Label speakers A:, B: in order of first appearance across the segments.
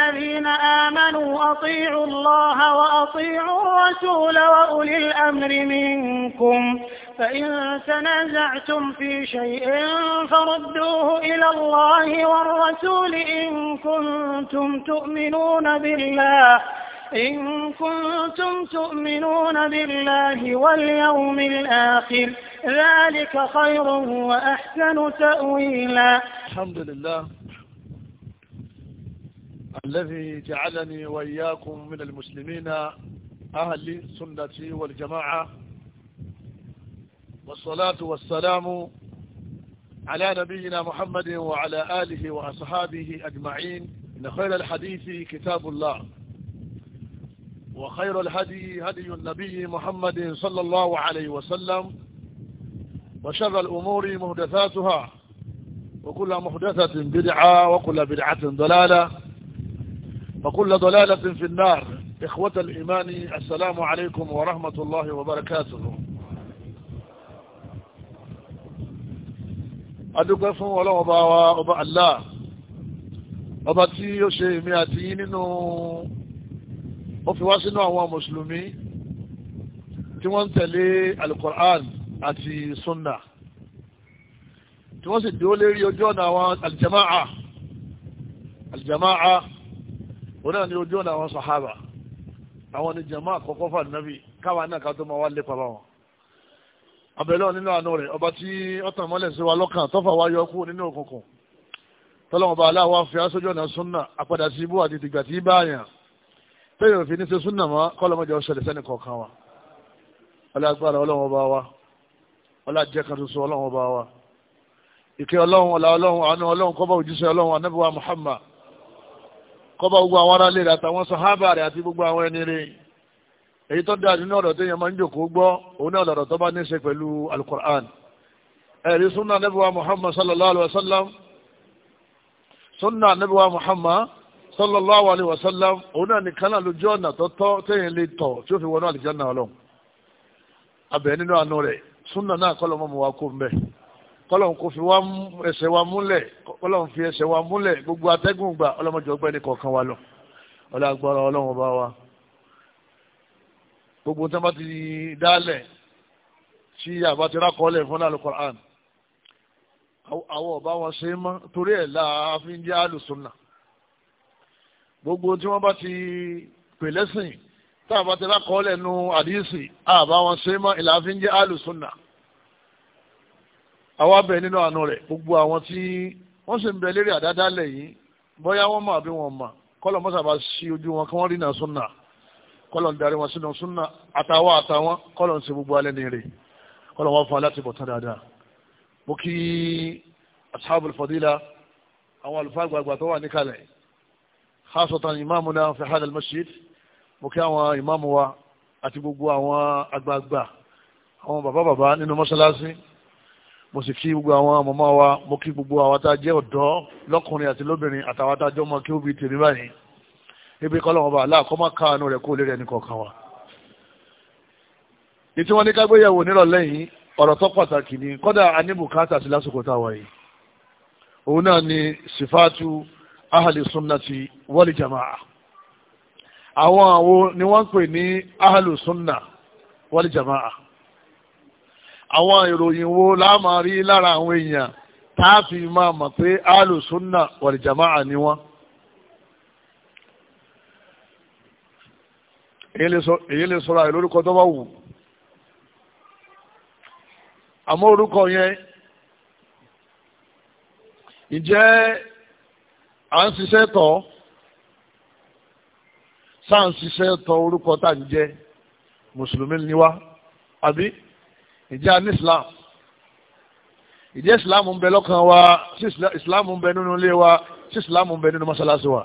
A: الذين آمنوا أطيعوا الله وأطيعوا الرسول وأولي الأمر منكم فإن تنازعتم في شيء فردوه إلى الله والرسول إن كنتم تؤمنون بالله إن كنتم تؤمنون بالله واليوم الآخر ذلك خير وأحسن تأويلا الحمد لله
B: الذي جعلني وإياكم من المسلمين أهل السنة والجماعة والصلاة والسلام على نبينا محمد وعلى آله وأصحابه أجمعين إن خير الحديث كتاب الله وخير الهدي هدي النبي محمد صلى الله عليه وسلم وشر الأمور مهدثاتها وكل مهدثة بدعة وكل بدعة ضلالة وكل ضلالة في النار إخوة الإيمان السلام عليكم ورحمة الله وبركاته adúgbẹ́ fún ọlọ́run ọba wa ọba Allah ọba tí ó ṣe èmi àti yín nínú ó fi wá sínú àwọn mùsùlùmí tí wọ́n ń tẹ̀lé alukur'an àti sunna tí wọ́n sì dúró lérí ojú ọ̀nà àwọn aljama'a aljama'a náà ni ojú ọ̀nà àwọn sàhábà àwọn ni jàmá àkọ́kọ́ fà nàbì káwa náà ká tó máa wá lépa bá wọn abẹ́lẹ́ nínú àánú rẹ̀ ọba tí ọ̀tàn mọ́lẹ̀ sí wa lọ́kàn tọ́fà wá yọ kú nínú òkùnkùn tọ́lọ́mọba aláwa fi aṣojú ọ̀nà súnà àpadà sí ibú àti ìdìgbà tí í báyàn tẹ́yìn òfin ní ṣe súnà mọ́ kọ́lọ́mọdé ọ̀ṣẹ̀lẹ̀ sẹ́ni kọ̀ọ̀kan wa ọlágbára ọlọ́mọba wa ọlájẹ́ kan tuntun ọlọ́mọba wa ìkẹ́ ọlọ́run ọlá ọlọ́run àánú ọlọ́run kọ́bá òjíṣẹ́ ọlọ́run anábíwá Muhammad kọ́ba gbogbo àwọn aráalé rẹ̀ àtàwọn sàhábà rẹ̀ àti gbogbo àwọn ẹni rẹ̀ èyí tó dáa nínú ọ̀rọ̀ téèyàn máa ń jòkóó gbọ́ òun náà lọ̀rọ̀ tó bá ní í ṣe pẹ̀lú alukur'an ẹ̀rí sunna nebuwa muhammad sallallahu alayhi wa sallam sunna nebuwa muhammad sallallahu alayhi wa sallam òun náà nìkan náà lójú ọ̀nà tó tọ́ téèyàn lè tọ̀ tí ó fi wọnú àlìjánnà ọlọ́run abẹ́ nínú àánú rẹ̀ sunna náà kọ́ lọ́mọ́ mu wá kó ń bẹ́ẹ̀ kọ́lọ̀ kò fi wá ẹsẹ̀ wa múlẹ̀ kọ́lọ̀ fi ẹsẹ̀ wa múlẹ̀ gbogbo atẹ́gùn gbà ọlọ́mọdé ọgbẹ́ ní kọ̀ọ̀kan wa lọ ọlọ́gbọ́n ọlọ́run ọba wa gbogbo tí wọ́n bá ti dálẹ̀ tí àbá ti rákọ́lẹ̀ fún Al-Qur'an àwọn ọba wọn ṣe é mọ́ torí ẹ̀ láàfin jẹ́ alùsùnà gbogbo tí wọ́n bá ti pè lẹ́sìn àbá ti rákọ́lẹ̀ nu àdìsí àbá wọn ṣe é mọ́ ìlàfin jẹ́ alùsùnà àwa bẹ̀ nínú àánú rẹ̀ gbogbo àwọn tí wọ́n sì ń bẹ lérí àdádálẹ̀ yìí bóyá wọ́n mọ̀ àbí wọn mọ̀ kọ́lọ̀ mọ́sàbá sí ojú wọn kí wọ́n rí náà súnà kọ́lọ̀ darí wọn sínú súnà àtàwọn àtàwọn kọ́lọ̀ ń ṣe gbogbo alẹ́ ní rè kọ́lọ̀ wọn fún aláti bọ̀tán dáadáa mo kí ashabul fadila àwọn àlùfáà gbàgbà tó wà níkàlẹ̀ khasatan imamuna fi hadal masjid mo kí àwọn imamu wa àti gbogbo àwọn àgbààgbà àwọn bàbá bàbá nínú mọ́sálásí mo sì kí gbogbo àwọn màmá wa mo kí gbogbo àwọn tá a jẹ́ ọ̀dọ́ lọ́kùnrin àti lóbìnrin àtàwọn tá a jọ mọ kí ó bi tèmi báyìí ebi kọ́ lọ́wọ́ bá aláà kọ́ má káànú rẹ̀ kó lè rẹ̀ nìkọ̀ọ̀kan wa. ní tí wọ́n ní nírọ̀lẹ́ yìí ọ̀rọ̀ tó pàtàkì ni kọ́dà aníbùkátà sí lásìkò táwa yìí òun náà ni sifatu ahali sunnati wali jama'a àwọn àwo ni wọ́n pè ní ahali sunna wali jama'a àwọn ìròyìn wo la rí lára àwọn èèyàn tá fi máa mọ̀ pé alùsùnà wàlìjàmáà ni wọ́n. èyí lè sọ̀rọ̀ àìlórúkọ tó bá wù àmọ́ orúkọ yẹn ìjẹ́ à ń ṣiṣẹ́ sáà ń ṣiṣẹ́ orúkọ tá ń jẹ́ mùsùlùmí ìjà ní islam ìjẹ́ islam ń bẹ lọ́kàn wa sí islam ń bẹ nínú ilé wa sí islam ń bẹ nínú mọ́sálásí wa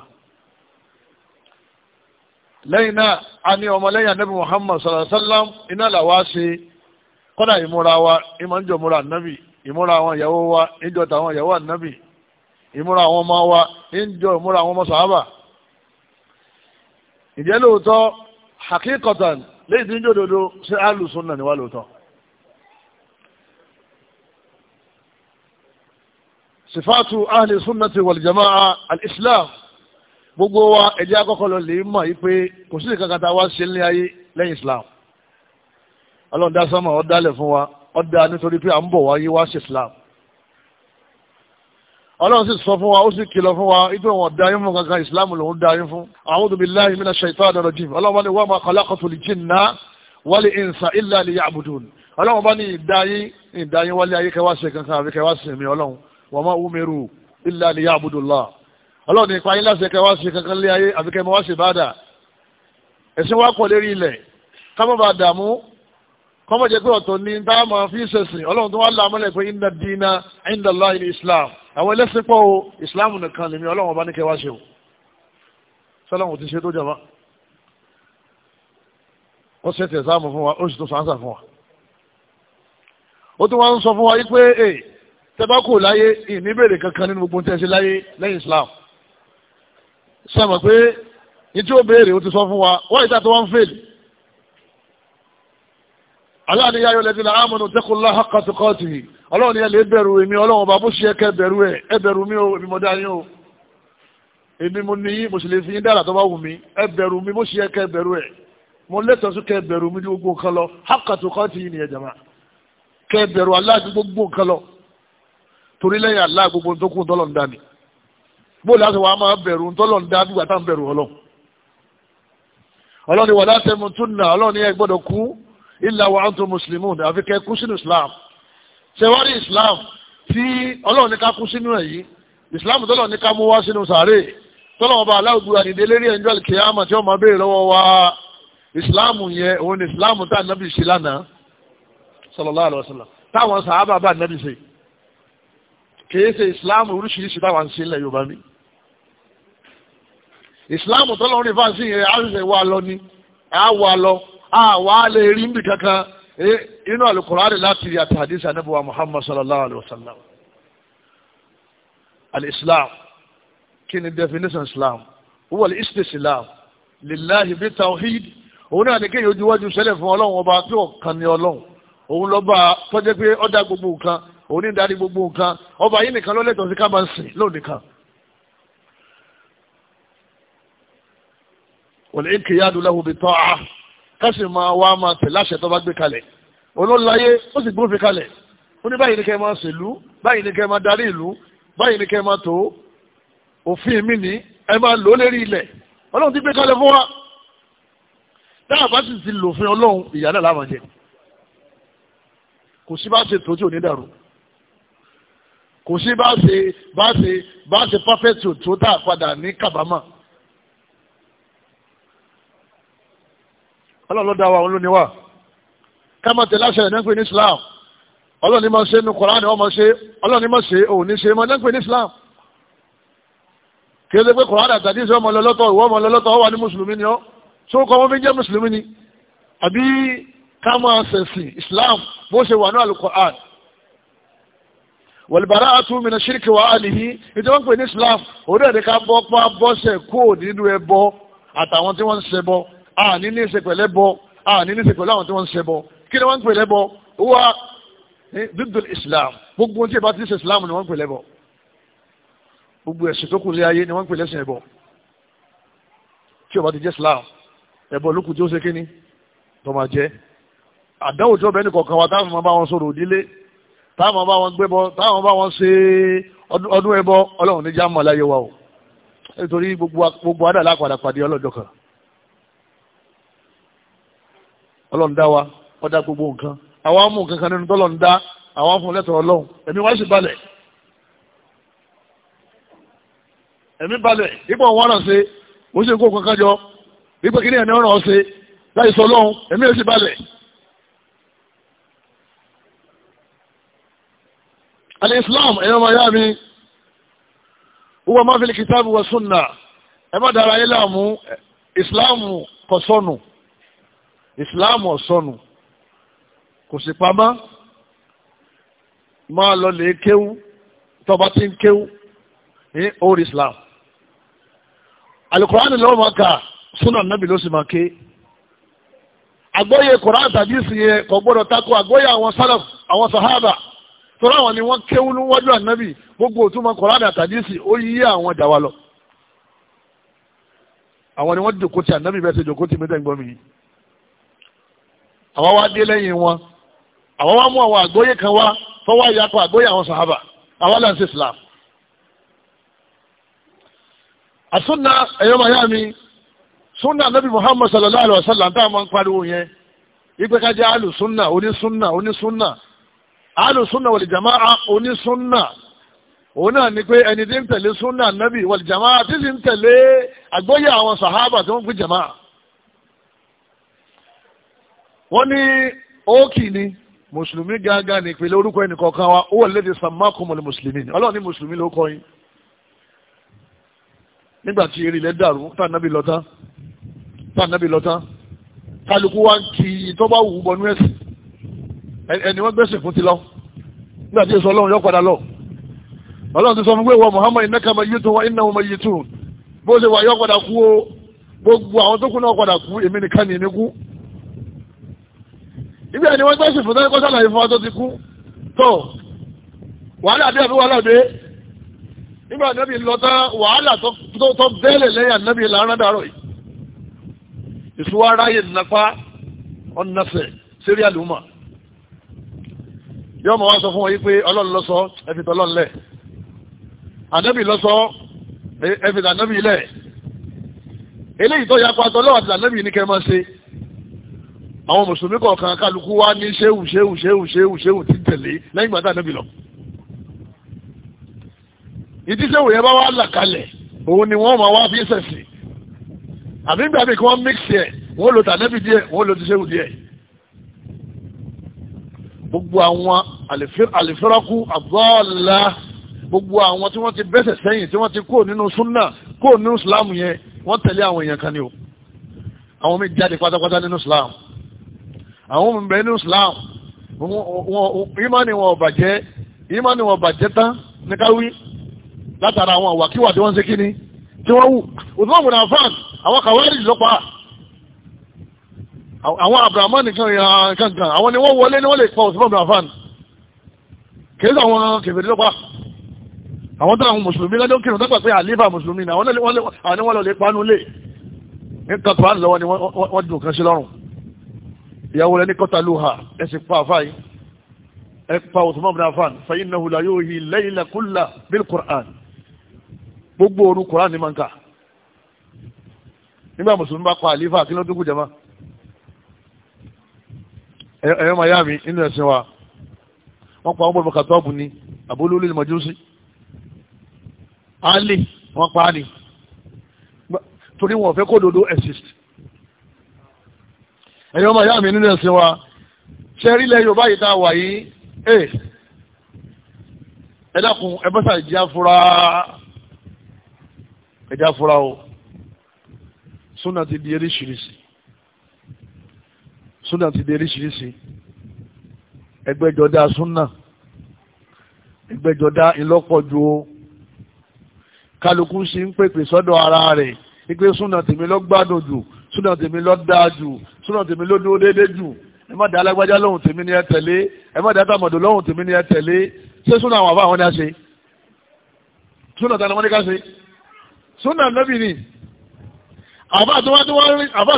B: lẹ́yìn náà a ní ọmọlẹ́yìn anabi muhammad sallallahu alayhi wa sallam iná làwa ṣe kọ́dà ìmúra wa ìmọ̀ múra anabi ìmúra àwọn ìyàwó wa ìjọ tàwọn ìyàwó anabi ìmúra àwọn ọmọ wa ìjọ ìmúra àwọn ọmọ sàhábà ìjẹ́ lóòótọ́ hakikatan lẹ́yìn tí ń jòdòdó ṣé alùsùn náà ni wà lóòótọ́. sifatu ahli sunnati wal jama'a al-islam gbogbo wa ẹ̀jẹ̀ akọ́kọ́ lọ lè mọ̀ yí pé kò sí ìkankan tá a wá ṣe ní ayé lẹ́yìn islam ọlọ́run dá sọ́mọ̀ ọ́ dálẹ̀ fún wa ọ́ dá nítorí pé à ń bọ̀ wáyé wá ṣe islam ọlọ́run sì sọ fún wa ó sì kìlọ̀ fún wa ibi wọn dá yín fún kankan islam lòún dá yín fún a'udhu billahi minash shaitani rajim ọlọ́run bá ní wa ma khalaqtul jinna wal insa illa liya'budun ọlọ́run bá ní ìdáyín ìdáyín wálé ayé kẹwàá ṣe kankan àbí kẹwàá ṣe mi ọlọ́run wa ma umiru illa liya'budullah ọlọ́run ní ipa yín láti ẹ̀ka wá sí kankan lé ayé àfikẹ́ mọ́ wá sí ìbáàdà ẹ̀sìn wá pọ̀ lérí ilẹ̀ kámọ́ bá dààmú kọ́mọ̀ jẹ́ pé ọ̀tọ̀ ní tá máa fi ṣẹ̀sìn ọlọ́run tó wá là mọ́lẹ̀ pé inna dina inda Allah islam àwọn ẹlẹ́sìn pọ̀ o islam nìkan lèmi ọlọ́run ọba ní kẹwàá ṣe o sọlọ́run ti ṣe tó jọba ó ṣe tẹ̀ sáàmù fún wa ó sì tún tẹ́bákù láyé ìní bèrè kankan nínú gbogbo tẹ́sí láyé lẹ́yìn Islam sọmọ pé ní tí ó béèrè ó ti sọ fún wa wọ́n ìta tó wọ́n ń fèlè aláàni yá yọ lẹ́dínlá amanu taqullah haqqa tuqatihi ọlọ́run yẹn lè bẹ̀rù èmi ọlọ́run bá bó ṣe ẹ bẹ̀rù ẹ̀ ẹ bẹ̀rù mi ò èmi mọ̀ dá o èmi mo ní mo sì lè fi yín dára tó bá wù mí ẹ bẹ̀rù mi bó ṣe ẹ bẹ̀rù ẹ̀ mo lẹ́tọ̀ọ́ sí kẹ́ bẹ̀rù mi ní gbogbo nǹkan lọ haqqa tuqatihi nìyẹn jàmá kẹ́ bẹ̀rù aláàdúgbò gbogbo nǹkan lọ torí lẹ́yìn Allah gbogbo tó kún tọ́lọ̀ ń dá ni bó láti wàá máa bẹ̀rù tọ́lọ̀ ń dá nígbà ń bẹ̀rù ọlọ́run ọlọ́run ni wala tamutunna ọlọ́run ni ẹ gbọ́dọ̀ kú illa wa antum muslimun àfi kẹ́ kú sínú islam ṣẹwárí islam tí ọlọ́run ní ká kú sínú ẹ̀ islam tọ́lọ̀ ní ká mú wá sínú sàárè tọ́lọ̀ ọba aláwùjọ àdìdé lérí ẹ̀ńjọ́ kìámà tí wọ́n béèrè lọ́wọ́ wa islam yẹn òun ni islam tá ànábì ṣe lánàá sallallahu alaihi wasallam táwọn sàábà bá ànábì ṣe kìí ṣe ìsìláàmù oríṣiríṣi táwọn ṣe ilẹ̀ yorùbá mi ìsìláàmù tọ́lọ́run ní fáṣí yẹn á ṣe wà lọ ni á wà lọ á wà á lè rí níbi kankan e, inú àlùkùránì láti rí àti hadith anábọ̀wá muhammad sallallahu alayhi wa sallam al-islam kí ni definition islam huwa al-istislam lillahi bi tawhid òun náà ni kéèyàn ojú wájú sẹ́lẹ̀ fún ọlọ́run ọba tí ọ̀kan ni ọlọ́run òun lọ́ba tọ́jẹ́ pé ó gbogbo nǹkan onídàárí gbogbo nǹkan ọba yìí nìkan ló lẹ́tọ̀ọ́ sí ká máa ń sìn lónìkan. wọ́n lè kí yáàdù lẹ́hùn bí tọ́ a kásì máa wá máa tẹ̀ láṣẹ tó bá gbé kalẹ̀ olóńláyé ó sì gbófin kalẹ̀ ó ní báyìí ní kẹ́ máa ṣèlú báyìí ní kẹ́ máa darí ìlú báyìí ní kẹ́ máa tó òfin mi ní ẹ máa lò lérí ilẹ̀ ọlọ́run ti gbé kalẹ̀ fún wa dáhà bá sì ti lòfin ọlọ́run ìyá náà láwọn jẹ kò sí bá ṣe tó tí ò ní dàrú kò sí bá ṣe bá ṣe bá ṣe perfect tó tà padà ní kábàámà. ọlọ́run ló dá wa òun ló ní wa ká má tẹ̀lé àṣẹ ìnáwó ní Islam ọlọ́run ní máa ṣe nu Kùránì ọmọ ṣe ọlọ́run máa ṣe òun ní ṣe máa náà ní Islam kí ló dé pé Kùránì àtàdé ṣe ọmọ lọ́lọ́tọ̀ ìwọ ọmọ lọ́lọ́tọ̀ ọ ní mùsùlùmí ni ọ tó kọ́ wọn fi jẹ́ mùsùlùmí ni àbí ká máa Islam bó ṣe wà ní al wọ̀lùbàrà àtúmìnà ṣíríkì wà á nìyí ìjọba ń pè ní islam orí ẹ̀dẹ́ ká bọ́ pa bọ́sẹ̀ kúò nínú ẹbọ àtàwọn tí wọ́n ń ṣẹbọ àní ní ìṣe pẹ̀lẹ́ bọ àní ní ìṣe pẹ̀lú àwọn tí wọ́n ń ṣẹbọ kí ni wọ́n ń pè lẹ́bọ wá eh, dúdú islam gbogbo tí ìbá ti ṣe islam ni wọ́n ń pè lẹ́bọ gbogbo ẹ̀sìn tó kù lé ayé ni wọ́n ń pè lẹ́sìn ẹbọ tí ó bá ti jẹ́ islam ẹbọ lókùn tí ó ṣe kíní táwọn bá wọn gbébọ táwọn bá wọn ṣe ọdún ẹbọ ọlọ́run níjà mọ̀ láyé wa o nítorí gbogbo adà lápadà pàdé ọlọ́jọ́ kan ọlọ́run dá wa ó dá gbogbo nǹkan àwa mú nǹkan kan nínú tọ́lọ́run dá àwa fún lẹ́tọ̀ọ́ ọlọ́run ẹ̀mí wá sì balẹ̀ ẹ̀mí balẹ̀ ipò wọn ràn ṣe mo ṣe kó kankan jọ wípé kí ni ẹ̀mí ọ̀ràn ṣe láì sọ ọlọ́run ẹ̀mí ẹ̀ sì balẹ̀. alìsílám ẹ̀yọ́ ọmọ ìyá mi wúwo máa fi lè kìtàbù wọ súnà ẹ má dára ayé láàmú ìsìláàmù kò sọnù ìsìláàmù ò sọnù kò sì pamọ́ máa lọ lè kéwú tọba tí ń kéwú ní old islam alukuraani lọ́wọ́ máa kà súnà nàbì ló sì máa ké àgbọ́yé kuraani tàbí ìsìn yẹn kò gbọ́dọ̀ tako àgbọ́yé àwọn sálàf àwọn sàhábà torí àwọn ni wọ́n kéwú níwájú ànábì gbogbo òtúmọ̀ kọ̀ọ̀ládà àtàdísì ó yí àwọn dàwa lọ. àwọn ni wọ́n jòkó ti ànábì bẹ́ẹ̀ ṣe jòkó ti mẹ́tẹ́ gbọ́ mi. àwa wá dé lẹ́yìn wọn àwa wá mú àwọn àgbóyè kan wá fọwọ́ ìyapọ̀ àgbóyè àwọn sàhábà àwa là ń ṣe Islam. àsúnà ẹ̀yọ́ màyá mi súnà ànábì Muhammad sallallahu alayhi wa sallam táwọn máa ń pariwo yẹn ìgbẹ́kájá alùsúnà onísúnà onísúnà alu sunna wal jamaa oní sunna òun náà ni pé ẹni tí ń tẹ̀lé sunna nabi wal jamaa tí sì ń tẹ̀lé àgbọ́yé àwọn sàhábà tí wọ́n fi jamaa wọ́n ní ókì ni mùsùlùmí gángan ní ìpìlẹ̀ orúkọ ẹnì kọ̀ọ̀kan wa ó wọlé ti sàmákùmọ̀lì mùsùlùmí ni ọlọ́run ní mùsùlùmí ló kọ́ yín nígbà tí eré ilẹ̀ dàrú tá nàbí lọ́tán tá nàbí lọ́tán kálukú wa kì í tó bá wù ú bọnú ẹ̀sìn ẹni wọ́n gbẹ́sìn fún ti lọ nígbà tí èso ọlọ́run yọ padà lọ ọlọ́run ti sọ fún pé wọ Muhammad innaka mayyitun wa innahum mayyitun bó ṣe wà yọ padà kú o gbogbo àwọn tó kú náà padà kú èmi nìkan ní ìníkú ibi ẹni wọ́n gbẹ́sìn fún tẹ́lẹ̀ kọ́sálà ìfọ́ tó ti kú tó wàhálà dé àbí wàhálà dé nígbà nẹ́bí lọ tán wàhálà tó bẹ́ẹ̀lẹ̀ lẹ́yìn nẹ́bí làárọ̀ dàrọ̀ yìí ìṣúwáráyè nàpá ọ̀nàfẹ̀ sírí àlùmọ̀ yóò mọ̀ wá sọ fún wọn yí pé ọlọ́run ló sọ ẹ̀fì tọ́lọ́run lẹ̀ ànábì ló sọ ẹ̀fì tànábì lẹ̀ eléyìí tó yapa tọ́lọ́run àti tànábì ní kẹ́ máa ṣe àwọn mùsùlùmí kọ̀ọ̀kan kálukú wá ní ṣéwù ṣéwù ṣéwù ṣéwù ṣéwù ti tẹ̀lé lẹ́yìn ìgbà tànábì lọ ìdí ṣéwù yẹn bá wà là kalẹ̀ òun ni wọ́n máa wá fi ṣẹ̀sìn àbí gbàgbé kí wọ́n mix gbogbo àwọn àlèfẹ́rọ́kú àbọ́ọ̀lá gbogbo àwọn tí wọ́n ti bẹ́sẹ̀ sẹ́yìn tí wọ́n ti kó nínú súnà kó nínú ìsìláàmù yẹn wọ́n tẹ̀lé àwọn èèyàn kan ni o àwọn mi jáde pátápátá nínú ìsìláàmù àwọn mi bẹ nínú ìsìláàmù ìmánì wọn ọ̀bàjẹ́ ìmánì wọn ọ̀bàjẹ́ tán ní káwí látara àwọn àwàkíwà tí wọ́n ń ṣe kíní tí wọ́n wù òtún àwọn àfáàn àwọn kàwárì lọ́pàá àwọn abrahamu nìkan yàn ah, kankan àwọn ni wọ́n wọlé ni wọ́n lè pa Usman bin Affan kìí sọ àwọn kèfèrè lọ́pàá àwọn tó àwọn mùsùlùmí lọ́dún kìrì tó pàpẹ àlífà mùsùlùmí náà àwọn ni wọ́n lọ lè panu lè ní kàtùrán lọ́wọ́ ni wọ́n dùn kan sí lọ́rùn ìyàwó rẹ̀ ní kọ́ta lóha ẹ sì pa àfáà yìí ẹ pa Usman bin Affan fa innahu la yuhi layla kulla bil Qur'an gbogbo orun Qur'an ni máa ń kà nígbà mùsùlùmí bá pa àlífà kí ló dúkù jama ẹ̀yọ́ miami nínú ẹ̀sìn wa wọ́n pa ọmọ bàkàtọ́ ọ̀bù ni àbólólè ní mọ̀jọ́sí alẹ́ wọ́n pa á ni torí wọn fẹ́ kó dodo exist ẹ̀yọ́ miami nínú ẹ̀sìn wa ṣẹ́rí ilẹ̀ yorùbá yìí tá a wà yìí ẹ̀ ẹ dákun ẹ bọ́sà ìjà fura ẹ̀já fura o súnà ti di eréṣiríṣi súnà ti di oríṣiríṣi ẹgbẹ́jọdá súnà ẹgbẹ́jọdá ìlọ́pọ̀jù o kálukú sí ń pèpè sọ́dọ̀ ara rẹ̀ wípé súnà tèmi ló gbádùn jù súnà tèmi ló dáa jù súnà tèmi ló dúró déédéé jù ẹ má da alágbájá lóhùn tèmi ni ẹ tẹ̀lé ẹ má da tàmọ̀dò lóhùn tèmi ni ẹ tẹ̀lé ṣé súnà àwọn àbá àwọn ni a ṣe súnà tani wọ́n ní ká ṣe súnà nẹ́bì ni àbá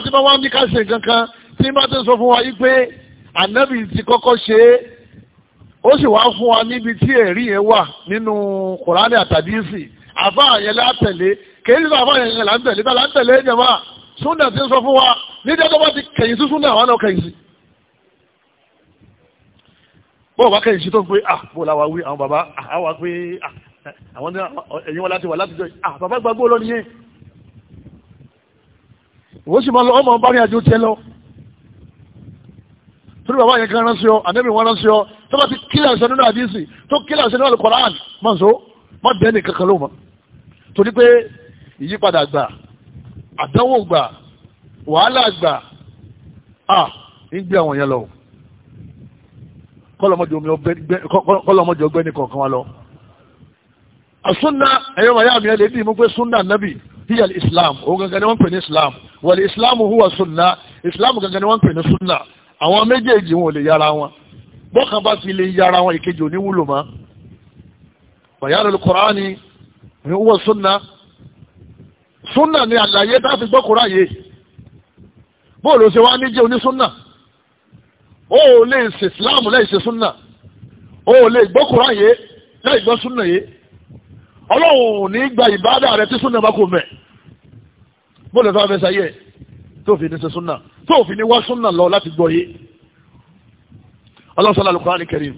B: tí wọ́n ní ká ṣe kankan tí bá ti sọ fún wa yìí pé ànábì ti kọ́kọ́ ṣe é ó sì wá fún wa níbi tí ẹ̀rí yẹn wà nínú kòránì àtàdísì àfáà yẹn látẹ̀lé kèyí sọ àfáà yẹn látẹ̀lé tá látẹ̀lé jẹ̀má súnà ti sọ fún wa níjẹ́ tó bá ti kẹ̀yìn sí súnà àwọn náà kẹ̀yìn sí. bó o bá kẹ̀yìn sí tó ń pé ah bó o la wa wí àwọn bàbá àwa ah, pé ah àwọn ní ẹ̀yìn wọn láti wà láti jọ ah bàbá gbàgbó lọ nìyẹn. ìwọ sì máa lọ ọmọ bá rìn àjò tiẹ̀ lọ torí bàbá yẹn kan ránṣẹ́ ọ ànẹ́bí wọn ránṣẹ́ ọ tó bá ti kílẹ̀ ẹ̀sẹ̀ nínú àdínsì tó kílẹ̀ ẹ̀sẹ̀ nínú àlùkòrán má so má bẹ́ẹ̀ ní kankan ló mọ̀ torí pé ìyípadà gbà àdánwò gbà wàhálà gbà à ń gbé àwọn yẹn lọ kọ́lọ́mọdé ọgbẹ́ni kọ̀ọ̀kan wa lọ. àsúnà ẹ̀yọ́ màyá mi ẹ̀ lè dì mú pé súnà nábì hiya islam òun gangan ni wọ́n pè ní islam wal islam huwa sunna islam gangan ni wọ́n pè ní sunna àwọn méjèèjì wọn ò lè yára wọn bọ́kàn bá fi lè yára wọn ìkejì ò ní wúlò mọ́ bàyára Al-Kùránì ni wọ́n súnà súnà ni àlàyé tá a fi gbọ́ Kùránì yé bóòlù ṣe wá ní jẹ́ onísúnà ó lè ṣe Islam láì ṣe súnà ó lè gbọ́ Kùránì yé gbọ́ súnà yé ọlọ́run ní gba ìbádà rẹ tí súnà bá kò mẹ́ bóòlù tó wá fẹ́ sáyé ẹ̀ tó fi ní ṣe súnà tó fi ní wá súnà lọ láti gbọ́ yé ọlọ́sọ̀lá alukọ́ alikarim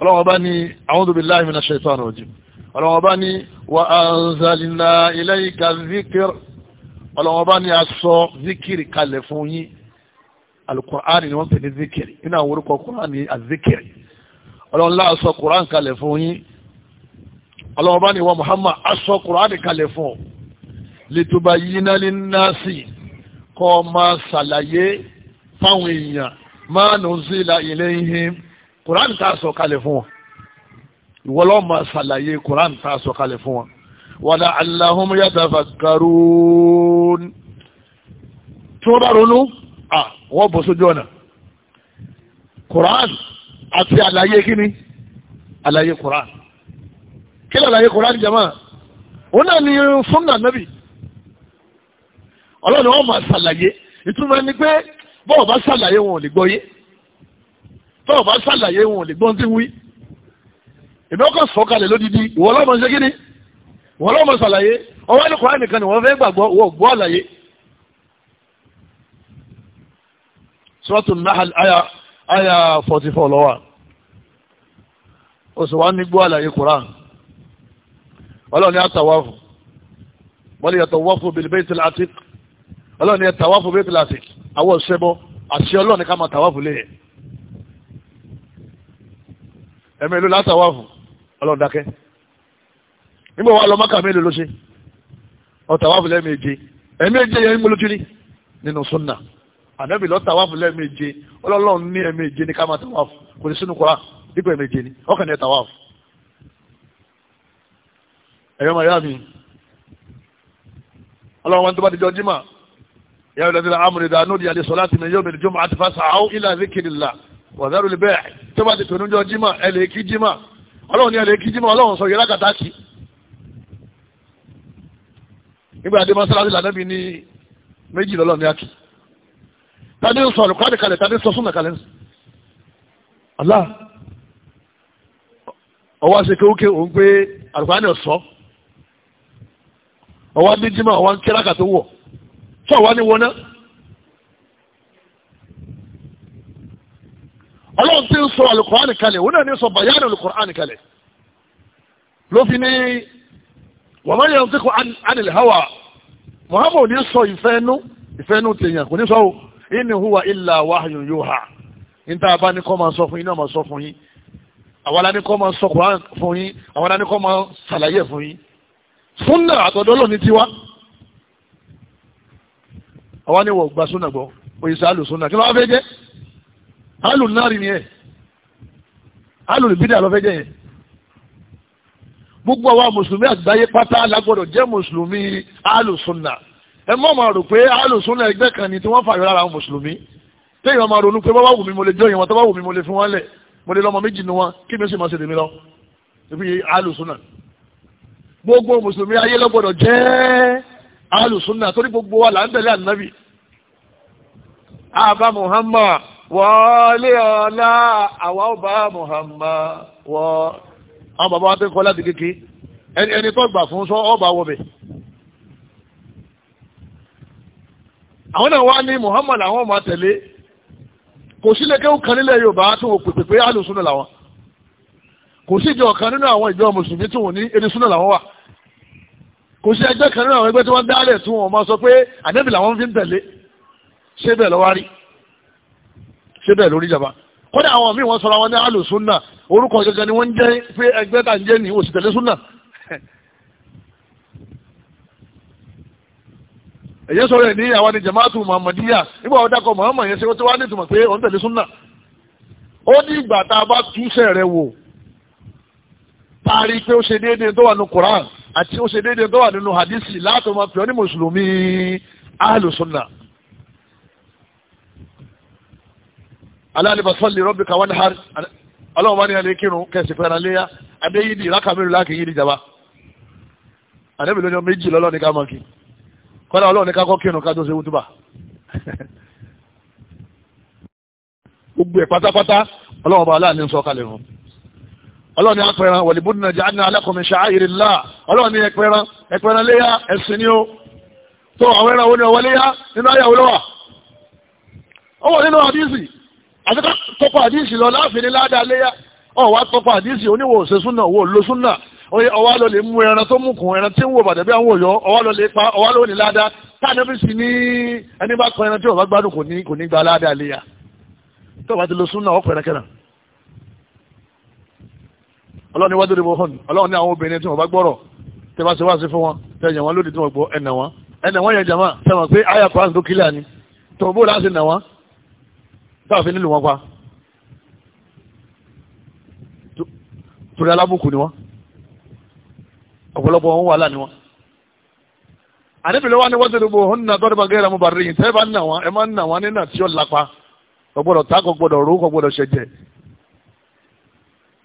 B: ọlọ́wọ́ bá ní a'udhu billahi minash shaitanir rajim ọlọ́wọ́ bá ní wa anzalna ilayka zikir ọlọ́wọ́ bá ní aṣọ zikiri kalẹ̀ fún yín alukur'ani ni wọ́n pè ní zikiri iná orúkọ kur'ani azikiri kọ́ máa ṣàlàyé fáwọn èèyàn máa nù sí ilà ilé ihim kùránì tá a sọ kalẹ̀ fún wọn ìwọ lọ́ọ́ máa ṣàlàyé kùránì tá a sọ kalẹ̀ fún wọn wàlá aláhùn yatafakkarun tí wọ́n bá ronú wọ́n bọ̀ sójú ọ̀nà kùránì àti àlàyé kíni àlàyé kùránì kí ni àlàyé kùránì jama òun náà ni sunna nabi ọlọ́run wọn máa ṣàlàyé ìtumọ̀ ẹni pé bọ́ọ̀ bá ṣàlàyé wọn ò lè gbọ́ yé bọ́ọ̀ bá ṣàlàyé wọn ò lè gbọ́ tí ń wí èmi ọkọ̀ sọ̀kalẹ̀ lódìdí ìwọ ọlọ́mọ ṣe kíni ìwọ ọlọ́mọ ṣàlàyé ọwọ́ ẹni kọ́ra nìkan ni wọ́n fẹ́ gbàgbọ́ wọ́n gbọ́ àlàyé. Suratul Nahl aya aya forty four lọ́wọ́ oṣù wa ní gbọ́ àlàyé Qur'an ọlọ́run ni wọ́n lè yàtọ̀ wọ́fù bil baytil atiq ọlọ́run ni ẹ tàwáfù bí classic àwọn ṣẹbọ àṣẹ ọlọ́run ni ká máa tàwáfù léyìn ẹ̀mí ìlú látàwáfù ọlọ́run dákẹ́ nígbà wà lọ mọ́kà mélòó ló ṣe ọ̀tàwáfù lẹ́ẹ̀mejì ẹ̀mí èjì yẹn ń gbólójú ní nínú sunna ànábì lọ tàwáfù lẹ́ẹ̀mejì ọlọ́run ní ẹ̀mejì ni ká máa tàwáfù kò ní sínú kura dípò ẹ̀mejì ni ọkàn ní tàwáfù ẹ̀yọ́ màyá mi ọlọ́run wọn tó bá ti jọ jímà يا الذين العمر إذا نودي لصلاة من يوم الجمعة فاسعوا إلى ذكر الله وذروا البيع تبعد تنجو جمع ẹlẹ́kí jímà ọlọ́run ní ẹlẹ́kí jímà ọlọ́run sọ yẹlá kàtàkì nígbà adé masalasi lànàbí ní méjì lọ́lọ́ ní àkì tàbí ń sọ àlùkọ́dì kalẹ̀ tàbí ń sọ súnà kalẹ̀ Allah ọwọ́ àṣẹ kéwúké òun pé àlùkọ́dì ọ̀sọ́ ọwọ́ adé jímà ọwọ́ ń kíráka tó wọ̀ tó àwa ní wọná. ọlọ́run ti ń sọ alukur'an kalẹ̀ òun náà ní sọ bayani alukur'an kalẹ̀ ló fi ní wa ma yantiqu anil hawa muhammed ní sọ ìfẹ́ nú ìfẹ́ nú tèèyàn kò ní sọ o huwa illa wahyun yuha níta bá ní kọ́ máa sọ fún yín náà máa sọ fún yín àwọn alání kọ́ máa sọ Kùránì fún yín àwọn alání kọ́ máa ṣàlàyé fún yín fún náà àtọ̀dọ́ lónìí tiwa àwa ni wọ́n gba súnà gbọ́ òye sá súnà kí ló wá fẹ́ jẹ́ àlù náírì ni ẹ̀ àlù bídà ló fẹ́ jẹ́ yẹn gbogbo àwa mùsùlùmí àgbáyé pátá lágbọ́dọ̀ jẹ́ mùsùlùmí àlù súnà ẹ mọ̀ máa rò pé àlù súnà ẹgbẹ́ kan ni tí wọ́n fàyọ lára àwọn mùsùlùmí téèyàn máa ronú pé bá wù mí wù mí mo lè fún wọn lẹ̀ mo lè lọ́mọ méjì nu wọn kí mi sì máa ṣe tèmi lọ ibi àlù súnà gbogbo mùsùlùmí ayé lọ́gbọ́dọ̀ jẹ́ alùsùnà torí gbogbo wa là ń tẹ̀lé ànábì àbá muhammad wọ́ọ́lé ọ̀la àwa ọba muhammad wọ́ àwọn bàbá wa tó ń kọ́ láti kéke ẹni ẹni tó gbà fún sọ ọba wọbẹ̀ àwọn náà wá ní muhammad àwọn ọmọ tẹ̀lé kò sílẹ̀ kéwù kan nílẹ̀ yorùbá tó wò pèpè pé alùsùnà làwọn kò sí ìjọ kan nínú àwọn ìjọ mùsùlùmí tó wò ní erésùnà làwọn wà kò sí ẹgbẹ́ kan nínú àwọn ẹgbẹ́ tí wọ́n dálẹ̀ tí wọ́n máa sọ pé ànábì làwọn fi ń tẹ̀lé ṣé bẹ́ẹ̀ lọ́wọ́ rí ṣé bẹ́ẹ̀ lórí ìjọba kódà àwọn míì wọ́n sọra wọn ní alùsùnà orúkọ gẹ́gẹ́ ni wọ́n ń jẹ́ pé ẹgbẹ́ tà ń jẹ́ ní òsì tẹ̀lé súnà èyí sọ̀rọ̀ ẹ̀ ní àwọn ni jamaatu muhammadiya nígbà wọ́n dákọ̀ muhammad yẹn ṣe wọ́n ti wá ní pé òun tẹ̀lé súnà ó ní ìgbà tá a bá túṣẹ̀ rẹ̀ wò tá pé ó ṣe déédéé tó wà ní Kùránì àti ó ṣe déédéé tó wà nínú hadisi látọ̀ máa pè ọ́ ní mùsùlùmí alùsùnà. aláàlìbàṣọ́lì rọ́bì kàwọn ní har ọlọ́run bá ní ẹni kírun kẹsì fẹ́ràn léyà adéyídì rákàmírù lákìyídì jaba àdébì lóyún méjì lọ́lọ́run ní ká mọ̀ kí kọ́lá ọlọ́run ní ká kọ́ kírun ká tó ṣe wútúbà gbogbo ẹ̀ pátápátá ọlọ́run bá aláàlì ń sọ kalẹ̀ rùn ọlọ́run ni apẹran wọ̀lìbúdùnà jẹ́ àná alákùnrin ṣááìrì ńlá ọlọ́run ni ẹpẹran ẹpẹran léyà ẹ̀sìn ni ó tó àwọn ẹran oní ọwọ́ léyà nínú ayàwó lọ́wà ó wọ̀ nínú àdíìsì àti tọ́pọ̀ àdíìsì lọ láàfin ní ládàá léyà ó wá tọ́pọ̀ àdíìsì oníwò ṣe súnà owó ló súnà ọwá lọ lè mú ẹran tó mú kùn ẹran tí ń wò bàdẹ̀ bí àwọn òyọ ọwá lọ lè pa ọwá lọ ní ládàá táàdé bí sì ọlọ́run ni wájú ìdìbò hàn ọlọ́run ní àwọn obìnrin tí wọ́n bá gbọ́rọ̀ tẹ́ bá wá sí fún wọn tẹ́ yàn wọ́n tí wọ́n gbọ́ ẹ̀nà wọn ẹ̀nà wọn yẹn jàmá tẹ́ pé àyà kọ́ àti dókílà ni tòun bó láti nà wọn nílùú wọn pa torí alábùkù ni wọn ọ̀pọ̀lọpọ̀ wọn wà láàánú wọn. ni wọ́n ti dìbò hàn yìí tẹ́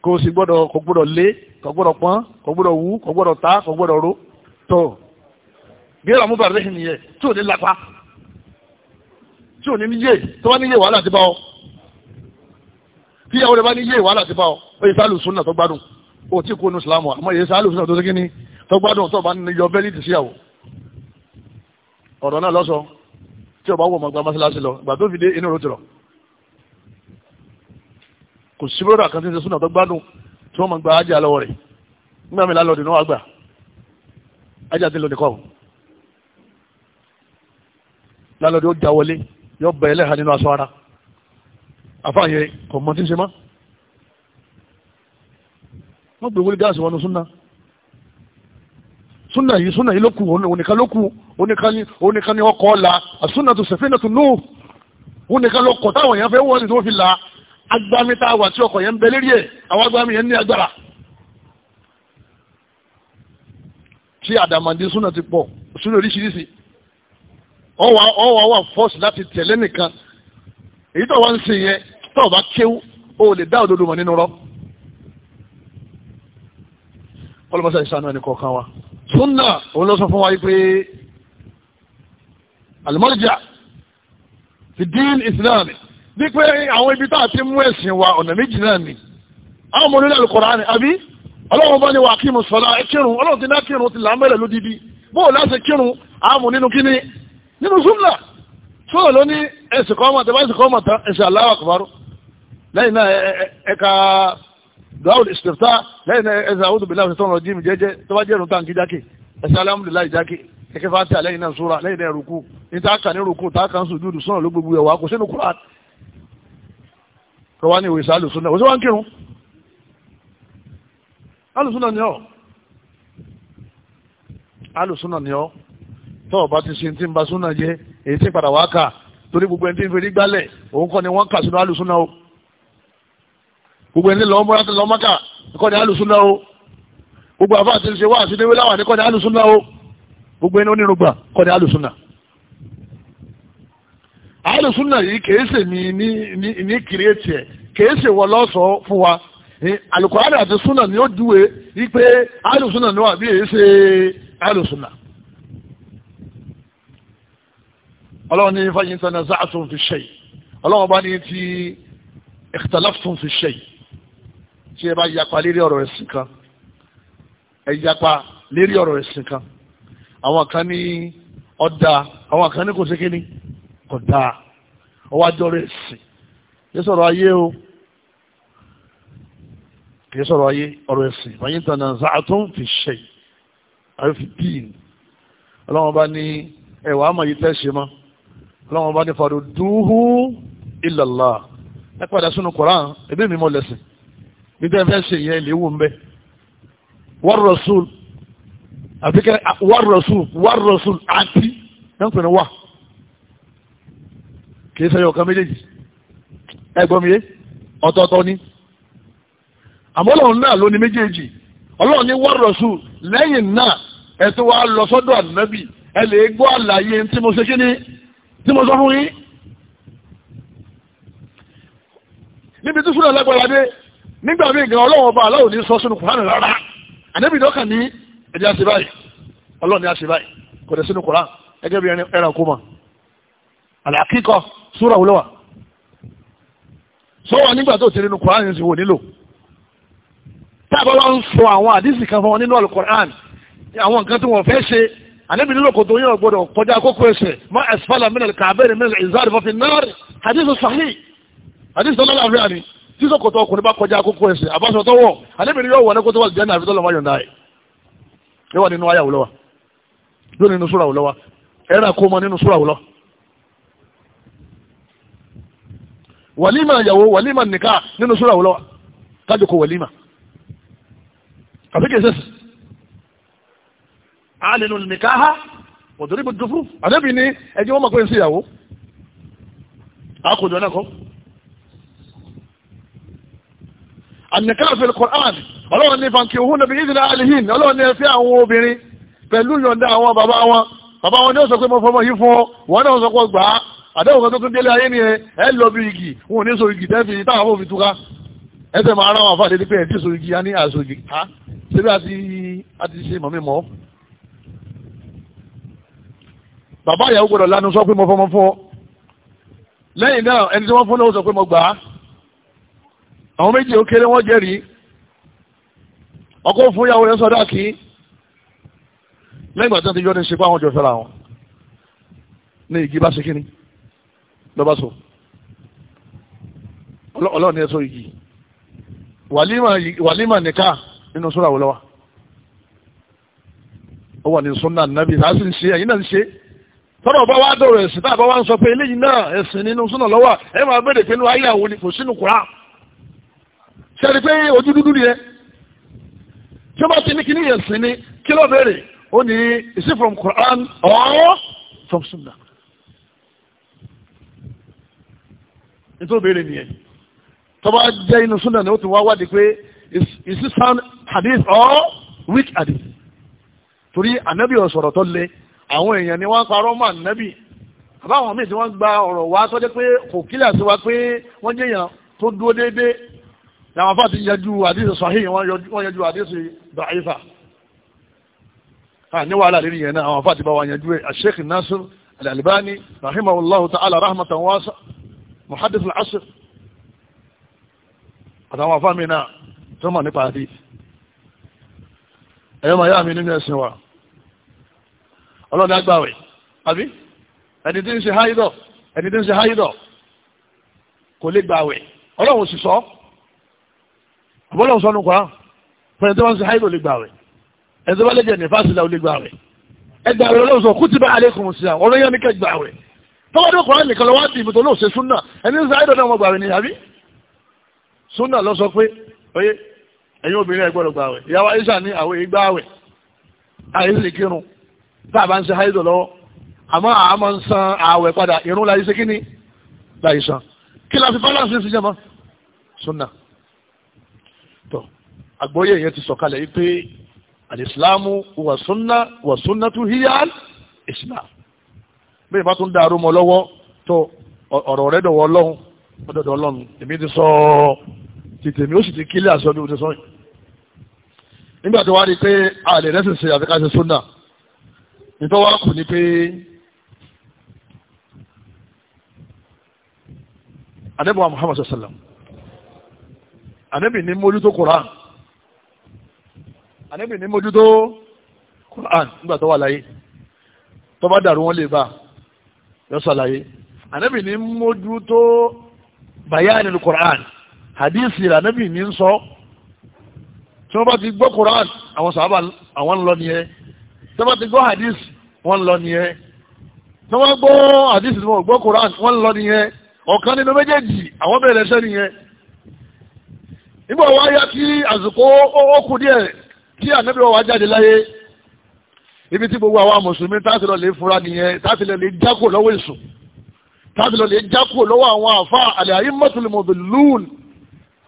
B: kò sì gbọ́dọ̀ kò gbọ́dọ̀ lé kò gbọ́dọ̀ pọ́n kò gbọ́dọ̀ wú kò gbọ́dọ̀ ta kò gbọ́dọ̀ ró tó gẹ́rọ mú bàrẹ̀ lẹ́yìn nìyẹn tí ò ní lapa tí ò ní níyè tó bá níyè wàhálà ti bá ọ tí ìyàwó rẹ bá níyè wàhálà ti bá ọ ó yẹ sálù súnà tó gbádùn ó tí kò nu sàlámù àmọ́ yẹ sálù súnà tó ṣe kíní tó gbádùn tó bá ní yọ bẹ́lí ti síyàwó ọ̀rọ̀ náà lọ́sọ tí ọba wọ̀ mọ̀ gba mọ́sálásí lọ ìgbà tó fi dé inú rò ti rọ̀ kò sí bírọ́dà kan tí ń ṣe súnà tó gbádùn tí wọ́n máa gba ájà lọ́wọ́ rẹ̀ nígbà mi lálọ́ọ̀dì náà wà gbà ájà ti lò nìkan lálọ́ọ̀dì ó já wọlé yóò bẹ̀ ẹlẹ́ha nínú aṣọ ara àfáàyè kò mọ tí ń ṣe mọ́ wọ́n gbé wọlé gáàsì wọnú súnà súnà yìí súnà yìí ló kù onìkan ló kù onìkan ni ọkọ̀ ọ̀la àsúnà tó sẹ̀fínà tó nù onìkan ló kọ̀ táwọn èèyàn fẹ́ wọ́ọ̀sì tó fi là á agbami tá a wà tí ọkọ̀ yẹn ń bẹ lérí ẹ̀ àwọn agbami yẹn ní agbára tí àdàmàdé súnà ti pọ̀ súnà oríṣiríṣi ọwà ọwà wà fọ́ọ̀sì láti tẹ̀lé nìkan èyí tó wá ń sìn yẹn tó o bá kéwú o lè dá òdodo mọ̀ nínú rọ́ kọlọmọsá ìsànú ẹni kọ̀ọ̀kan wa súnà òun ló sọ fún wa yìí pé alimọ́lìjà fi dín ìsìlámù bí pé àwọn ibi tá a ti mú ẹ̀sìn wa ọ̀nà méjì náà ni àwọn ọmọ onílẹ̀ Al-Qur'ani àbí ọlọ́run bá ní wà kírun sọ́lá ẹ kírun ọlọ́run ti ná kírun ti làmẹ́rẹ̀ lódìdí bóò láti kírun àmù nínú kíní nínú súnmùlà sọ́ọ̀ ló ní ẹ̀sìn kan mọ̀ tẹ́wọ́ ẹ̀sìn kan mọ̀ tán ẹ̀sìn Allahu Akbar lẹ́yìn náà ẹ̀ka dọ́wọ́d ìsìtẹ̀fẹ́ lẹ́yìn náà ẹ̀sìn àwọn òdùbí kọ́ wá ní ìwé sáà lùsùn ń kírun ni ọ alùsùn ni ọ́ tọ́ ọba ti ṣe ti ń ba súnà èyí tí padà wá gbogbo ẹni tí ń feri gbálẹ̀ òun kọ́ ni wọ́n kà sínú o gbogbo ẹni lọ́wọ́ múra lọ́wọ́ mọ́kà ni alùsùn o gbogbo àfáà ti ṣe wá àti ni o gbogbo ẹni onírúgba kọ́ ni àìlù súnà yìí kìí ní ní kìrìẹ́tì ẹ̀ kìí wọ lọ́sọ̀ fún wa alukọ̀rádà àti súnà ni ó júwe wípé àìlù súnà ni wà bí èyí ṣe àìlù súnà. ọlọ́run ní fàyín tẹ́lẹ̀ záàtún fi ṣe ọlọ́run bá ní ti ìtàláfún fi ṣe tí ẹ bá yapa lérí ọ̀rọ̀ ẹ̀sìn kan ẹ yapa lérí ọ̀rọ̀ ẹ̀sìn kan àwọn kan ní ọ̀dà àwọn kan ní kò sí kíní kò ọwọ́ àjọrò ẹ̀sìn kì í sọ̀rọ̀ ayé o kì í sọ̀rọ̀ ayé ọ̀rọ̀ ẹ̀sìn ìbáyé tàn náà zàtún fi ṣe àrífìdíìn ọlọ́wọ́n bá ní ẹ̀wà àmọ̀ yìí tẹ́ ṣe mọ́ ọlọ́wọ́n bá ní fàdó dúhú ìlàlá ẹ padà sínú koran ẹbí mi mọ lẹ́sìn bí tẹ́ fẹ́ ṣe ìyẹn ìléwù ń bẹ́ wọ́n rọ̀ sùn àbíkẹ́ wọ́n rọ̀ sùn wọ́n rọ̀ sùn àti náà pè ní wà kìí sẹ́yọ ọ̀kan méjèèjì ẹgbọ́mìyé ọ̀tọ̀ọ̀tọ̀ ni àmọ́ ọlọ́run náà ló ní méjèèjì ọlọ́run ní wọ́rọ̀sù lẹ́yìn náà ẹ tó wá lọ sọ́dọ̀ ànábì ẹ lè gbọ́ àlàyé tí mo ṣe kí ni tí mo sọ fún yín níbi tí súnà lágbára dé nígbà míì gan ọlọ́run ọba aláwọ̀ ní sọ sínú kùránì rárá ànábì dọ́kà ní ẹ̀jẹ̀ àṣẹ báyìí ọlọ́run ní àṣẹ báyìí kò dẹ̀ sínú kùránì ẹgẹ́ bí ẹranko mọ̀ àlàkíkọ́ súra olówà sọ́wọ́ nígbà tó ti rinú Kùránì sí wò nílò tábà wọ́n ń sọ àwọn àdísì kan fún wọn nínú alukọ̀rán àwọn nǹkan tí wọ́n fẹ́ ṣe àníbi nílò kò tó yẹn gbọdọ̀ kọjá àkókò ẹsẹ̀ má ẹ̀sìfàlà mílẹ̀ kàbẹ́rẹ̀ mílẹ̀ ìzáàrí fọ́fin náírà àdísì sàhí àdísì tọ́lá àfíà ni sísọ kòtò ọkùnrin bá kọjá àkókò ẹsẹ̀ àbáṣọ tọwọ́ àníbi ni yóò wọ ẹnẹ́kó tó wà jẹ́nà àfitọ́lọ́ máa yọ̀ǹda ẹ̀ kó mọ nínú wàlímà ìyàwó wàlímà nìka nínú súra wò lọ́wọ́ kájòkó wàlímà àbí kìí sẹ́sì alìnú nìka ha òdòrí bó dúfú àdébì ní ẹjẹ́ wọ́n mọ̀kọ́ sí ìyàwó àkójọ náà kọ́ ànìká fil Qur'an ọlọ́wọ́n ní fanki òhun nàbí ìdìnnà alihin ọlọ́wọ́n ní ẹ̀fẹ́ àwọn obìnrin pẹ̀lú yọ̀ǹda àwọn bàbá wọn bàbá wọn ní ó sọ pé mo fọmọ yìí fún ọ wọn náà sọ pé gbàá àdáwò kan tó tún délé ayé ni ẹ ẹ lọ bí igi wọn ò ní so igi tẹ́fì táwọn afọ́ túká ẹsẹ̀ máa rán àwọn afọ́ àdédé pé ẹ̀ tí so igi a ní àso igi ha ṣebí àti àti ṣe mọ̀ mi mọ́. bàbá ìyàwó gbọdọ̀ lanu sọ pé mo fọmọ fọ lẹ́yìn náà ẹni tí wọ́n fún náà sọ pé mo gbà á àwọn méjì ó kéré wọ́n jẹ́rìí ọkọ fún ìyàwó yẹn sọdá kí lẹ́yìn ìgbà tí wọ́n ti yọ ní ṣe pé àwọn jọ fẹ́ra wọn ní igi ṣe kíni lọ́ba so ọlọ́run ni ẹ sọ yìí wàlímà nìka nínú sọ́ra wò lọ́wọ́ ó wà ní sunna nàbí tá a sì ń ṣe ẹ̀yin náà ń ṣe tọ́rọ̀ bá wá dọ̀rọ̀ ẹ̀sìn tá a bá wá ń sọ pé eléyìí náà ẹ̀sìn nínú sunna lọ́wọ́ ẹ máa bẹ̀rẹ̀ pé ayé àwọn kò sínú kura ṣẹ́ni pé ojú dúdú ni ẹ tí ó bá ti ní kí ní ẹ̀sìn ni kí ló bẹ̀rẹ̀ ó ní is it from Quran or from sunnah. nítorí béèrè nìyẹn tọ́ba jẹ́ inú súnà ni ó ti wá wádìí pé is this sound hadith or weak hadith torí ànábì ọ̀sọ̀rọ̀ tó le àwọn èèyàn ni wọ́n parọ́ mọ́ ànábì àbáwọn míì tí wọ́n gba ọ̀rọ̀ wá tó jẹ́ pé kò kílẹ̀ sí wa pé wọ́n jẹ́ èèyàn tó dúró déédéé làwọn afá ti yanjú hadith sahih wọ́n yanjú hadith da'ifa ní wàhálà lórí yẹn náà àwọn afá ti bá wa yanjú ẹ̀ Sheikh Nasir Al-Albani rahimahullahu ta'ala rahmatan wasa muhaddith al-asr àtàwọn afáàmì náà tó mọ̀ nípa àdí ẹ̀yọ́ màá yá mi nínú ẹ̀sìn wa ọlọ́ni agbáwẹ̀ àbí ẹni tí ń ṣe háyídọ̀ ẹni tí ń ṣe háyídọ̀ kò lè gbàwẹ̀ ọlọ́run sì sọ àbọ́lọ́run sọnù kwá fún ẹni tí wọ́n ṣe háyídọ̀ lè gbàwẹ̀ ẹni tí wọ́n lè jẹ́ nífàsílẹ̀ ò lè ẹgbàwẹ̀ ọlọ́run sọ kutiba alaykum siyam ọlọ́yẹ́ ní kẹgbàwẹ̀ tọ́wọ́dún kùrán nìkan lọ́wọ́ àti ìbùtò lóòṣe súnà ẹni ṣáìdọ̀ náà wọ́n gbàwé ni àbí súnà lọ sọ pé oyé ẹ̀yin obìnrin ẹ gbọ́dọ̀ gbàwé ìyàwó Aisha ní àwọn èyí gbàwé àìsí kírun tá a bá ń ṣe ṣáìdọ̀ lọ́wọ́ àmọ́ àmọ́ ń san ààwẹ̀ padà ìrún láì ṣe kíní láì san kí la fi balance sí jẹ́ mọ́ súnà tó àgbóyè yẹn ti sọ̀kalẹ̀ yìí pé alìsílámù wà súnà wà súnà ìsìlámù bí ìbá tún dàrú mọ́ lọ́wọ́ tó ọ̀rọ̀ rẹ̀ dọ̀wọ́ ọlọ́run ọdọ̀dọ̀ ọlọ́run èmi ti sọ tètè mi ó sì ti kílẹ̀ àṣọ bí mo ti sọ yìí nígbà tó wá rí pé a lè rẹ́sìn ṣe àfikà ṣe súnà nítorí wá kù ni pé anabi wa muhammadu sallam anabi ni mójútó quran anabi ni mójútó quran nígbà tó wà láyé tó bá dàrú wọn lè bá a yọ sàlàyé ànábì ní mójú tó bayani lu Qur'an hadisi rẹ̀ ànábì ní sọ tí wọ́n bá ti gbọ́ Qur'an àwọn sàhábà àwọn ń lọ nìyẹn tí wọ́n bá ti gbọ́ hadisi wọ́n ń lọ nìyẹn tí wọ́n gbọ́ hadisi wọ́n gbọ́ Qur'an wọ́n ń lọ nìyẹn ọ̀kan nínú méjèèjì àwọn bẹ̀rẹ̀ ṣẹ́ nìyẹn nígbà wáyá tí àsìkò ó kù díẹ̀ tí ànábì wọ́n wá jáde láyé ibi tí gbogbo àwa mùsùlùmí tá a ti lọ lè fura nìyẹn tá a ti lọ lè jákò lọ́wọ́ èso tá a ti lọ lè jákò lọ́wọ́ àwọn àfa àlẹ́ ayé mọ́tòlùmọ̀bì lùn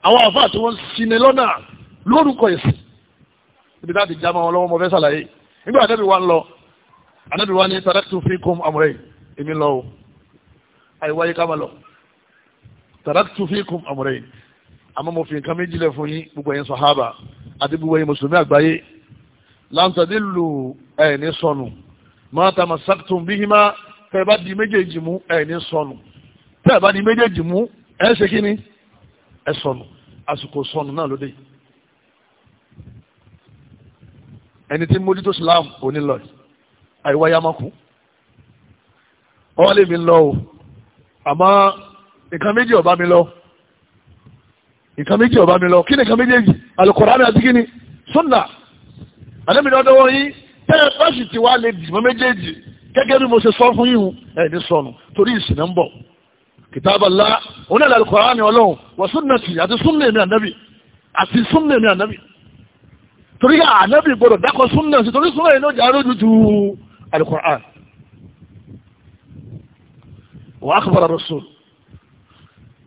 B: àwọn àfa tí wọ́n sinmi lọ́nà lórúkọ ẹ̀sìn ibi tá a ti já ma wọn lọ́wọ́ mo fẹ́ sàlàyé nígbà ànábì wa ń lọ ànábì wa ní taraktu fikum amrayn èmi lọ o àìwáyé ká ma lọ taraktu fikum amrayn àmọ́ mo fi nǹkan méjìlẹ̀ fún yín gbogbo láǹtàdínlù ẹ̀ẹ́ni sọnù máa tàmà sàkùtùn bí hímá tẹ́ bá di méjèèjì mú ẹ̀ẹ́ni sọnù tẹ́ bá di méjèèjì mú ẹ̀ ṣe kíni ẹ̀ sọnù àsìkò sọnù náà lóde ẹni tí mójútó Islam òní lọ àìwáyá má kú ọwọ́ lè mi lọ o àmọ́ nǹkan méjì ọba mi lọ nǹkan méjì ọba mi lọ kí ni nǹkan méjèèjì Al-Qur'an àti kí ni sunna àdébìnrin ọdọ wọn yìí tẹ́lẹ̀ báṣì ti wá lè dìbò méjèèjì gẹ́gẹ́ bí mo ṣe sọ fún yìí ẹ̀ ní sọnù torí ìsìn ń bọ̀ kìtàbàlá onílẹ̀ alukọ̀rá ni ọlọ́run wọ súnnàtì àti súnnà mi ànábì àti súnnà mi ànábì torí ànábì gbọdọ̀ dákọ̀ súnnà sí torí súnnà yìí ló jẹ́ arójú ju alukọ̀rá wà á kàbàrà rasul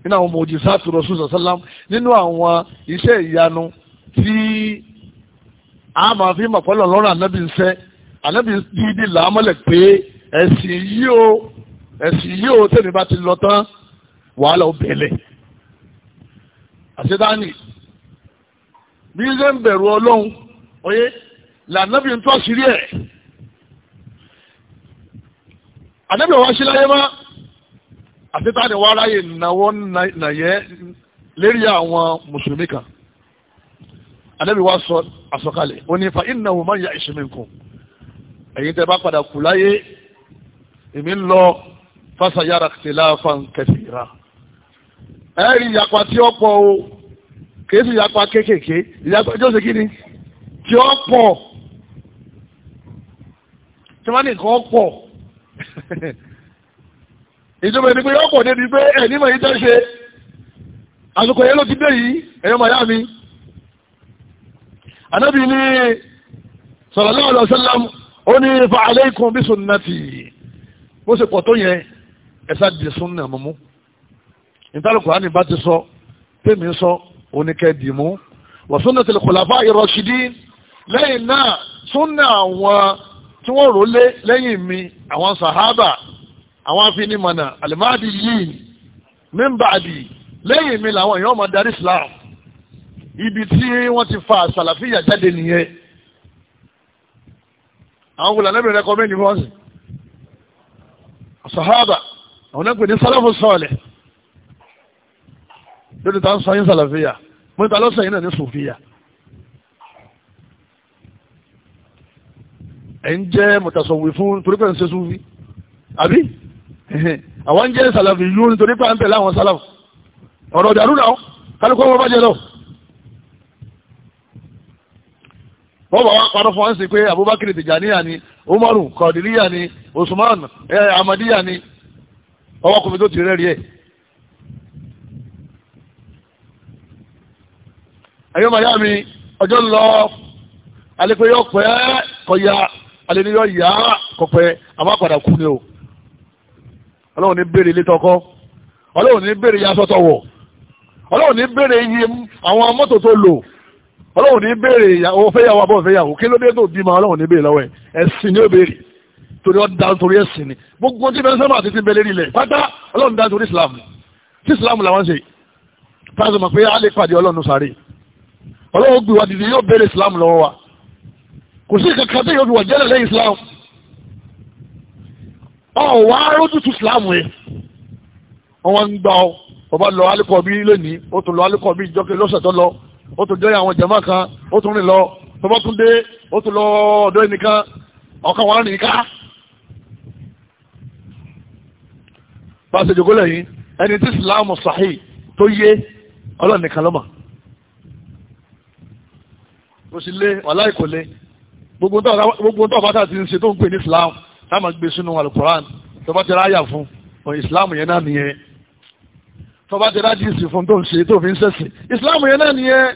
B: nínú àwọn mòjì sáàtù rasul sàlám nínú àwọn iṣẹ́ ìyanu tí a máa fi mọ̀pọ́lọ̀ lọ́rọ̀ ànábì ń sẹ́ ànábì dídí làámọ́lẹ̀ pé ẹ̀sìn yìí o ẹ̀sìn yìí o tẹ̀mí bá ti lọ tán wàhálà ó bẹ̀lẹ̀ àṣetáni bí ṣe ń bẹ̀rù ọlọ́run oyé làánábì ń tọ́ sírí ẹ̀ ànábì wa ṣe láyé má àṣetáni wa ráyè nàwọ́ nàyẹ́ lérí àwọn mùsùlùmí kan anabi wa sọ àsọkalẹ̀ ó ní fa innahu ya ya'ish minkum ẹ̀yin tẹ́ bá padà kù láyé èmi ń lọ fasayara ikhtilafan kathira ẹ rí ìyapa tí ó pọ̀ o kìí sí ìyapa kéékèèké ìyapa tí ó ni tí ó pọ̀ tí wọ́n ní nǹkan pọ̀ ìjọba ẹni pé ọ̀pọ̀ débi pé ẹ̀ nímọ̀ yìí tẹ́ ṣe àsìkò yẹn ló ti dé yìí ẹ̀yọ́ màyá mi anábì ní sallallahu alaihi wasallam ó ní fa alaykum bi sunnati bó ṣe pọ̀ tó yẹn ẹ̀sà di súnà mọ́mú ìtàlùkù á ní bá ti sọ tèmi sọ oníkẹ́ dì mú wa sunnatil khulafa'i rashidin lẹ́yìn náà súnà àwọn tí wọ́n rò lé lẹ́yìn mi àwọn sàhábà àwọn afinimọ̀nà alimadi yìí min lẹ́yìn mi làwọn èèyàn máa darí ibi tí wọ́n ti fa àsàlàfíà jáde nìyẹn àwọn wòlò anábìrin rẹkọmẹ́ndì wọ́n sì sàhábà àwọn náà pè ní sálàfù sọ̀ọ̀lẹ̀ lórí ta ń sọ yín sàlàfíà mo ní ta lọ́sọ̀ yín náà ní sòfíà ẹ̀ ń jẹ́ mọ̀tàsọ̀wé fún torí pé ń ṣe sùfí àbí àwọn ń jẹ́ sàlàfíà yún nítorí pé à ń tẹ̀lé àwọn sálàfù ọ̀rọ̀ ọ̀dàrú náà kálukọ́ wọn bá jẹ lọ. wọ́n bá wá parọ́ fún wọn pé Abubakar Tijaniya ni Umaru Kadiriya ni Usman eh, Amadiya ni ọwọ́ kò fi tó ti rẹ́rìí ẹ̀. ẹ̀yọ́ màyá mi ọjọ́ ń lọ alẹ́pẹ́ yọ pẹ́ kọ̀ya alẹ́ni yọ yá kọ̀pẹ́ kú ni o ọlọ́run ní béèrè ilé tọkọ́ ọlọ́run ní béèrè ìyàwó fẹ́yàwó abọ́ fẹ́yàwó kí ló dé tó bímọ ọlọ́run ní béèrè lọ́wọ́ ẹ̀ ẹ̀sìn ni ó béèrè torí ọ́ da torí ẹ̀sìn ni gbogbo tí bẹ́ẹ̀ sọ́mà títí bẹ́ẹ̀ lérí ilẹ̀ pátá ọlọ́run da torí islam tí islam làwọn ṣe táàzù mọ̀ pé a lè pàdé ọlọ́run sáré ọlọ́run gbé wa dìde yóò béèrè islam lọ́wọ́ wa kò sí kankan tí yóò fi wà jẹ́lẹ̀ lẹ́yìn islam ọ̀ wá rójú tu islam yẹn wọ́n wá ń gbà ọ ọba lọ alẹ́kọ̀ọ́ bí lónìí ó tún lọ alẹ́kọ̀ọ́ bí ìjọ́kẹ́ lọ́sẹ̀ tó lọ ó tún jẹ́ àwọn jàmá kan ó tún rìn lọ tó bá tún dé ó tún lọ ọ̀dọ̀ ẹnìkan ọ̀kan wọn nìkan. bá a ṣe jòkó lẹ́yìn ẹni tí ìsìláàmù sàhí tó yé ọlọ́run nìkan lọ́mọ. kò sí lé wàláì kò lé gbogbo tó ọba tá a ti ń ṣe tó ń pè ní ìsìláàmù táwọn gbé sínú alukoran tó bá ti fún ìsìláàmù yẹn náà nìyẹn tọba ti rádìsì fún tó ń ṣe tó fi ń ṣẹ̀sìn ìsìláàmù yẹn náà nìyẹn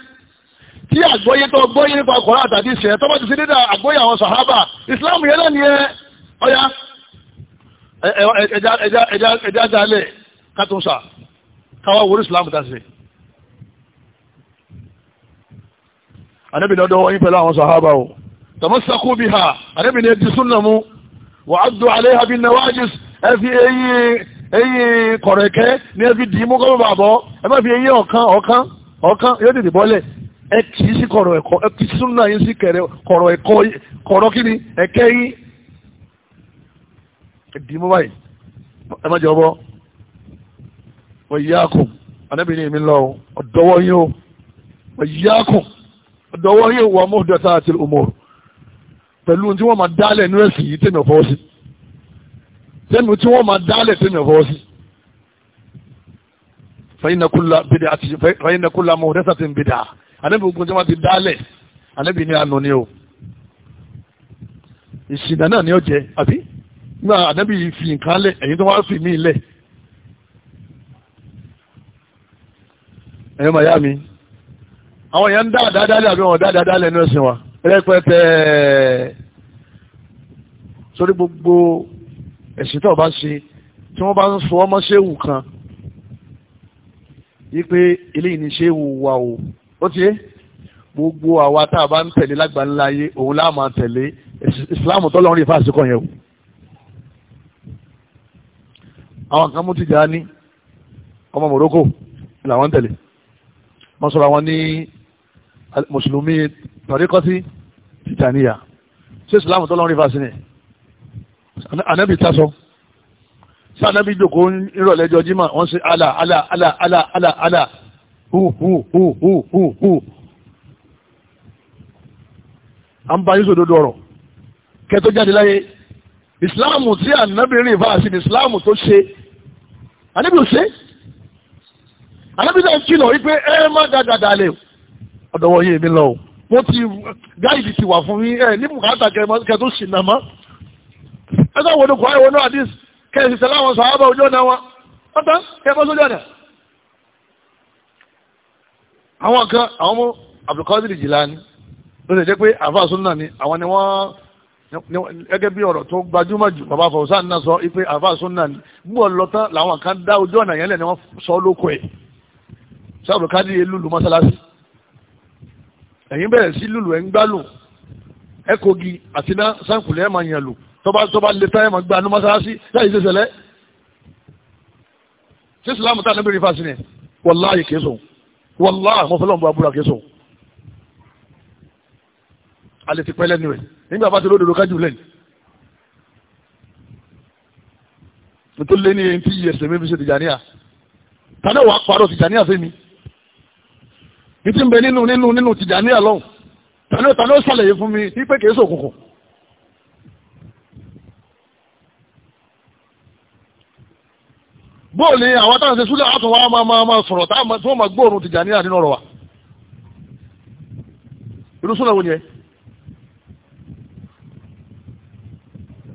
B: tí àgbọ́yé tó gbọ́yé nípa kọ̀ọ̀rọ̀ àtàdé ìṣẹ́ tọ́bọ̀ ti sí dídá àgbọ́yé àwọn sàhábà ìsìláàmù yẹn náà nìyẹn ọya ẹja jalè kátúnṣà káwá wòrú ìsìláàmù tá sí. ànábì ní ọdọ wọnyí pẹ̀lú àwọn sàhábà o tamassaku biha ànábì ní ẹdí súnnà mu wà dùn àléhàbí eyín kọ̀rẹ̀kẹ́ ní ẹ fi dì í ẹ ọ̀kan ọ̀kan ọ̀kan yóò bọ́lẹ̀ ẹ kì í sí kọ̀rọ̀ ẹ̀kọ́ ẹ kì í sún náà yín sí kẹ̀rẹ̀ kọ̀rọ̀ ẹ̀kọ́ kọ̀rọ̀ kí ni ẹ̀kẹ́ yín ẹ dì báyìí ẹ má jẹ ọbọ wọ́n yá kù anábìrin mi lọ ọ̀dọ́wọ́ yín o wọ́n ọ̀dọ́wọ́ yín o sẹ́nu tí wọ́n máa dálẹ̀ tẹ́mi ọ̀fọ́ sí. fàyínà kúlà mọ̀ ọ̀dẹ́sà ti ń bìdà ànábì ogun tí wọ́n ti dálẹ̀ ànábì ní àánú ni o. ìsìnà náà ni ó jẹ àbí nígbà ànábì fi nǹkan lẹ̀ ẹ̀yin tó wá fi mí lẹ̀. ẹ̀yin màyá mi àwọn èèyàn ń dá àdáadáalẹ̀ àbí wọn dáadáa dálẹ̀ ní ẹ̀sìn wa rẹpẹtẹ sórí gbogbo ẹ̀sìn tó bá ṣe tí wọ́n bá ń sọ ọmọ ṣéwù kan wípé eléyìí ni ṣéwù wa o ó ti yé gbogbo àwa tá a bá ń tẹ̀lé lágbàńlá ayé òun láà máa ìsìláàmù tó lọ́rùn ìfàsí kan yẹn àwọn kan mú Tìjàní ọmọ Morocco làwọn ń tẹ̀lé wọ́n sọ̀rọ̀ àwọn ní mùsùlùmí tọ̀ríkọ́tì Tìjàníyà ṣé ìsìláàmù tó lọ́rùn ìfàsí nìyẹn anabi tasọ sí anabi jòkó nírọ̀lẹ́jọ́ jimá wọ́n ṣe ala ala ala ala ala ala hu hu hu hu hu hu a ń ba yín sòdodo ọ̀rọ̀ kẹtọ́ jáde láyé ìsìláàmù tí ànábì rìn fáà sí ìsìláàmù tó ṣe ànábì ò ṣe ànábì náà kìlọ̀ wípé ẹ má dáadáa lè ọ̀dọ̀wọ̀ yìí mi lọ o mo ti gáìdì ti wà fún yín ẹ ní bùkátà kẹ tó sì nàmọ́ ẹgbẹ́ wo ni kò ẹ̀wọ̀n náà àdís kẹ́sì sẹ́lá wọn sàábà ojú ọ̀nà wọn ọ̀tá kẹ́kọ́ sójú ọ̀nà. àwọn kan àwọn ọmọ Abdulkadir Jilani ló lè jẹ́ pé àfa sunna ni àwọn ni wọ́n gẹ́gẹ́ bí ọ̀rọ̀ tó gbajúmọ̀ jù bàbá Fawzan náà sọ pé àfa sunna ni gbọ́ lọ́tán làwọn kan dá ojú ọ̀nà yẹn lẹ̀ ni wọ́n sọ lóko ẹ̀ sí Abdulkadir lùlù mọ́sálásí ẹ̀yin bẹ̀rẹ̀ sí lùlù ẹ̀ ń gbálù ẹ̀ kogi àti náà sáǹkùlẹ̀ ẹ̀ máa yàn lù tọba tọba lè tẹ́ ẹ̀mọ̀ gbanú mọ́sálásí láì ṣe ṣẹlẹ̀ ṣé ìsìlámù tá níbi rífà sí ni wàláhì kìí sòun wàláhì mo fọlọ́n bu abúlà kìí sòun alẹ́ ti pẹ́ lẹ́nu rẹ̀ nígbà bá ti lódodo kájú lẹ́nu nítorí lé ní ẹni tí yẹ ẹsẹ̀ mi fi ṣe tìjàníà tani wàá parọ́ tìjàníà fún mi ń bẹ nínú nínú nínú tìjàníà lọ́hùn tani ó sàlẹ̀ yìí fún mi ní pé kìí bóò ni àwọn táwọn ṣe súlẹ̀ àtún wa máa máa máa sọ̀rọ̀ táwọn tí wọ́n máa gbóòrùn Tìjàníyà nínú ọ̀rọ̀ wa irú súlẹ̀ wo ni ẹ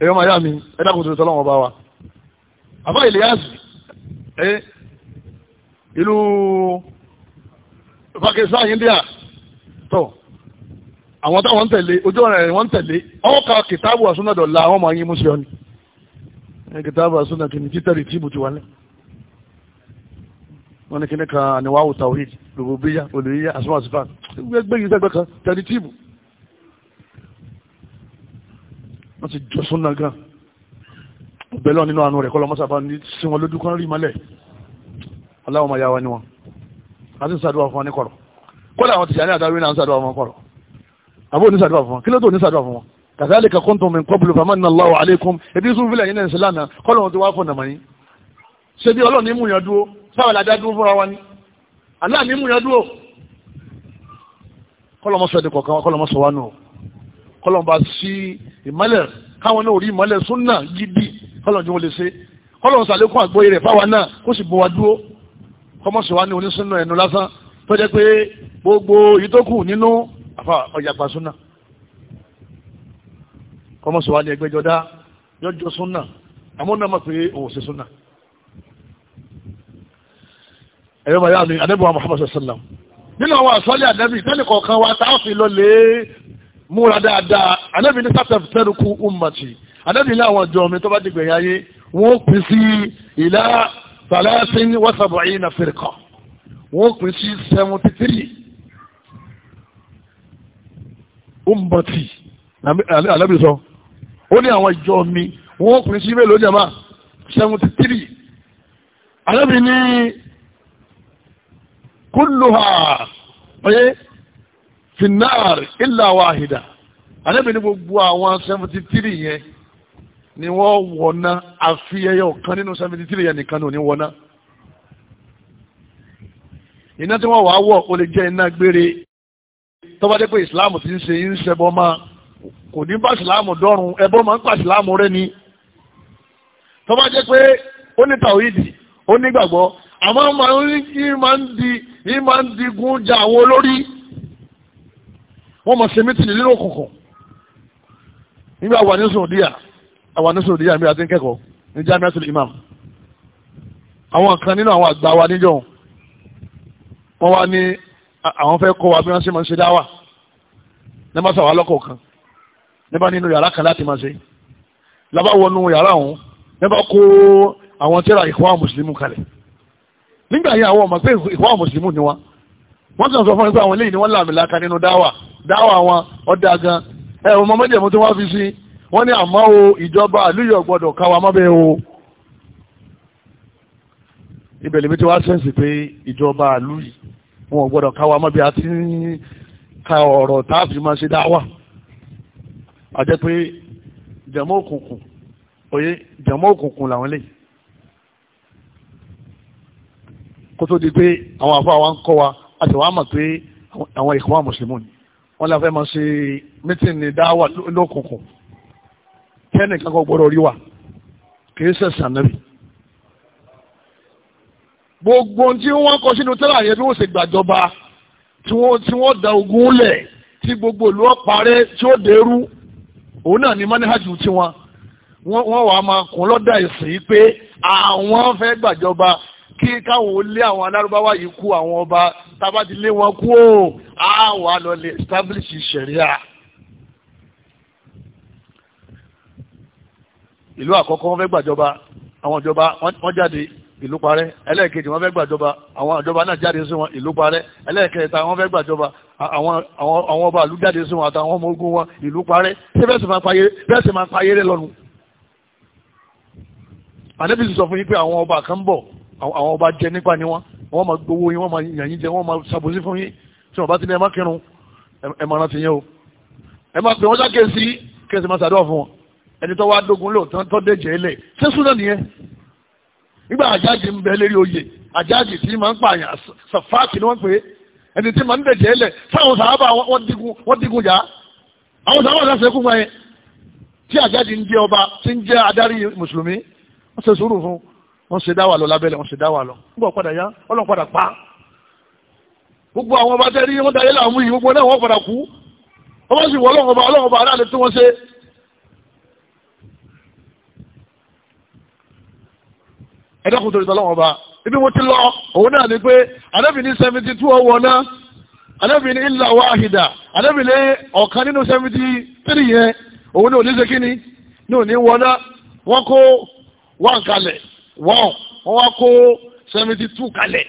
B: ẹ̀yọ́ máa yá mi ẹ dákun tuntun tọ́lọ́wọ́n bá wa àbá Ìlíyàsì ẹ ìlú Pakistan India tọ́ àwọn táwọn ń tẹ̀lé ojú ọ̀rẹ́ wọn ń tẹ̀lé ọ̀ọ́ka kìtàbù àsúnàdọ̀la àwọn ọmọ yín mú sí ọ ni kìtàbù àsúnà kìnnìkítàrì tìbù ti wà ní wọ́n ní kíní kan àníwáwò tawhid rububiyyah uluhiyyah asma wa sifat gbé yìí sẹ́gbẹ́ kan tẹ̀lé tíìbù wọ́n ti jọ súnà gan ọ̀bẹ̀ lọ nínú àánú rẹ̀ kọ́lọ́ mọ́sàbá ní sí wọn lójú kan rí mọ́lẹ̀ aláwọ̀mọ̀ ya wa ni wọn a ti ń sàdúrà fún wọn ní kọ̀rọ̀ kọ́lá àwọn tìṣà ní àdáwé náà ń sàdúrà fún wọn kọ̀rọ̀ àbó ní sàdúrà fún wọn kí ló tó ní sàdúrà fún wọn kazalika kuntum min qablu famanna Allahu alaykum ebi sùn fílẹ̀ yín náà ń sílànà kọ́lọ́ wọn ti wá fún nàmọ́ yín ṣe bí ọlọ́run ní mú yàn dúró sáwọn ìlàjá dúró fúnra wa ni aláà ní mú yàn dúró kọ́lọ́mọ sọ ẹ̀dẹ̀ kọ̀ọ̀kan kọ́lọ́mọ wa nù kọ́lọ́mọ sí ìmọ́lẹ̀ káwọn náà rí ìmọ́lẹ̀ súnà gidi kọ́lọ́mọ jẹ́ wọn lè ṣe kọ́lọ́mọ sàlékún àgbóyè rẹ̀ fáwa náà kó sì bọ́ wa dúró kọ́mọ sọ wa ní onísúnà ẹnu lásán tó jẹ́ pé gbogbo ìtókù nínú àfa ọ̀yàgbà súnà kọ́mọ wa ní ẹgbẹ́jọ dá yọjọ súnà àmọ́ pé òun súnà ẹ̀rọ màá yára ni ànábì Muhammad sallam nínú àwọn àsọ́lé ànábì tẹ́lẹ̀ kọ̀ọ̀kan wa tá a fi lọ lé múra dáadáa ànábì ní sátẹ̀f tẹ́rùkù ummati ànábì ní àwọn àjọ mi tó bá dìgbẹ̀ yá yé wọ́n pín sí ìlà salasin wa sab'ina firqa wọ́n pín sí seventy three ummati ànábì sọ ó ní àwọn àjọ mi wọ́n pín sí mélòó jẹ́ máa seventy three ànábì ní. kulluha oye finnaar illa wahida anabi ni gbogbo àwọn seventy three yẹn ni wọ́n wọ̀nà àfi ẹyọ kan nínú seventy three yẹn ní òní iná tí wọ́n wàá wọ̀ lè jẹ́ iná gbére tọ́wádé pé ìsìláàmù ti ń ṣe ń ṣẹbọ máa kò ní bá ìsìláàmù dọ́rùn yìí máa ń digun ja àwọn olórí wọ́n mọ̀ ṣe mítìlì nínú òkùnkùn nígbà wà ní sòdíà àwọn ní sòdíà níbi àti kẹ́kọ̀ọ́ ní jamiatul imam àwọn kan nínú àwọn àgbà wa níjọ́ wọ́n wá ní àwọn fẹ́ kọ́ wa bí wọ́n ṣe máa ń ṣe dáwà ní bá sàwọn alọ́kọ̀ kan ní bá nínú yàrá kan láti máa ṣe lábá wọnú yàrá òun ní bá kó àwọn tírà ìkọ́ mùsùlùmí kalẹ̀ nígbà yẹn àwọn ọmọ pé ìwà mùsùlùmù ni wọn wọ́n kàn sọ fún mi pé àwọn eléyìí ni wọ́n làmì láka nínú dáwà dáwà wọn ọ̀dà gan ẹ ọmọ mọ́jẹ̀mú tí wọ́n fi sí wọ́n ní àmọ́ o ìjọba àlúyọ̀ gbọ́dọ̀ káwa mọ́bẹ̀ o. ibẹ̀ lèmi tí wọ́n á sẹ́ǹsì pé ìjọba àlúyì wọn ò gbọ́dọ̀ káwa mọ́bẹ̀ àti ka ọ̀rọ̀ tá a fi máa ṣe dáwà. àjẹ́ pé òkùnkùn òye jẹ̀mọ́ òkùnkùn làwọn eléyìí kó tó di pé àwọn àfa wa ń kọ́ wa a sì wá mọ̀ pé àwọn ìkọ́wà mùsùlùmí wọ́n la fẹ́ máa ṣe mítìn ní dáwà lókùnkùn kẹ́ni kankan gbọ́dọ̀ rí wa kìí sẹ̀sán náà gbogbo tí wọ́n kọ sínú tẹ́lá yẹn bí wọ́n ṣe gbàjọba tí wọ́n tí wọ́n da ogun lẹ̀ tí gbogbo ìlú ọ̀parẹ́ tí ó dẹrú òun náà ni mánìhàjù tiwọn wọ́n wàá máa kún lọ́dà ìsìn pé àwọn fẹ́ gbàjọba kí káwọn olé àwọn alárúbáwá yìí kú àwọn ọba tábà wọn kú ó á wà lọ establish Sharia ìlú àkọ́kọ́ wọ́n fẹ́ gbàjọba àwọn ìjọba wọ́n jáde ìlú parẹ́ ẹlẹ́ẹ̀kejì wọ́n fẹ́ gbàjọba àwọn ìjọba náà jáde sí wọn ìlú parẹ́ ẹlẹ́ẹ̀kẹta wọ́n fẹ́ gbàjọba àwọn ọba ìlú jáde sí wọn àtàwọn ọmọ ogun wọn ìlú parẹ́ ṣé bẹ́ẹ̀ sì máa payé lọ́nu. àdébísì sọ fún yín pé àwọn ọba kan bọ̀ àwọn ọba jẹ nípa ni wọn wọn máa gbowó yín wọn máa yàn yín jẹ wọn máa ṣàbòsí fún yín tí wọn bá ti ní ẹ má kírun ẹ má rántí yẹn o ẹ má pè wọn sáké sí kéèsì máa ṣàdúrà fún wọn ẹni tó wá dógun lò tán tó dẹjẹ lẹ ṣé súnà nìyẹn nígbà àjáde ń bẹ lérí oyè àjáde tí máa ń pààyàn sàfáàkì ni wọn pè é ẹni tí máa ń dẹjẹ lẹ sáwọn sàábà wọn digun jà àwọn sàábà náà ṣẹkùn yẹn tí àjáde ń jẹ ọba tí ń jẹ adarí mùsùlùmí wọn ṣe sùúrù fún un wọ́n ṣe dáwà lọ lábẹ́lẹ̀ wọ́n ṣe dáwà lọ gbọ́ padà yá ọlọ́run padà pa gbogbo àwọn ọba tẹ́rí wọ́n darí làwọn yìí gbogbo náà wọ́n padà kú
A: ọba sì wọ ọlọ́run ọba ọlọ́run
B: ọba aláàlẹ́ tí wọ́n ṣe. ẹ dákun torí tọ́lọ́run ọba ibi mo ti lọ òun náà ni pé anábì ní seventy two ọwọ́ oh náà anábì ní ilà wáhìdà anábì ní ọ̀kan nínú seventy three yẹn òun ní òní ṣe kíni ní òní wọ́n wọ́n wọ́n wá kó seventy two kalẹ̀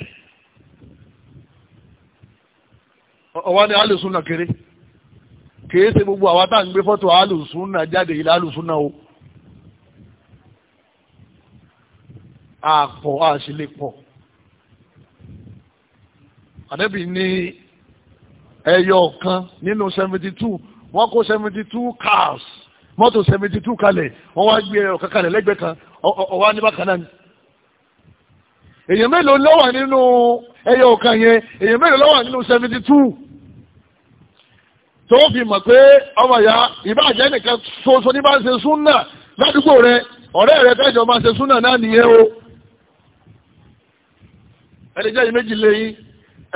B: ọwọ́ ni alùsùn náà kéré kìí ṣe gbogbo àwọn tá à ń gbé fọ́tò alùsùn náà jáde ilẹ̀ alùsùn náà o àpọ̀ àṣìlè pọ̀ àdẹ́bì ní ẹyọ kan nínú seventy two wọ́n kó seventy two cars mọ́tò seventy two kalẹ̀ wọ́n wá gbé ẹyọ kan kalẹ̀ lẹ́gbẹ̀ẹ́ kan ọ̀wá ní bákan náà ni èyàn mélòó ló wà nínú ẹyọ ọ̀kan yẹn èyàn mélòó ló wà nínú seventy two tó fi mọ̀ pé ọmọ ìyá ìbàjẹ́ nìkan ṣoṣo ní bá ń ṣe súnà ládùúgbò rẹ ọ̀rẹ́ rẹ tẹ́jọ máa ṣe súnà náà nìyẹn o ẹni jẹ́ yìí méjì lẹ́yìn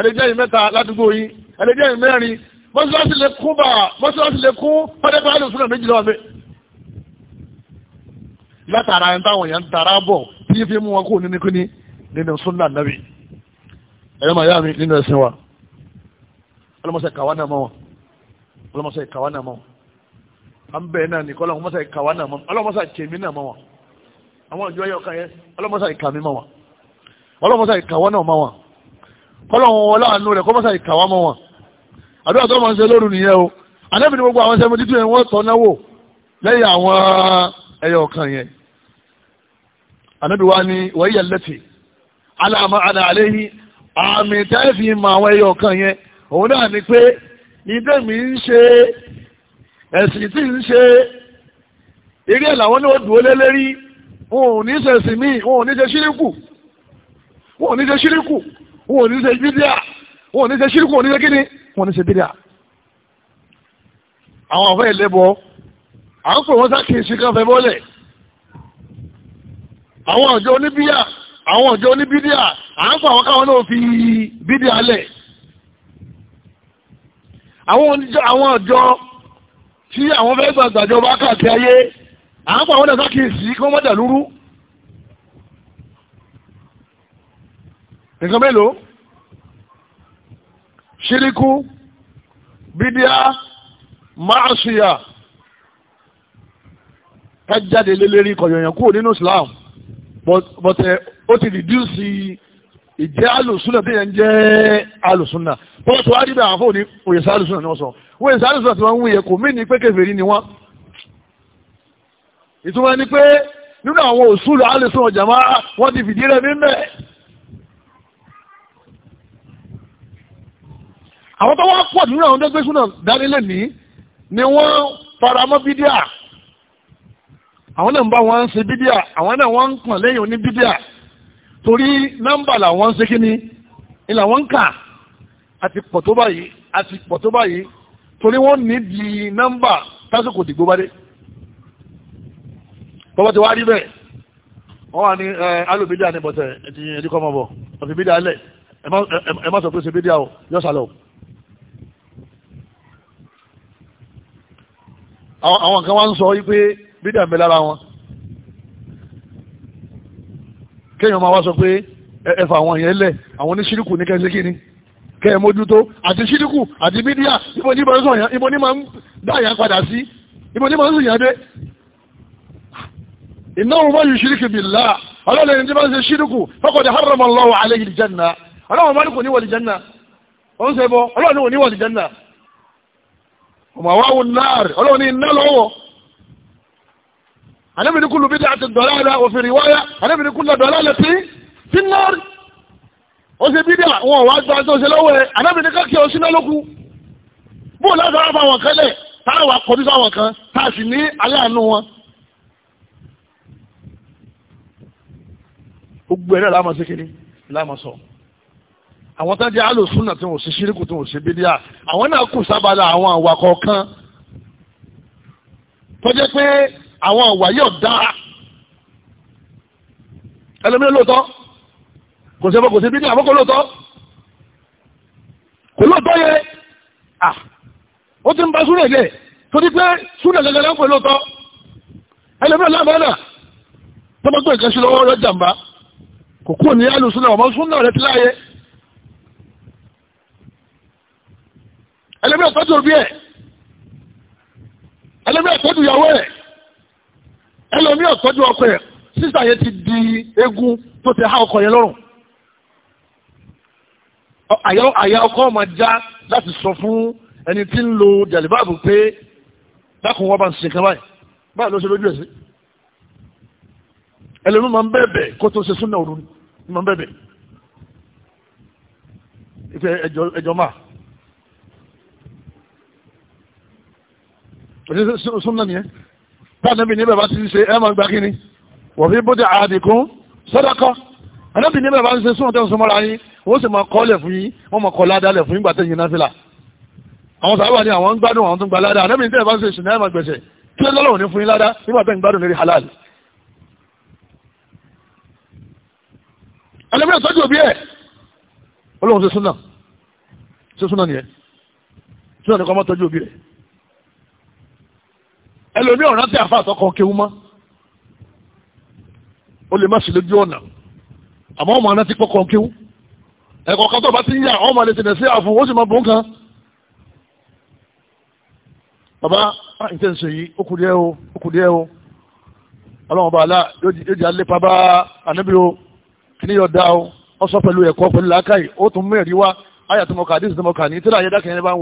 B: ẹni jẹ́ yìí mẹ́ta ládùúgbò yìí ẹni jẹ́ yìí mẹ́rin mọ́ṣáláṣí lè kún bá mọ́ṣáláṣí lè kún pẹ́ẹ́dẹ́gbẹ́ àlè súnà méjì lọ́wọ́ mi. látara ẹni táwọn èèyàn tara bọ̀ tí fi mú wọn kó nínú kíní nínú súnà nàbì ẹ̀rọ màá yá mi nínú ẹ̀sìn wa ọlọ́mọṣẹ́ kàwá náà mọ́ wọn ọlọ́mọṣẹ́ kàwá náà mọ́ wọn à ń bẹ̀ náà nìkan ọlọ́mọṣẹ́ kàwá náà mọ́ wọn ọlọ́mọṣẹ́ kèmí náà mọ́ wọn àwọn ìjọ ayọ̀kan yẹn ọlọ́mọṣẹ́ ìkàmí mọ́ wọn ọlọ́mọṣẹ́ ìkàwá náà mọ́ wọn kọ́lọ́hún ọláàánú rẹ̀ kọ́mọṣẹ́ ìkàwá mọ́ wọn àdúrà tó máa ń ṣe lóru nìyẹn o àdébìnrin gbogbo àwọn sẹ́mi títú yẹn tọ́ náwó lẹ́yìn àwọn ẹyọ kan yẹn ànábì wa ni wọ́n yẹ lẹ́tì aláàmọ́ aláàléyìn àmì tẹ́ẹ̀fì mọ àwọn ẹyọ kan yẹn òun náà ni pé ìdẹ́mi ń ṣe ẹ̀sìn tí ń ṣe eré làwọn ní odò lélẹ́rí wọn ò ní ṣe ẹ̀sìn míì wọn ò ní ṣe ṣíríkù wọn ò ní ṣe ṣíríkù wọn ò ní ṣe bídíà wọn ò ní ṣe ṣíríkù wọn ò ní ṣe kíni wọn ò ní ṣe bídíà. àwọn ọ̀fẹ́ ìlẹ́bọ à ń pè wọ́n sá kì í ṣe káfẹ́ bọ́lẹ̀ àwọn àjọ oníbíyà àwọn ọjọ́ ní bídíà à ń pa àwọn káwọn náà fi bídíà lẹ̀ àwọn ọjọ́ tí àwọn fẹ́ gbàgbàjọba káàkiri ayé à ń pa àwọn náà sákìsì kí wọ́n mọ́jà lúrú nǹkan mélòó ṣíríkú bídíà máàṣíyà ká jáde lélẹ́rí kọ̀yọ̀yàn kúrò nínú Islam but. Eh, ó ti reduce ìjẹ́ alùsùnà tí yẹn jẹ́ alùsùnà wọ́n sọ wájú bí àwọn fóònù òyèsà alùsùnà ni wọ́n sọ wọ́n èsà alùsùnà tí wọ́n ń wúyẹ kò mí ní pé kèfèrí ni wọ́n ìtumọ̀ ni pé nínú àwọn òṣùlù alùsùnà jàmá wọ́n ti fìdí rẹ̀ mímẹ́ àwọn tó wá pọ̀ nínú àwọn tó gbé súnà dánilẹ̀ ní ni wọ́n faramọ́ bídíà àwọn náà ń bá wọn ṣe bídíà àwọn náà wọ́n ń pọ̀ lẹ́yìn oní bídíà torí nọ́mbà làwọn ń ṣe kí ni ni làwọn ń kà àti pọ̀ tó báyìí àti pọ̀ tó báyìí torí wọ́n ní di nọ́mbà tásìkò dìgbò bá dé bọ́bá ti wá rí bẹ́ẹ̀ wọ́n wà ní alùbídà ní bọ̀tẹ̀ ẹ̀tì ẹ̀díkọ́ mọ̀ bọ̀ ọ̀fì bídà alẹ̀ ẹ má sọ pé ṣe bídà o yọ sàlọ̀ àwọn kan wá ń sọ wípé bídà ń bẹ lára wọn kéèyàn máa wá sọ pé ẹfà àwọn yẹn lẹ̀ àwọn oníṣíríkù ní kẹsí kíni kẹ́ẹ̀ mójútó àti ṣíríkù àti bídíà ibo ní máa ń sọ̀yàn ibo ní máa ń dáyà padà sí ibo ní máa ń sọ̀yàn dé innahu man yushriku billah ọlọ́lẹ̀ ní tí máa ń ṣe ṣíríkù faqad harrama Allahu alayhi al-janna ọlọ́wọ́n máa ní kò ní wọlé janna ó ń ṣe bọ́ ọlọ́wọ́n ní wọlé janna ọmọ àwọn náà ọlọ́wọ́n ní iná lọ́wọ́ Ànábì ní kullu bid'atin dalalah wa fi riwaya Ànábì ní kullu dalalatin fi an-nar ó ṣe bídà wọn wá gba tó ṣe lọ́wọ́ ẹ̀ Ànábì ní káàkiri ọ̀ṣun náà lókun bó lásán àbá wọn kẹ́lẹ̀ táà wà kọjú sáwọn kan táà sì ní aláàánú pé àwọn ọ̀wà yóò dáa ẹlòmíràn lóòótọ́ kò sí ẹbọ kò sí bídí àbọ̀kọ lóòótọ́ kò lóòótọ́ yẹ à ó ti ń ba súnlẹ̀ lẹ̀ torí pé súnlẹ̀ gẹ́gẹ́ lọ́pọ̀ lóòótọ́ ẹlòmíràn lábẹ́rẹ́ tó bá tó nǹkan sí lọ́wọ́ lọ́jà ń bá kò kúrò ní alùsùnà ọmọ súnlẹ̀ rẹ ti láàyè ẹlòmíràn tọ́jú òbí ẹ̀ ẹlòmíràn tọ́jú ìyàwó ẹ̀ ẹlòmí ọ̀tọ́jú ọkọ ẹ̀ sísà yẹn ti di egun tó ti há ọkọ yẹn lọ́rùn àyà ọkọ ọmọ já láti sọ fún ẹni tí ń lo jàlíbáàbù pé dákun wọn bá ń ṣe kan báyìí báyìí ló ṣe lójú ẹ̀ sí ẹlòmí máa ń bẹ̀bẹ̀ kó tó ṣe súnà òru ni máa ń bẹ̀bẹ̀ ìfẹ́ ẹjọ́ máa. Òṣèlú súnà nìyẹn tánàbì ní bẹ̀bá ti ṣe ẹ̀mọ̀ gbà kí ni wọ́n fi bóde àdìkún sọ́dọ̀kọ́ anábì ní bẹ̀bá ti ṣe súnmọ́ tẹ́wọ́n sọmọ́ra yín wọ́n sì máa kọ́lẹ̀ fún yín wọ́n máa kọ́ ládàálẹ̀ fún ìgbà tẹ́yìn náà fìlà àwọn sábà ní àwọn ń gbádùn àwọn tó ń gba ládàá anábì ní bẹ̀bá ti ṣe ṣìnà ẹ̀mọ̀ gbẹ̀ṣẹ̀ kí ló lọ́wọ́ ní fún yín ládàá nígbà tẹ́yìn gbádùn lérí halal ẹlẹ́mìíràn tọ́jú òbí ẹ̀ olóhùn ṣe súnà ṣe súnà nìyẹn súnà ní kọ́ mọ́ tọ́jú òbí ẹ̀ ẹlòmí ọ̀ràn tí àfa àtọkọ kéwú mọ́ ó lè má sí lójú ọ̀nà àmọ́ ọmọ aná ti kọ́kọ́ kéwú ẹ̀kọ́ kan tó bá ti ń yà ọmọ lè tẹ̀lé sí àfún ó sì máa bó nǹkan. bàbá ìtẹ̀ ń yìí ó kù díẹ̀ o ó kù díẹ̀ o ọlọ́run bá aláà yóò jẹ́ alépa bá anábì o kí ni yóò dá o ó sọ pẹ̀lú ẹ̀kọ́ pẹ̀lú làákàyè ó tún mú ẹ̀rí wá ayàtúmọ̀kà àdìsítọ̀mọ̀kà ní tíra ayẹ́dá kẹ́yìn bá ń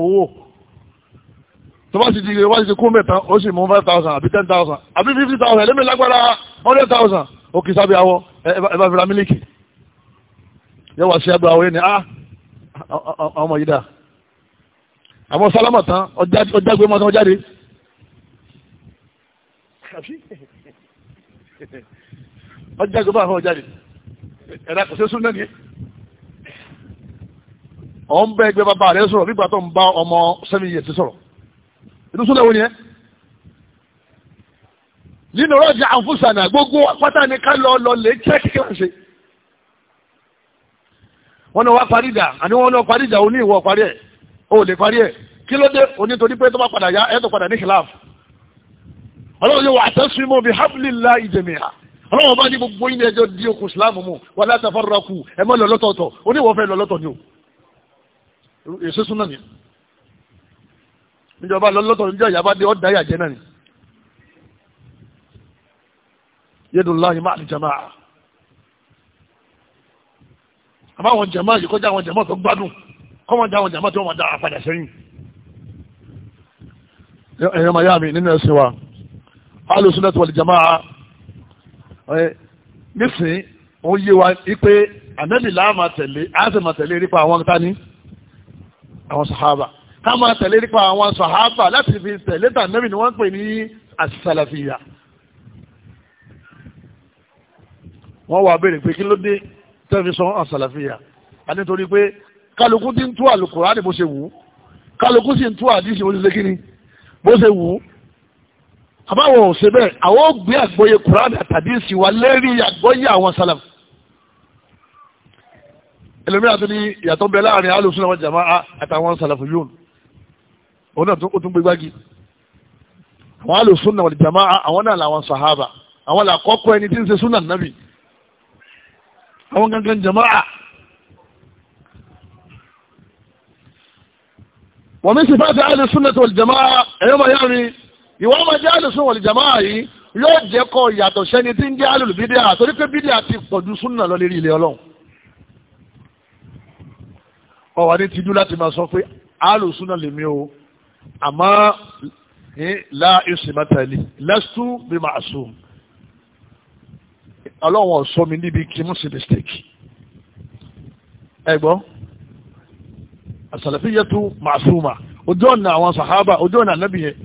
B: tó bá sì ti wá sí kó mẹ́ta ó sì mú five thousand àbí ten thousand àbí fifty thousand ẹlẹ́mì lágbára hundred thousand ó kì í sábẹ́ awọ ẹ bá fi ra mílíkì yẹ wá sí agbára awọ yẹn ni ah ọmọ yìí dà àmọ́ sálámà tán ọjà gbé mọ́ tán ọjáde. ọjà gbé mọ́ tán ọjáde ẹ̀dá kò sí sún náà ni ọ̀ ń bẹ́ ẹgbẹ́ bàbá rẹ sọ̀rọ̀ nígbà tó ń bá ọmọ seven years sọ̀rọ̀ inú súnà wo ni ẹ nínú rọ́jà àǹfùsànà gbogbo pátá ni ká lọ lọ lè jẹ́ kíkẹ́ wá wọn náà wá parí ìjà àní wọn náà parí ìjà òní ìwọ parí ẹ o lè parí ẹ kí ló dé òní torí pé tó bá padà yá ẹ tó padà ní kìláàf ọlọ́run yóò wà àtẹ́sùmọ́ bí hábìlìlá ìjẹ̀mìhà ọlọ́run bá ní gbogbo yín ẹjọ́ di okùn síláàmù mu wà látàfàrà kù ẹ lọ lọ́tọ̀ọ̀tọ̀ oníwọ̀fẹ́ lọ lọ́tọ̀ ni o èso súnà nìyẹn níjọba lọ́lọ́tọ̀ níjọ́ ìyàbá dé ọ̀dà yàjẹ́ náà ni yadullahi máa ní jama'a àmọ́ àwọn jama'a yìí kọjá àwọn jama'a tó gbádùn kọ́mọ̀ dá àwọn jama'a tó wọ́n dá àpadà sẹ́yìn ẹ̀yọ́ máa yá mi nínú ẹ̀sìn wa alùsùnlẹ̀tì wal jama'a nísìn òun yé wa pé ànábì láàmà tẹ̀lé àṣẹ mà tẹ̀lé nípa àwọn tání àwọn sàhábà ká máa tẹ̀lé nípa àwọn sàhábà láti fi tẹ̀lé tànẹ́bì ni wọ́n ń pè ní àṣìṣàlàfíà wọ́n wá béèrè pé kí ló dé tẹ́fi sọ àṣàlàfíà a nítorí pé kálukú ti ń tú àlùkùránì bó ṣe wù ú kálukú sì ń tú àdìsí bó ṣe ṣe kíni bó ṣe wù ú àbáwọ̀ ò ṣe bẹ́ẹ̀ àwọn ò gbé àgbọ́yé kùránì àtàdìsí wa lérí àgbọ́yé àwọn sàlàfíà ẹlòmíràn tó ní ìyàtọ̀ bẹ láàrin alùsùn àwọn jàmáà àtàwọn sàlàfíyùn òun náà ó tún gbé gbági àwọn alùsùn náà wal jamaa àwọn náà làwọn sàhábà àwọn làkọ́kọ́ ẹni tí ń ṣe súnà nàbì àwọn gangan jamaa wọ́n mi sì fẹ́ fẹ́ alùsùn náà wal jamaa ẹ̀yọ́ máa yára ni ìwọ́n máa jẹ́ alùsùn wal jamaa yìí yóò jẹ́ kọ́ ìyàtọ̀ sẹ́ni tí ń jẹ́ alùbídíà torí pé bídíà ti pọ̀jù súnà lọ lérí ilé ọlọ́run ọ̀wà ní tijú láti máa sọ pé alùsùn náà lèmi o àmọ́ la ìsìmọ́tàlì lẹ́sù bí màá sùn ọlọ́wọ̀n sọ mi níbi kí mú sí mistake ẹgbọ́ àsàlẹ̀fíyẹ́tù màṣúmà ojú ọ̀nà àwọn sàhábà ojú ọ̀nà ànábì yẹn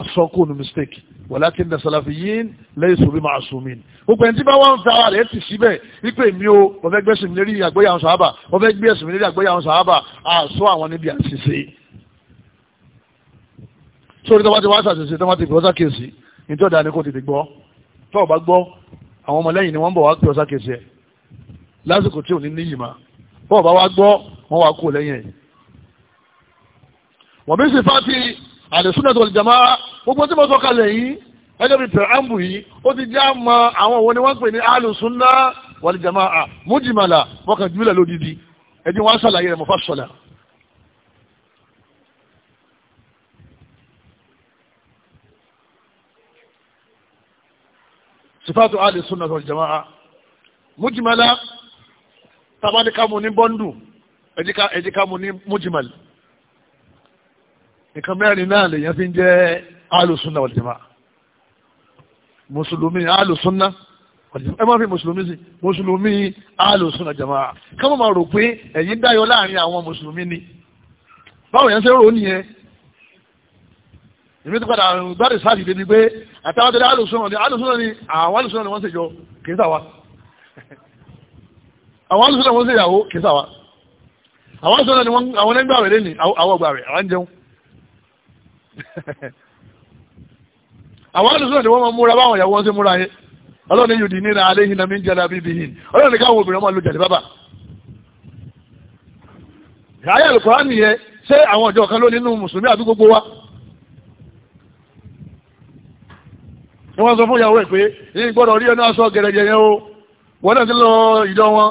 B: asọ́kùnù mistake walakin na sàlàfíyín laysu bi ma'sumin gbogbo ẹni tí bá wọ́n ń fi ara rẹ̀ ti síbẹ̀ wípé mi ò wọ́n fẹ́ gbẹ́sìn mi lérí àgbóyà sàhábà wọ́n fẹ́ gbẹ́sìn mi lérí àgbóyà sàhábà àṣọ àwọn níbi àṣìṣe sórí tó bá ti wá ṣàṣìṣe tó bá ti fi ọ́sà kèsì ní tí ọ̀dà ni kò tètè gbọ́ tó o gbọ́ àwọn ọmọlẹ́yìn ni wọ́n ń bọ̀ wá pé ọ́sà kèsì ẹ̀ lásìkò tí ò ní níyì mà bọ́ọ̀ bá wá gbọ́ wọ́n wá kú lẹ́yìn ẹ̀. wọ́n bí sì fáti àdìsúnà tó lè jàmá gbogbo tí mo sọ kalẹ̀ yìí ẹgbẹ́ bíi pẹ̀lámbù yìí ó ti já mọ àwọn òun ni wọ́n ń pè ní alùsúnà wàlìjàmá à mújìmàlà wọ́n kàn jùlọ lódìdí ẹni wọ́n á ṣàlàyé rẹ̀ mọ́fà sọ̀lá sifatu ali sunna wal jamaa mujmala tabani kamu ni bondu ejika ejika mu ni mujmal nǹkan mẹ́rin náà lèyàn fi ń jẹ́ alùsùnà wal jamaa mùsùlùmí alùsùnà wal jamaa ẹ máa fi mùsùlùmí sí mùsùlùmí alùsùnà jamaa ká má máa rò pé ẹ̀yin dáyọ láàrin àwọn mùsùlùmí ni báwo yẹn ṣe rò ó nìyẹn èmi tó padà gbádùn sáàtì débi pé àtàwọn tẹ́lẹ̀ alùsùn ní alùsùn àwọn alùsùn ní wọ́n ṣe jọ kìí àwọn alùsùn wọ́n ṣe ìyàwó kìí àwọn alùsùn ní àwọn ẹgbẹ́ àwẹ̀rẹ́ ní àwọn ọgbà àwọn jẹun àwọn alùsùn ní wọ́n máa múra báwọn ìyàwó wọn ṣe ni wọ́n sọ fún ìyàwó ẹ̀ pé ní gbọ́dọ̀ rí ẹnu aṣọ gẹ̀rẹ́gẹ̀ yẹn o wọ́n náà ti lọ ìjọ wọn.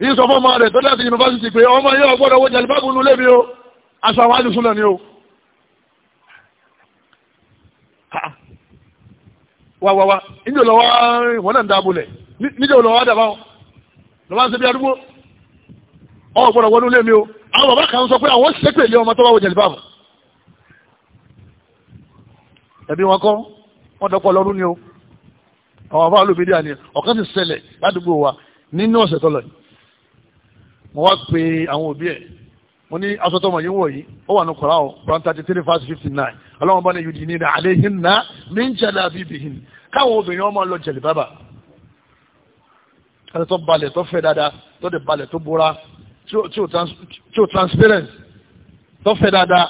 B: ní sọ fún ọmọ rẹ̀ tó láti yunifásitì pé ọmọ yẹn ò gbọ́dọ̀ wọ jàlibáàbù nulẹ̀ mi o aṣọ àwọn àdùsùn náà ni o. wa wa wa níjọ lọ wá wọn náà ń dáàbò lẹ̀ níjọ lọ dàbà lọ wá ẹbí wọn kọ́ wọ́n dọ́pọ̀ lọ́rú ni o àwọn afáàlú mídíà ni ọ̀kan ti ṣẹlẹ̀ ládùúgbò wa nínú ọ̀sẹ̀ tọ́lọ̀ yìí mo wá pe àwọn òbí ẹ̀ mo ní aṣọ tọmọ yìí wọ̀ ó wà ní kọ̀ọ̀rọ̀ àwọn brand thirty three verse fifty nine ọlọ́run bá ní yìí ní alẹ́ yìí ná ní ń jẹ́lẹ̀ àbíbí yìí káwọn obìnrin ọmọ lọ jẹ̀lẹ̀ bábà ẹni tó balẹ̀ tó fẹ́ dáadáa tó dẹ̀ balẹ̀ tó bora tí ò transparent tó fẹ́ dáadáa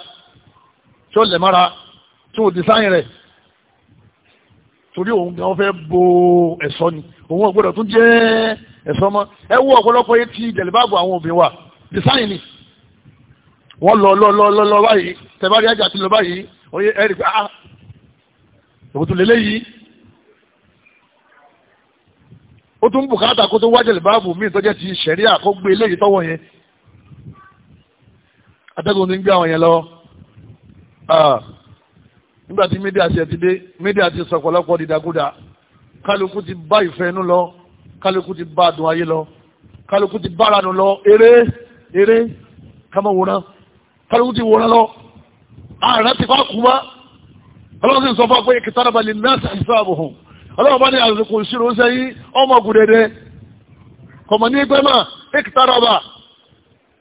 B: tí ó lẹ̀ mára tí ò dísáìn rẹ̀ torí òun gan fẹ́ bo ẹ̀sọ́ ni òun ọ̀gbọ́dọ̀ tún jẹ́ ẹ̀sọ́ mọ́ ẹ wo ọ̀pọ̀lọpọ̀ yẹn ti jẹ̀lẹ́bàbọ̀ àwọn obìnrin wa dísáìn ni wọ́n lọ lọ lọ lọ lọ báyìí tẹ̀bárí ajá ti lọ báyìí oyè ẹ̀rì pé ah òkùtù lélẹ́ yìí ó tún bùkátà kó tó wá jẹ̀lẹ́bàbọ̀ míì tó jẹ́ ti ṣẹ̀rí àkọ́gbé eléyìí tọ́wọ́ yẹn atẹ́gùn ti ń gbé àwọn yẹn lọ ah nígbà tí mídíà ti ẹ̀tí dé mídíà ti sọ̀pọ̀lọpọ̀ dìdàkudà kálukú ti bá ìfẹ́ inú lọ kálukú ti bá àdùn ayé lọ kálukú ti bára nù lọ eré eré kama wòran kálukú ti wòran lọ ààrẹ ti fà kú mọ́ ọlọ́run sì sọ fún wa pé kìtàrà balẹ̀ náà sàìsọ àbùhùn ọlọ́run bá ní àsìkò ìṣirò sẹ́yìn ọmọ gùdẹ̀dẹ̀ kọ̀mọ̀ ní ẹgbẹ́ mà ẹ̀kìtàrà bà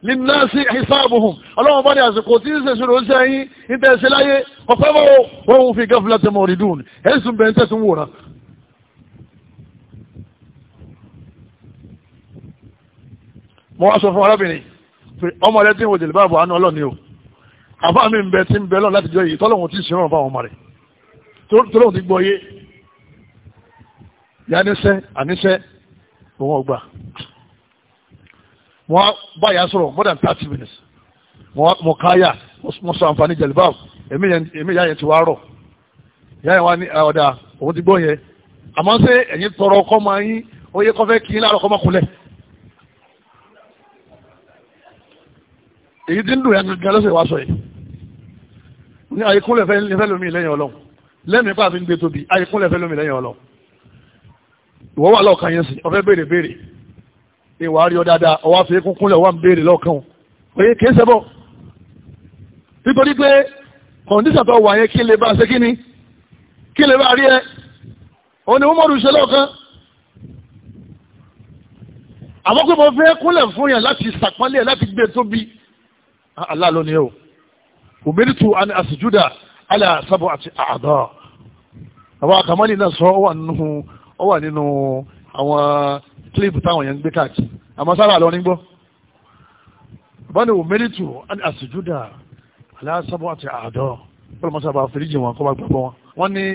B: lìnàṣì ìsáàbùhùn ọlọ́wọ́n bá ní àsìkò tí ń ṣe ṣòro ṣe yín ní tẹ̀sí láyé ọ̀pẹ́ mọ́ wọn ò fi gáfìlà tẹmọ̀ rìdùn ẹ̀sùn bẹ̀rẹ̀ tẹ̀sùn wòran. mo wá sọ fún arábìnrin pé ọmọ rẹ tí ń wo jèlè báàbò àánú ọlọ́ni o àbá mi ń bẹ tí ń bẹ lọ́n láti jọ yìí tọ́lọ́hún ti ṣe rán mo bá yà sọ̀rọ̀ more than thirty minutes mo káyà mo sọ àǹfààní jẹ̀lúbà èmi ìyá yẹn ti wá rọ̀ ìyá yẹn wá ní ọ̀dà òun ti gbọ́ yẹn àmọ́ ṣé ẹ̀yin tọrọ ọkọ máa yín ó yẹ kọ́ fẹ́ kí láàárọ̀ kọ́ máa kúnlẹ̀. èyí tí ń dùn yẹn gangan lọ́sẹ̀ wá sọ yìí ní àyíkúnlẹ̀ fẹ́ lómi lẹ́yìn ọlọ́run lẹ́mìí pàfi ń gbé tóbi àyíkúnlẹ̀ fẹ́ lómi lẹ́yìn ọlọ́run ìwọ wà lọ́ọ̀kan yẹn sí ọ̀fẹ́ béèrè béèrè ìwà rí ọ dáadáa ọwọ́ àfi kúnkúnlẹ̀ wà ń béèrè lọ́kàn òye kìí ṣẹbọ nítorí pé kọ̀ǹdíṣàn tó wà yẹn kí lè bá ṣe kí ni kí lè bá rí ẹ òun ni Umaru ṣe lọ́kàn àmọ́ pé mo fẹ́ kúnlẹ̀ fún yẹn láti ṣàpọ́nlé ẹ̀ láti gbé e tóbi ah, Allah ló ní o òmìniritù àṣìjúdà alẹ́ àṣàbọ̀ àti àdọ́ àwọn àkàmọ́lì náà sọ ọ wà nínú àwọn clip táwọn yẹn ń gbé káàkiri àmọ́ sára lọ ní gbọ́ bọ́ni wò mẹ́rìtù àṣìjúdà aláṣàbọ̀ àti àádọ́ ọlọ́mọṣàbà àforíjì wọn kọ́ bá gbàgbọ́ wọn wọ́n ní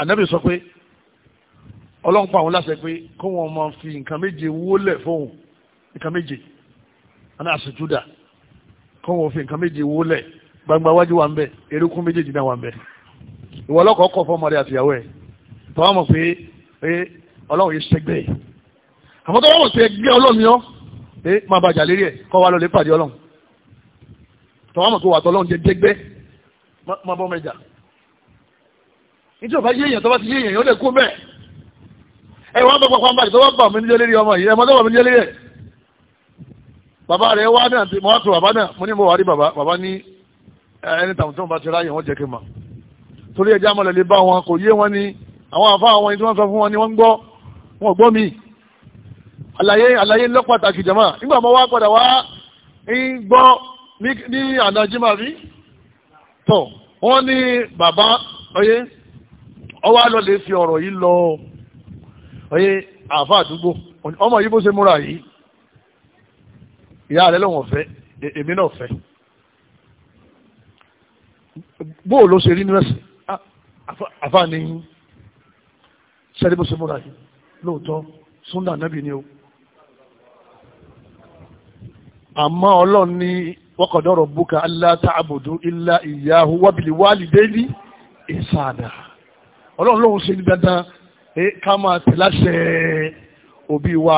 B: ànábì sọ pé ọlọ́run pa àwọn láṣẹ pé kó wọn máa fi nǹkan méje wólẹ̀ fóun nǹkan méje àná àṣìjúdà kó wọn fi nǹkan méje wólẹ̀ gbangba wájú wa ń bẹ erékún méjèèjì náà wà ń bẹ ìwọ ọlọ́kọ̀ọ́kọ̀ fọmọdé àtìyàwó ẹ̀ tọ́wọ́ mọ̀ pé ọlọ́run yìí ṣẹgbẹ́ yìí àwọn tó wọ́n wọ́n sí ẹgbẹ́ ọlọ́mi ọ́ ẹ máa bàjá lérí ẹ̀ kọ́ wa lọ lè pàdé ọlọ́run tọ́wọ́ mọ̀ tó wà tọ́lọ́run jẹ jẹgbẹ́ máa bọ́ mẹjà nítorí ọba yé èèyàn tó bá ti yé èèyàn yóò lè kú mẹ́ ẹ wọ́n bọ́ pàpà ń bàjẹ́ tó wọ́n bà mí níjẹ́ lérí ọmọ yìí ẹ mọ́ tó bà mí níjẹ́ lérí ẹ̀ bàbá rẹ̀ wá náà mo wá tó bàbá náà mo ní mo wà rí bàbá bàbá ní ẹni tàwọn tó ń bá ti àlàyé àlàyé lọ́pàtàkì jama nígbà mọ́ wá padà wá ń gbọ́ ní àdájímà rí tọ̀ wọ́n ní bàbá ọyé ọwá lọ lè fi ọ̀rọ̀ yìí lọ ọyé àfa àdúgbò ọmọ yìí bó ṣe múra yìí ìyá rẹ̀ lọ́wọ́n fẹ́ èmi náà fẹ́ bóò ló ṣe rí nínú ẹ̀sìn àfa ní sẹ́dí bó ṣe múra yìí lóòótọ́ súnà nábì ni o àmọ́ ọlọ́run ní wọ́kọ̀dọ́rọ̀ búka aláta àbòdó ilá ìyáhu wábìlì wálìdé ní ìsàdà ọlọ́run lóhun ṣe ní dandan ká máa tẹ̀láṣẹ òbí wa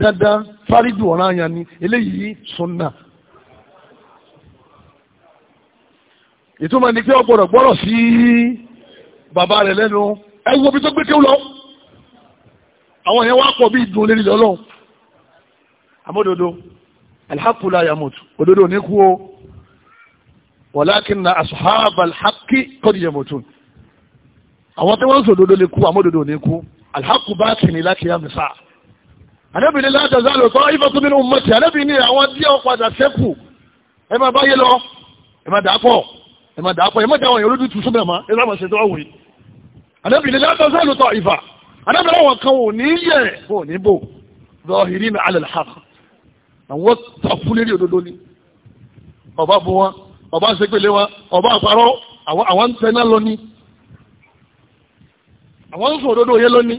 B: dandan fárídù ọ̀ràn àyàn ni eléyìí sunna ìtumọ̀ ni pé ọgbọ̀rọ̀ gbọ́rọ̀ sí bàbá rẹ̀ lẹ́nu ẹ wo bí tó gbé kéwù lọ àwọn yẹn wá pọ̀ bí ìdùn lérí lọ́lọ́run àmódodo alhaqqu la yamut òdodo ní kú o walakinna ashabal haqqi qad yamutun àwọn tí wọ́n sọ òdodo lè kú àmọ́ òdodo ní kú alhaqqu baqin ila qiyam as-sa'a anábì ní la tazalu ta'ifatun min ummati anábì ní àwọn tí ó padà sẹ́kù ẹ máa báyé lọ ẹ máa dàápọ̀ ẹ máa dàápọ̀ ẹ máa dàwọn èèyàn lójú tu súnmọ́ ẹ̀ma ẹ sábà ṣètò ọ̀wé anábì ní la tazalu ta'ifa anábì láwọn kan ò ní yẹ kò ní bò zahirina ala al-haqq àwọn takú lérí òdodo ni ọba bu wọn ọba ṣépele wọn ọba àparọ́ àwọn ń tẹná lọ ni àwọn ń sọ òdodo yẹn lọ ni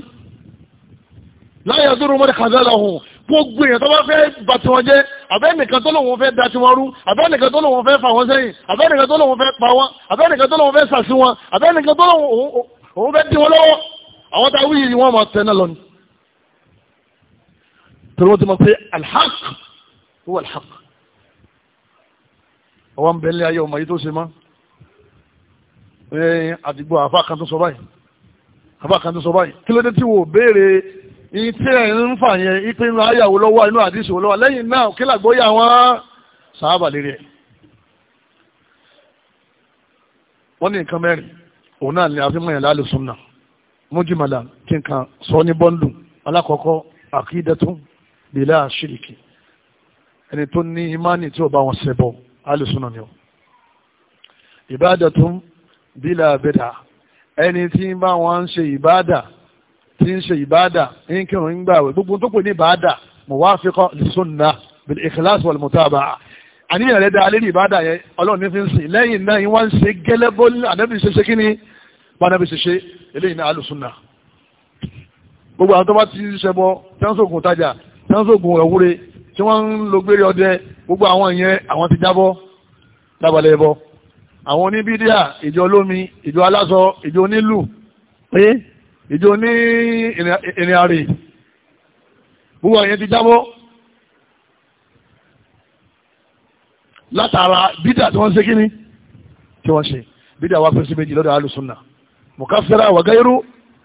B: láyé àdúró mọ́ni kàdá làwọn gbogbo èèyàn tó bá fẹ́ bà tí wọ́n jẹ́ àbẹ́nìkan tó lòun fẹ́ da tí wọ́n rú àbẹ́nìkan tó lòun fẹ́ fà wọ́n sẹ́yìn àbẹ́nìkan tó lòun fẹ́ pa wọ́n àbẹ́nìkan tó lòun fẹ́ sàṣù wọn àbẹ́nìkan tó lòun fẹ́ dí wọn lọ́wọ́ àwọn tá a wí wọ́n máa tẹ̀ náà lọ ni. wọ́n ti mọ̀ pé alhaq huwa al-haq ọwọ́ ń bẹ ní ayé ọmọ yìí tó ṣe mọ́ ẹ àdìgbò àfa kan tó sọ báyìí àfa kan tó sọ báyìí kí ló dé tí wò béèrè iye tí ẹ̀ ń fà yẹn ipe inú ayàwó lọ́wọ́ inú àdìsí wò lọ́wọ́ lẹ́yìn náà kí làgbóyà wọn sàábà lérí ẹ̀ wọ́n ní nǹkan mẹ́rin òun náà ni àfihàn yẹn lálẹ́ sunna mujmala kí nǹkan sọ ní bọ́ńdù alákọ̀ọ́kọ́ àkídẹ́tún bìlá ṣìrìkì ẹni tó ní imani tí ó bá wọn ṣẹbọ alùsùnà ni ó ìbáàdà tó ń bílà bẹ́dà ẹni tí ń bá wọn ń ṣe ìbáàdà tí ń ṣe ìbáàdà ń kírun ń gbàwẹ̀ gbogbo tó pè ní ìbáàdà muwafiqa lis-sunna bil-ikhlas wal-mutaba'a àníyàn rẹ̀ dáa lérí ìbáàdà yẹn ọlọ́run ní fi ń sìn lẹ́yìn náà yín ń ṣe gẹ́lẹ́bọ́ ànábì ṣe ṣe kí ni bánábì ṣe ṣe eléyìí ní alùsùnà gbogbo àwọn tó bá ti ṣẹbọ tẹ́ńsọ̀gùn tajà tẹ́ńsọ̀gùn ẹ̀wúre tí wọ́n ń lo gbére ọdẹ gbogbo àwọn ìyẹn àwọn ti jábọ́ lábalẹ̀ ẹbọ àwọn oníbídíà ìjọ olómi ìjọ aláṣọ ìjọ onílù pé ìjọ ní ìrìn àrè gbogbo ìyẹn ti jábọ́ látara bídà tí wọ́n ṣe kí ni tí wọ́n ṣe bídà wá pín sí méjì lọ́dọ̀ alùsùnà mùkáfẹ́rà wàgáyérú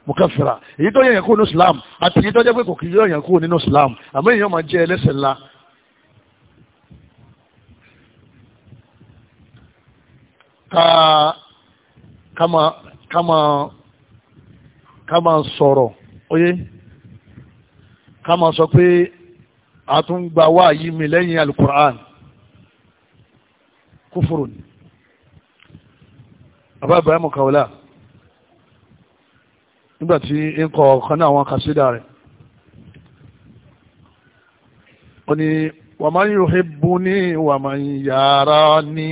B: mukafira èyí tó yẹ̀yàn kú nínú islam àti èyí tó jẹ́ pé kò kì í yẹ̀yàn kú nínú islam àmọ́ èyàn máa jẹ́ ẹlẹ́sẹ̀ ńlá. kama kama kama sọ̀rọ̀ oyé kama sọ pé àtúngbà wà yí mi lẹ́yìn alukur'an kúfùrù ni. Aba Ibrahim Kawla nígbàtí ń kọ ọ̀kan náà àwọn kàṣídà rẹ̀ ó ní wà máa ń yuhibbu ní wà máa ń yàrá ní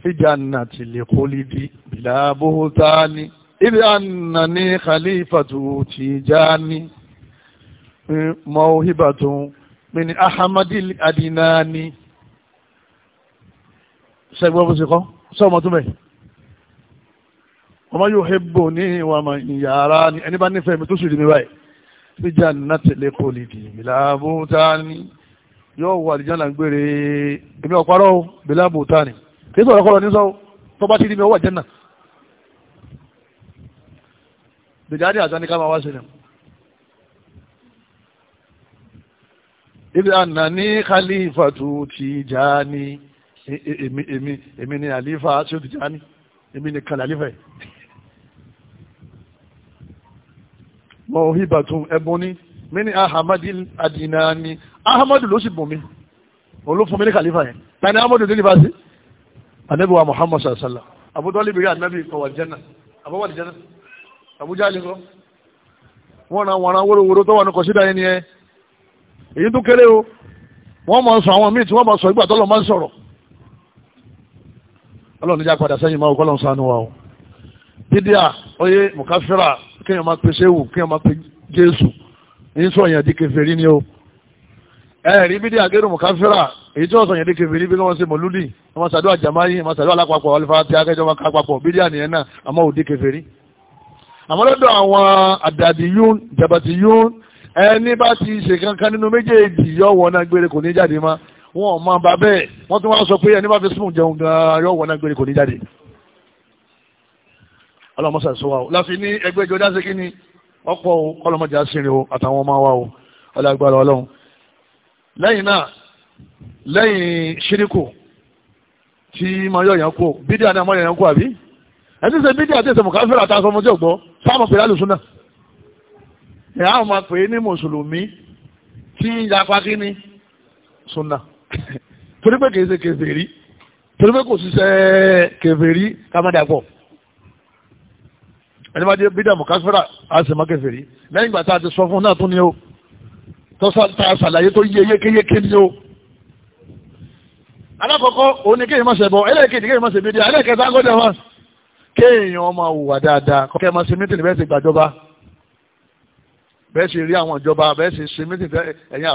B: fíjànà tìlẹ̀ kólídì bìlábóhótá ní ibi ànà ní khalifatu tìjáni mawhibatun min ahamadil adinani ṣẹgbọ́n bó ṣe kọ́ sọ́ọ̀mọ́tún bẹ́ẹ̀ wa man yuhibbuni wa man yarani ẹni bá nífẹ̀ẹ́ mi tó sì rí mi báyìí fi jannati lẹ́kọ̀ọ́lìdì bìláàbùtánì yóò wà àdìjọ́ là ń gbére èmi ọ̀parọ́ bìláàbùtánì kìí sọ̀rọ̀ kọ́rọ̀ ní sọ tó bá ti rí mi ọwọ́ àjẹ́nà bìdáàdì àtàní ká máa wá sílẹ̀ ibi àná ní khalifatu Tijani èmi ni àlífà tí ó Tijani èmi ni kan yìí mọ̀híbàtún ẹ̀bùn ni mí ní ahamadi adina ni ahamadu ló sì bùn mi òun ló fún mi ní kàlífà yẹn ta ni ahamadu nílùú fásitì anabiwa muhammad sallallahu abudulayi biri anabi kọwà jẹnà abọwà jẹnà abuja ni kọ wọn náà wọn náà wóróworó tó wà ní kọsídà yẹn ni èyí tó kéré o wọn máa sọ àwọn míì tí wọn máa sọ ìgbà tó lọ máa ń sọ̀rọ̀ Ọlọ́run níjà padà sẹ́yìn máa wò kọlọ ń sànú wa o bídíà oyè mùkáfírà kéèyàn máa pe sẹ́wù kéèyàn máa pe jésù ní sọ yẹn di kèfèrí ni o ẹ rí bídíà gẹ́rù mùkáfírà èyí tí wọ́n sọ yẹn di kèfèrí bí wọ́n ṣe mọ̀lúdì wọ́n ṣàdúrà jàmáyé wọ́n ṣàdúrà lápapọ̀ ọlọ́fà tí akẹ́jọ́ máa ká papọ̀ bídíà nìyẹn náà àmọ́ ò di kèfèrí. àmọ́ lọ́dọ̀ àwọn àdàdìyún jàbàtìyún ẹni bá ti ṣe kankan nínú méjèèjì yọ wọ́n náà gbére kò ní jáde má wọn ò máa bá bẹ́ẹ̀ wọ́n tún wá sọ pé ẹni bá fi sùn jẹun gan-an yọ wọ́n náà gbére kò ní jáde ọlọ́mọsà sọ wa o láfi ní ẹgbẹ́ ìjọ dáṣe kí ni ọ̀pọ̀ o ọlọ́mọdé àṣírin o àtàwọn ọmọ wa o ọlọ́gbàlá ọlọ́run lẹ́yìn náà lẹ́yìn ṣíríkù tí mayọ̀ yẹn kú bídíà náà mayọ̀ yẹn kú àbí ẹni ṣe bídíà tí ìṣẹ̀mù káfíńrà tá a ọmọdé ọ̀gbọ́ sáàmù pẹ̀lú àlùsùnà ẹ̀ á máa pè é ní mùsùlùmí tí ń yapa kí ni sunna torí pé kèsè kèsè rí torí pé kò ṣiṣẹ́ kèfèrí kámádàpọ̀ ẹni bá dé bídà mọ̀káfíra á sì máa kẹfẹ́ rí lẹ́yìn ìgbà tá a ti sọ fún náà tún ni ó tọ́sà tá a ṣàlàyé tó yé yékéyéké ni ó. alákọ̀ọ́kọ́ òun ni kéèyàn máa ṣẹ̀bọ̀ ẹlẹ́ẹ̀kejì kéèyàn máa ṣe bídà ẹlẹ́ẹ̀kẹta gbọ́dọ̀ wọn kéèyàn máa wùwà dáadáa kọ́kẹ́ máa ṣe mítìlì bẹ́ẹ̀ ti gbàjọba bẹ́ẹ̀ sì rí àwọn ìjọba bẹ́ẹ̀ sì ṣe mítìlì ẹ̀yìn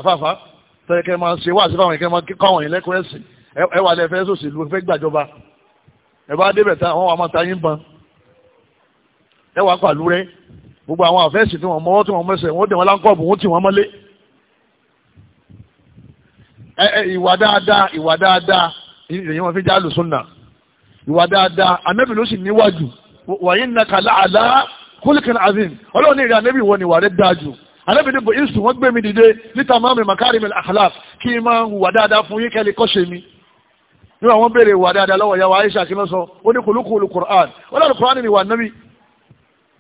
B: àfáàfá ẹ wàá pàlú rẹ gbogbo àwọn àfẹ́sì tí wọ́n mọ́wọ́ tí wọ́n mẹ́sẹ̀ wọ́n dẹ̀ wọ́n láńkọ́ọ̀bù wọ́n tì wọ́n mọ́lé ẹ ẹ ìwà dáadáa ìwà dáadáa ìròyìn wọn fi já lùsùnà ìwà dáadáa anábì ló sì níwájú wàyí nàkà láàlá kúlìkìn azim ọlọ́run ní ìrìn anábì wọn ìwà rẹ̀ dáa jù anábì ní bò ìsù wọ́n gbé mi dìde níta máa mi makari mi akhlaq kí n máa hùwà dáadáa fún yín kẹ́lẹ́ kọ́ṣe mi nígbà wọn béèrè ìwà dáadáa lọ́wọ́ yàwó Aisha kí ló sọ ó ní kùlùkùlù Qur'an ó lọ́rùn Qur'an ni ìwà nábì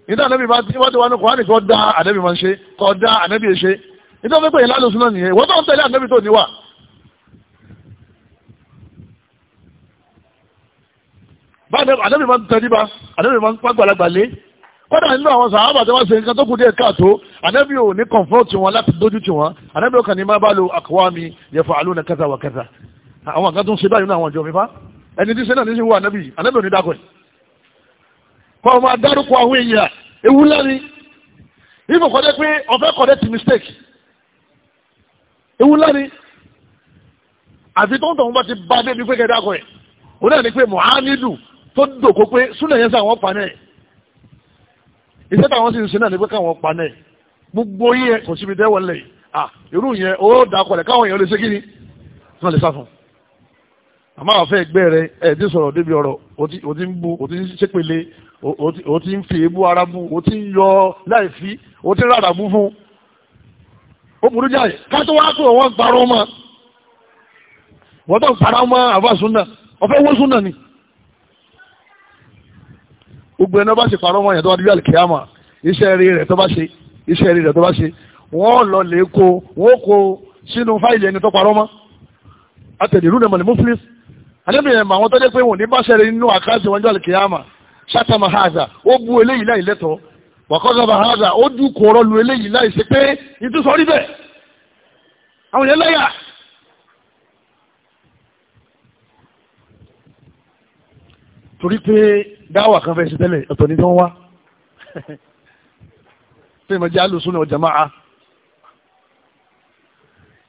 B: nítorí ànábì bá ti wọ́n ti wá ní kùránì kọ́ da ànábì máa ń ṣe kọ́ da ànábì ń e ṣe nítorí pé ìlànà òsùn náà nìyẹn ìwọ́n tó ń tẹ̀lé ànábì tó níwà. ànábì máa ń tẹ̀lé bá ànábì máa ń pàgbàlagbà lé kódà nínú àwọn sàábà tí wọ́n ṣe nǹkan tó kù díẹ̀ káàtó ànábì ò ní kọ̀ǹfọ́ọ̀tì wọn láti dójú tì wọn ànábì ò kàn ní má bá lo àkọ́wá mi yẹfọ àlù na kẹta wà kẹta àwọn nǹkan tó ń ṣe báyìí nínú àwọn ìjọ mi fa ẹni tí ṣe náà ní sí wọ ànábì ànábì ò ní dákọ̀ ẹ̀ kọ́ ọmọ adárúkọ àwọn èèyàn ewu ńlá ni ifo kọ́dẹ́ pé ọ̀fẹ́ kọ́dẹ́ ti mistake ewu ńlá ni àfi tó ń tọ̀ wọn bá ti bá débi pé kẹ́dá kọ́ ẹ̀ òun náà ni pé muhammadu tó dòkó pé súnà yẹn sáwọn pa náà iṣẹ́ táwọn sì ń ṣe náà ni pé káwọn pa náà gbogbo yẹn kò síbi dẹ́wọ̀ lẹ̀ à irú yẹn ó dàkọ̀ rẹ̀ káwọn èèyàn lè ṣe kí ni wọ́n lè sá fún àmọ́ àwọn afẹ́ ẹgbẹ́ rẹ ẹ̀ ti sọ̀rọ̀ débi ọ̀rọ̀ òtí ń bu òtí ń ṣépele o ti ń fi ebú ara mu o ti ń yọ láì fi o ti ń rárá mú fún ó burú jáde kátó wá tó wọn parọ́ mọ́ wọ́n tó ń parọ́ àbá súnà ọ̀fẹ́ wọ́n súnà ni gbogbo ẹni bá ṣe parọ́ mọ́ yẹn tó wá débí àlìkíyàmà iṣẹ́ rí rẹ̀ tó bá ṣe iṣẹ́ rí rẹ̀ tó bá ṣe wọ́n lọ lè kó wọ́n kó sínú fáìlì ẹni tó parọ́ mọ́ àtẹ̀lẹ́rú ni mọ̀lẹ́mú àdébìyẹn mà àwọn tó pé wọn ní bá ṣẹlẹ̀ nínú àkáǹtì wọn jọ́ àlìkíyàmà ṣátàmà haza ó bú eléyìí láì lẹ́tọ̀ọ́ wàkọ́sọ̀bà haza ó dúkùn ọ̀rọ̀ lu eléyìí láì ṣe pé ìtúsọ rí bẹ́ẹ̀ àwọn yẹn lẹ́yà. torí pé dáwà kan fẹ́ ṣe tẹ́lẹ̀ ọ̀tọ̀ ní tí wá pé ìmọ̀ alùsùn náà jama'a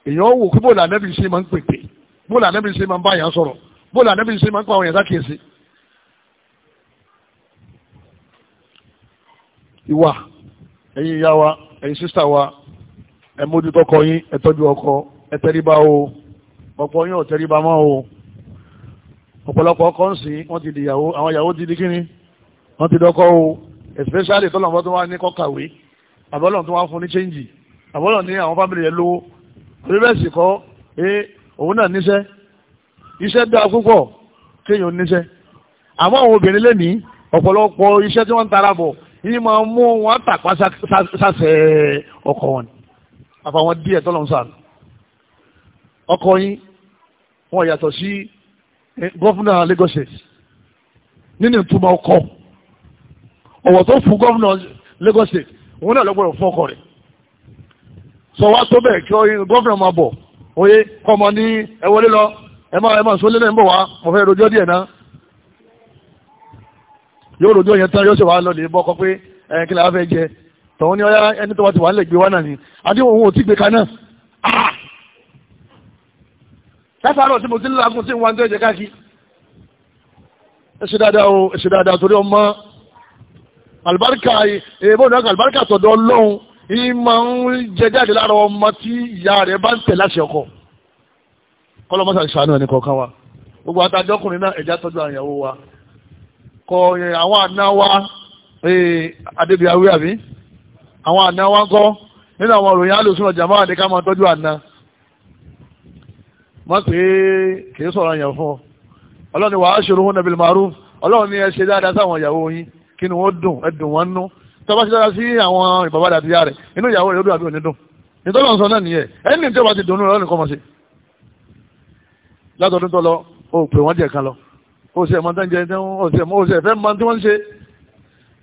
B: èèyàn wò kí bóòlù ànábì ṣe máa ń pèpè bóòlù ànábì ṣe máa ń bá yàn sọ̀rọ̀ bóòlù ànábì ṣe máa ń pa àwọn yàn sákèsí ìwà ẹ̀yin ìyá wa ẹ̀yin sísà wa ẹ mójútó ọkọ yín ẹ tọ́jú ọkọ ẹ o ọ̀pọ̀ yín ò mọ́ o ọ̀pọ̀lọpọ̀ ọkọ ń sìn wọ́n ti di ìyàwó àwọn ìyàwó ti di kíni wọ́n ti dọ́kọ́ o especially tọ́lọ̀mọ́ tó wá ní kọ́kàwé àbọ́lọ̀ tó wá fún ní chẹ́ǹjì àbọ́lọ̀ ní àwọn fámìlì yẹn lówó orí bẹ́ẹ̀ sì kọ́ pé òun náà níṣẹ́ iṣẹ́ dáa púpọ̀ kéèyàn níṣẹ́ àmọ́ àwọn obìnrin lẹ́nìí ọ̀pọ̀lọpọ̀ iṣẹ́ tí wọ́n ń tara bọ̀ yìí máa mú wọn tàpá sásẹ̀ ọkọ wọn àfàwọn díẹ̀ tọ́lọ̀ ń sàánù ọkọ yín wọn yàtọ̀ sí eh, gọ́fúnà Lagos State nínú ìtumọ̀ ọkọ ọ̀wọ̀ tó fún gọ́fúnà Lagos State òun náà lọ́gbọ̀rọ̀ fún ọkọ rẹ̀ sọ wá tó bẹ́ẹ̀ kí gọ́fúnà máa bọ̀ oyè kọ́mọ ní ẹ wọlé lọ ẹ máa ẹ máa sọ lé náà ń bọ̀ wá mo fẹ́ rojọ́ díẹ̀ náà yóò rò bí òyìn tán yóò ṣe wà lọlẹ bọkọ pé ẹ kí la fẹ́ jẹ tọhún ní ọyá ẹni tó wá ti wà lẹ gbé wá náà ni àdéhùn òun ò tí gbé kaná ah! látàárọ̀ tí mo ti ń lagun tí ń wá ń tẹ́jẹ káàkiri ẹ ṣe dáadáa o ẹ dáadáa torí ọmọ àlùbáríkà èèbó eh, náà àlùbáríkà tọ̀dọ̀ ọlọ́run yìí máa ń jẹ jáde lára ọmọ tí ìyá rẹ̀ bá ń tẹ̀ láṣẹ ọkọ kọ́lọ́mọ́sà ṣàánú ẹnì kọ̀ọ̀kan wa gbogbo àtàjọkùnrin náà ẹ̀já tọ́jú àyàwó wa kọ àwọn àna wa adébí awé àbí àwọn àna wa kọ́ nínú àwọn òròyìn alòsùn ọjà máa ní ká máa tọ́jú àna má pé kìí sọ̀rọ̀ àyàn fún ọ ọlọ́ni wàá ṣòro hún nàbìlì màrú ọlọ́run ní ẹ ṣe dáadáa sáwọn ìyàwó yín kí ni wọ́n dùn ẹ dùn wọ́n nú tọ́ba ṣe dáadáa sí àwọn ìbàbá àti ìyá rẹ̀ inú ìyàwó rẹ̀ ó dùn àbí òní dùn nítorí ọ̀sán náà nìyẹn ẹni tí ó bá ti dùnú ọlọ́run kọ́ mọ̀ sí látọ̀dún tó lọ ó pè wọ́n díẹ̀ kan lọ ọ̀sẹ̀ mọ́tán jẹ́ ọ̀sẹ̀ ọ̀sẹ̀ fẹ́ mọ́ tí wọ́n ń ṣe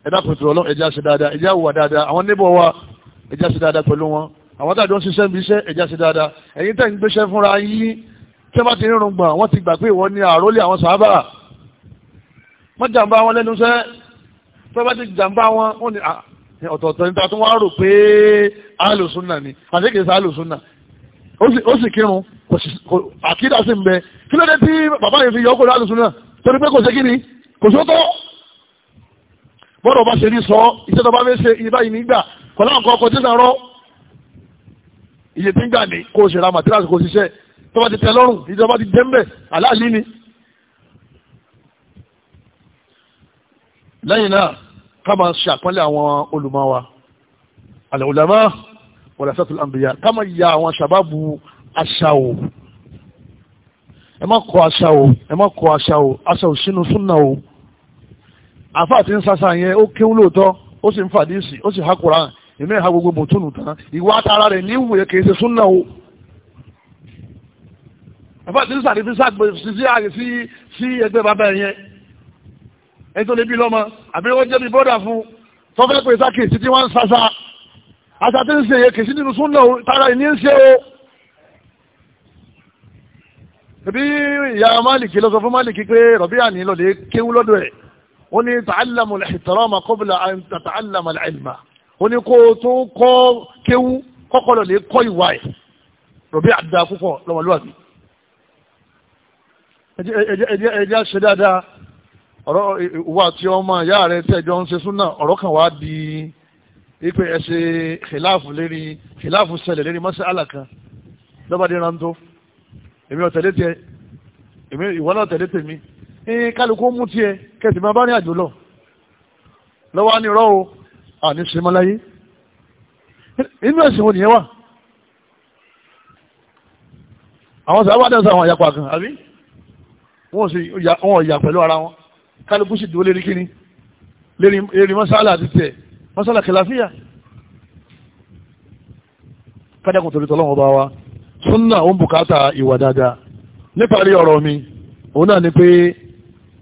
B: ẹ̀dá pẹ̀tù ọlọ́ ẹ̀já ṣe dáadáa ẹ̀já wà dáadáa àwọn níbọ̀ wa ẹ̀já ṣe dáadáa pẹ̀lú wọn àwọn tàbí wọn ṣiṣẹ́ níbi iṣẹ́ ẹ̀já ṣe dáadáa ẹ̀yin tẹ̀ ń gbéṣẹ́ fúnra yín tẹ́ bá ti rírun gbọ̀n wọ́n ti gbà pé ìwọ ni àrólé àwọn sàábà wọ́n jàǹbá wọn lẹ́nu iṣẹ́ tọ́ bá ti jàǹbá wọn wọ́n ni ọ̀tọ̀ọ̀tọ̀ níta tó wọ́n rò pé alùsùnà ni àti kìí sa alùsùnà ó sì kírun àkídà torí pé kò sí kíni kò sótọ́ bọ́dọ̀ bá ṣe ní sọ iṣẹ́ tó bá fẹ́ ṣe iye báyìí nígbà pẹ̀lú àwọn ọkọ̀ tí sàrọ́ iye tí ń gbà ní kó o ṣe ra màtíráàsì kò ṣiṣẹ́ tó bá ti tẹ lọ́rùn ìjọba ti jẹ́ aláàlí ni. lẹ́yìn náà ká máa ṣe àpọ́nlé àwọn olùmọ̀ wa àlẹ́ ulama wala satul anbiya ká máa ya àwọn ṣàbábù aṣàwò ẹ má kọ aṣa o ẹ má kọ aṣa o aṣa ò sínú súnà o àfáà ti ń sasa yẹn ó kéwú lóòótọ́ ó sì ń fàdíìsì ó sì ha Kùránì ìmí ha gbogbo mọ̀túnù tán ìwà àtàrà rẹ̀ ní ìwòye kìí ṣe súnà o àfáà ti ń sàdé fi sàgbé sí àgbè sí sí ẹgbẹ́ bàbá ẹ̀ yẹn ẹni tó lè bí lọ́mọ àbí wọ́n jẹ́ bí bọ́dà fún tọ́fẹ́ pé sákèsí tí wọ́n ń sasa àṣà tí ń ṣe yẹ kìí sí nínú súnà o tààrà ìní ń ṣe o bí ìyá máàlìkì lọ sọ fún máàlìkì pé rọ̀bíà ní lọ́lẹ̀ kéwú lọ́dọ̀ ẹ̀ ó ní tààlàmù ìtàràmà kọ́bùlà tààlàmà ìlmà ó ní kó tó kọ́ kéwú kọ́kọ́ lọ́lẹ̀ kọ́ ìwà ẹ̀ rọ̀bíà dáa púpọ̀ lọ́wọ́lúwàbí ẹjẹ́ ṣe dáadáa ọ̀rọ̀ ìwà tí ọmọ ìyá rẹ̀ tẹ́jọ ń ṣe súnà ọ̀rọ̀ kan wá di wípé ẹ ṣe khìláàfù lérí khìláàfù ṣẹlẹ̀ lérí mọ́sálà kan lọ́bàdé rántó èmi ọ̀tẹ̀lé tiẹ̀ èmi ìwọ náà tẹ̀lé tèmi ní kálukú mú tiẹ̀ kẹsì máa bá ní àjò lọ lọ́wọ́ á ní rọ́ o àní sèmọ́láyé inú ẹ̀sìn wo nìyẹn wà àwọn sábà dẹ́sẹ̀ àwọn àyàpá kan àbí wọ́n sì wọ́n yà pẹ̀lú ara wọn kálukú sì dúró lérí kíni lérí mọ́sálà àti tẹ̀ mọ́sálà kẹlàfíà kádàkùn torí tọ́lọ́wọ́n bá wa súnà ó ń bùkátà ìwà dáadáa níparí ọ̀rọ̀ mi òun náà ni pé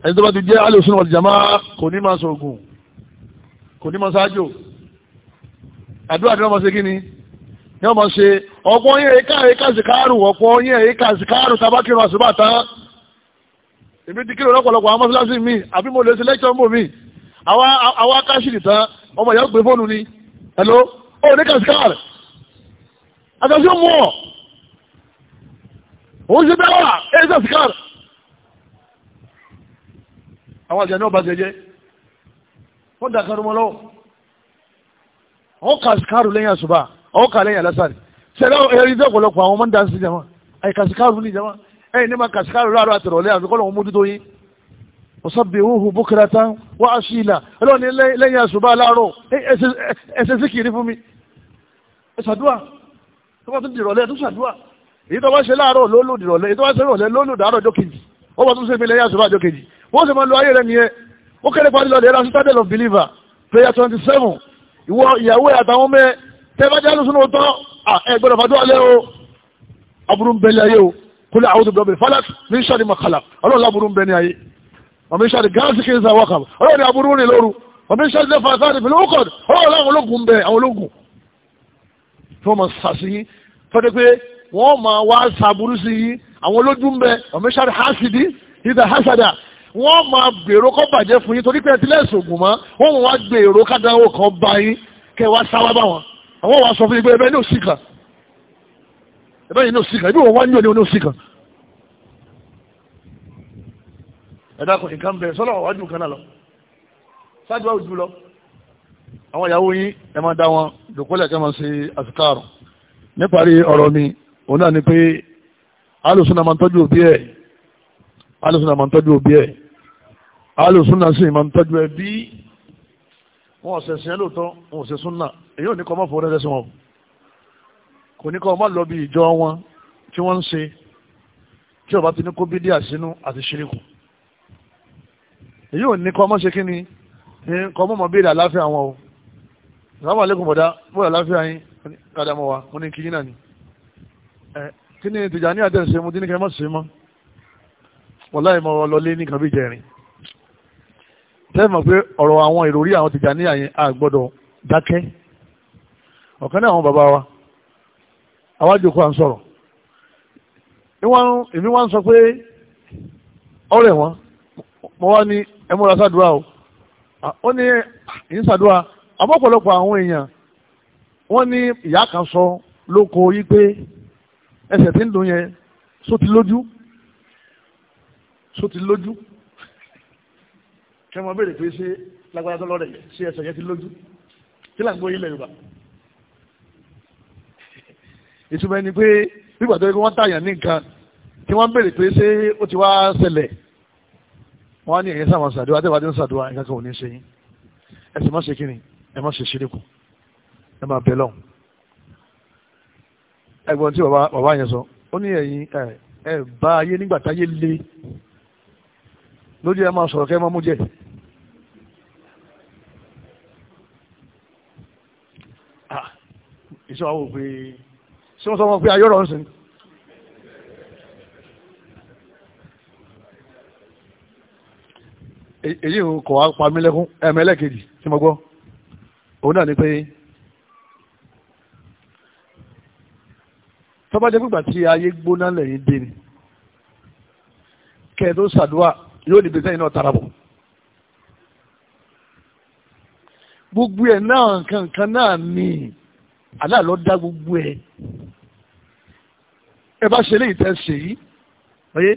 B: ẹni tó bá ti jẹ́ alòsùn wal jamaa kò ní máa sọ̀gùn kò ní máa ṣáájò àdúrà tí wọ́n máa ṣe kí ni ni wọ́n máa ṣe ọ̀pọ̀ yẹn èyí káàrí káàsì káàrù ọ̀pọ̀ yẹn èyí káàsì káàrù tabakiro àṣùbà tán èmi ti kírò lọ́pọ̀lọpọ̀ àwọn mọ́sálásí mi àbí mo lè ṣe lẹ́kṣọ̀ mbò mi àwa káṣìlì tán ọmọ ìyá gbé fóònù ni hello ó ní káàsì káàrù àtàṣe mọ́ òun ṣe dáwà ẹ̀ṣẹ̀ sikar àwọn àjẹ́ náà bá jẹ jẹ́ wọ́n dà kanu mọ́ lọ́wọ́ àwọn kà sikaru lẹ́yìn àṣùbà àwọn kà lẹ́yìn alásàrì ṣẹlẹ̀ ẹ̀rí jẹ́ ọ̀pọ̀lọpọ̀ àwọn máa ń dánsì jẹ́wọ́n àyè kà sikaru ní jẹ́wọ́n ẹ̀yìn ní ma kà sikaru láàrọ̀ èyí tó bá ṣe láàárọ̀ ló lòdì rọ̀lẹ́ èyí tó bá ṣe rọ̀lẹ́ ló lòdì àárọ̀ jókèjì ó bá tún ṣe ìpínlẹ̀ yàtọ̀ àjọ kejì wọ́n sì máa lo ayé rẹ̀ nìyẹn ó kéré parí lọ lẹ́ra citadel of believer prayer twenty seven ìwọ ìyàwó àtàwọn mẹ́ tẹ́fàjà lùsùnú tọ́ ẹgbẹ́rẹ́ fàdúrà lẹ́ o aburú ń bẹ́lẹ̀ ayé o kó lè àwọn obìnrin falak ní sàdí makala ọlọ́run láburú ń bẹ́ ní ayé ọmọ sàdí gáàsì kì í sa wákàb ọlọ́run aburú ní lóru ọmọ sàdí lẹ́fà sáàdì fìlú ọkọ̀d ọlọ́run àwọn ológun bẹ àwọn ológun tó mọ̀ wọ́n máa wá ṣàbúrú sí yín àwọn olójú ń bẹ ọ̀mẹ́sàrì hásìdí ìdá hásàdà wọ́n máa gbèrò kọ́ bàjẹ́ fún yín torí pé ẹ ti lẹ́sùn ògùn mọ́ wọ́n máa wá gbèrò kádàáwò kan bá yín kẹ́ wá sáwá bá wọn àwọn wàá sọ fún yín pé ẹbẹ́ ní òsì kan ẹbẹ́ yìí ní òsì kan ibi wọn wá ní òní òsì kan. ẹ dákun nǹkan bẹ sọlọ wàá ju kan náà lọ ṣáàjú àwọn lọ àwọn ìyàwó yín ẹ máa dá wọn dòkólẹ̀ kẹ́ máa ṣe àfikàrọ̀ níparí ọ̀rọ̀ mi òun náà ni pé alùsùnà máa ń tọ́jú òbí ẹ̀ alùsùnà máa ń tọ́jú òbí ẹ̀ alùsùnà sì máa ń tọ́jú ẹbí wọn ò sẹ̀sìn ẹ́ lóòótọ́ wọn ò ṣe súnà èyí ò ní kọ́ ọmọ fòun rẹ̀ sẹ́wọ̀n kò ní kọ́ ọmọ lọ bí ìjọ wọn tí wọ́n ń ṣe tí ọba ti ní kó bídíà sínú àti ṣíríkù èyí ò ní kọ́ ọmọ ṣe kí ni kọ́ ọmọ mọ̀ béèrè àláfíà wọn o sàlámù bọ̀dá bóyá àláfíà yín kádàmọ́ mo ní kí yín náà ni kí ni Tìjàní àtẹ̀sẹ̀ mu dínkẹ́ mọ́ sí mọ́ wọláì mọ́ lọlé ní kan bí jẹrin tẹ́ẹ̀mọ̀ pé ọ̀rọ̀ àwọn ìròrí àwọn Tìjàní àyẹn àgbọ́dọ̀ dákẹ́ ọ̀kan náà àwọn bàbá wa àwájú kó à ń sọ̀rọ̀ èmi wá ń sọ pé ọ̀rẹ́ wọn mo wá ní ẹ múra sàdúrà o ó ní ìyín sàdúrà àmọ́ ọ̀pọ̀lọpọ̀ àwọn èèyàn wọ́n ní ìyá kan sọ lóko yí pé ẹsẹ̀ tí ń lò yẹn só ti lójú só ti lójú kí wọ́n béèrè pé ṣé lágbára tọ́lọ́ rẹ̀ ṣé ẹsẹ̀ yẹn ti lójú kí là ń gbóyè lẹ́yìn bá ìtumọ̀ ẹni pé nígbà tó yẹ kí wọ́n tààyàn ní nǹkan tí wọ́n béèrè pé ṣé ó ti wá ṣẹlẹ̀ wọ́n á ní ẹ̀yẹ sáwọn ṣàdúrà tẹ́wàá tí ń ṣàdúrà nǹkan kan ò ní ṣe yín ẹ̀sìn má ṣe kí ni ẹ má ṣe ṣírí kù ẹ má bẹ lọ́hùn ẹ̀gbọ́n tí bàbá yẹn sọ ó ní ẹ̀yin ẹ bá ayé nígbà táyé le lójú ẹ máa sọ̀rọ̀ kẹ́ ẹ máa mú jẹ. Ah, ìṣọ́ àwọn òpè ṣé wọ́n sọ wọn pé ayọ́rọ̀ ń sìn. èyí kò wá pa mí lẹ́kún ẹ̀mẹ́lẹ́kejì tí mo gbọ́ òun náà ni pé. tó bá jẹ́ pípa tí ayé gbóná lẹ́yìn dé ni kẹ́ẹ̀ tó ṣàdúrà yóò níbi sẹ́yìn náà tara gbogbo ẹ̀ náà nǹkan nǹkan náà ni Allah ló dá gbogbo ẹ̀ ẹ bá ṣe léyìí tẹ́ ṣe yìí oyé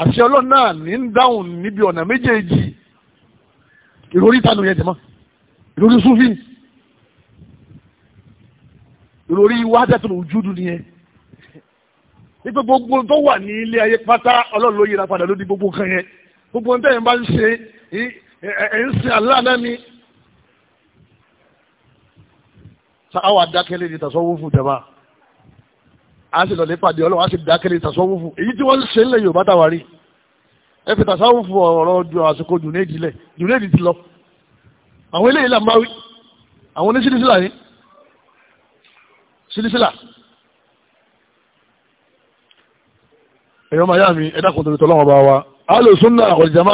B: àṣẹ ọlọ́run náà ní ń dáhùn níbi ọ̀nà méjèèjì ìròrí ìtànù yẹn jẹ̀mọ́ ìròrí súnfì ìròrí wájàtò òjúdù nìyẹn wípé gbogbo tó wà ní ilé ayé pátá ọlọ́run ló yíra padà lódi gbogbo kan yẹn gbogbo nǹkan yẹn bá ń ṣe ẹ̀ ń sin Allah náà ni. sáwà dákẹ́lẹ́ ní tasawufu jama a sì lọ́lẹ́ pàdé ọlọ́run a sì dákẹ́lẹ́ ní tasawufu èyí tí wọ́n ń ṣe ńlẹ̀ Yorùbá táwa rí ẹ fi tasawufu ọ̀rọ̀ ju àsìkò jùnéèdì lẹ̀ jùnéèdì ti lọ àwọn eléyìí là ń bá wí àwọn oníṣirísílà yìí ṣirísílà ẹ̀yọ́ máa yá mi ẹ̀dá kò tòlítọ́ lọ́wọ́ bá wa alò súnà ọ̀jàmá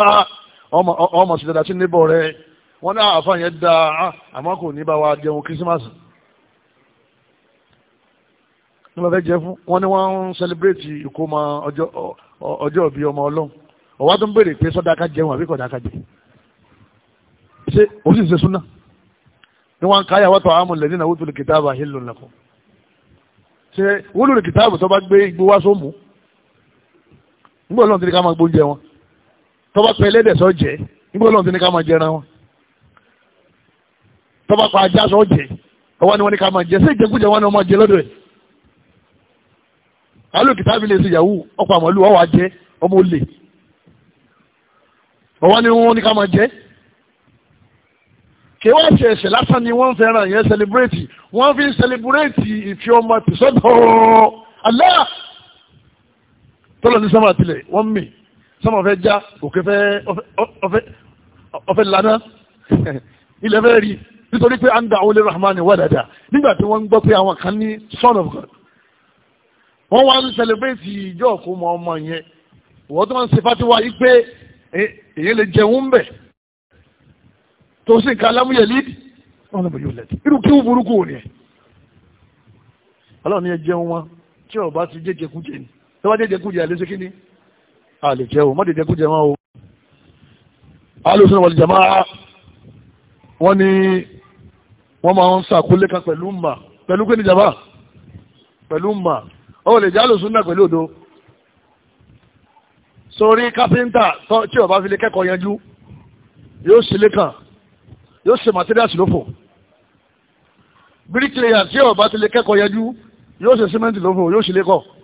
B: ọmọ sí dada sí níbọ̀ rẹ wọ́n ní àfa yẹn da àmọ́ kò ní bá wa jẹun kírísímàsì ní wọ́n fẹ́ jẹ fún wọ́n ní wọ́n ń sẹlẹ̀bírẹ̀tì ìkómọ ọjọ́ ìbí ọmọ ọlọ́run ọ̀wá tó ń béèrè pé sọ́dáka jẹun àbí kọ̀dáka jẹ ṣé o sì ṣe súnà ní wọ́n ń káyà wọ́tọ̀ àmọ̀ lẹ́dínà wọ́tò lè kìtàbà hìlò lẹ́kọ̀ọ́ ṣé wọ́n lò lè kìtàbà tó bá gbé igbó wá sómùú nígbà ọlọ́run ti ní ká máa gbóúnjẹ wọn tọ́ba pẹ́ ẹlẹ́dẹ̀ sọ jẹ́ nígbà ọlọ́run ti ní ká máa jẹran wọn tọ́ba pa ajá sọ jẹ́ ọwọ́ ni wọ́n ní ká máa jẹ sí ìjẹkújẹ wọn ni wọ́n máa jẹ lọ́dọ̀ ẹ̀ alókìtá mi lè ṣe yahoo ọkọ̀ àmọ́lù ọwọ́ ajẹ́ ọmọ olè ọwọ́ ni wọ́n ní ká máa jẹ́ kí wọ́n ṣe ẹ̀ṣẹ̀ lásán ni wọ́n fẹ́ràn yẹn sẹlẹbúrẹ́tì wọ́n fi ń sẹlẹbúrẹ́tì ìfi ọmọ tìṣọ́dọ̀ Allah tọ́lọ̀ ní sọ́mà tilẹ̀ wọ́n mì sọ́mà fẹ́ já òkè fẹ́ ọfẹ́ lana ilẹ̀ fẹ́ rí nítorí pé anda awolé rahman wadada nígbà tí wọ́n gbọ́ pé àwọn kan ní son of god wọ́n wá ń sẹlẹ̀bẹ́ẹ̀tì ìjọ òkú mọ ọmọ yẹn wọ́n tó ń ṣe fatiwa yìí pé èyí lè jẹun bẹ̀ tó sì ń ka alámúyẹ lídì wọn lọ bọ yóò lẹ́tì irú kí wọ́n burúkú ò ní ẹ̀ ọlọ́run ni jẹun wọn tí ọba ti jẹ́ jẹkújẹ ni tó bá dédé kújẹ àlejò kí ni àlejò o má dédé kújẹ wọn o alùsùn wal jamaa wọn ni wọn máa ń sàkólé kan pẹ̀lú mà pẹ̀lú kí ni jàmbá pẹ̀lú mà ó lè jẹ́ alùsùn náà pẹ̀lú òdo sórí kápẹ́ńtà tí ó bá fi lè kẹ́kọ̀ọ́ yanjú yóò sì lẹ́kàn yóò ṣe materials lófò bíríkìlẹ̀yà tí ó bá ti lè kẹ́kọ̀ọ́ yanjú yóò ṣe símẹ́ǹtì lófò yóò sì lẹ́kọ̀ọ́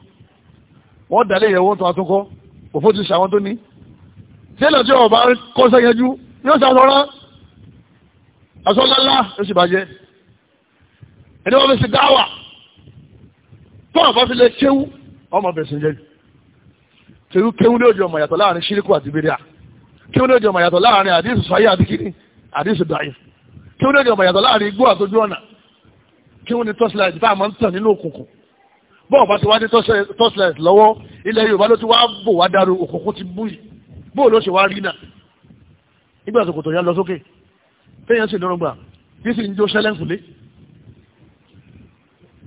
B: wọ́n dalẹ̀ ìyẹ̀wò tó àtúnkọ́ òfó ti ṣàwọn tó ní tí èlò tí ọba kọ́ sẹ́yẹjú yóò ṣàṣọra aṣọ́lálá yóò sì bàjẹ́ ẹni wọ́n fi ṣe dáwà tó àbá fi lè kéwú ọmọ bẹ̀sìn jẹ́ tẹ̀wú kéwú ní òjò ọmọ yàtọ̀ láàrin ṣíríkù àti bíríà kéwú ní òjò ọmọ yàtọ̀ láàrin àdíṣù sọ́yé àti kìíní àdíṣù dàáyé kéwú ní òjò ọmọ yàtọ̀ láàrin igbó àtọ́jú ọ̀nà kéwú ní tọ́sílẹ̀ àjùbá bọ́ọ̀ bá ti wá ní tọ́sílẹ̀ lọ́wọ́ ilẹ̀ yorùbá ló ti wá bò wá dàrú òkùnkùn ti bú yìí bóò ló ṣe wá rí náà nígbà tó kò tó yá lọ sókè téèyàn sì lọ́rùn gbà bí sì ń jó sẹ́lẹ̀ǹsì lé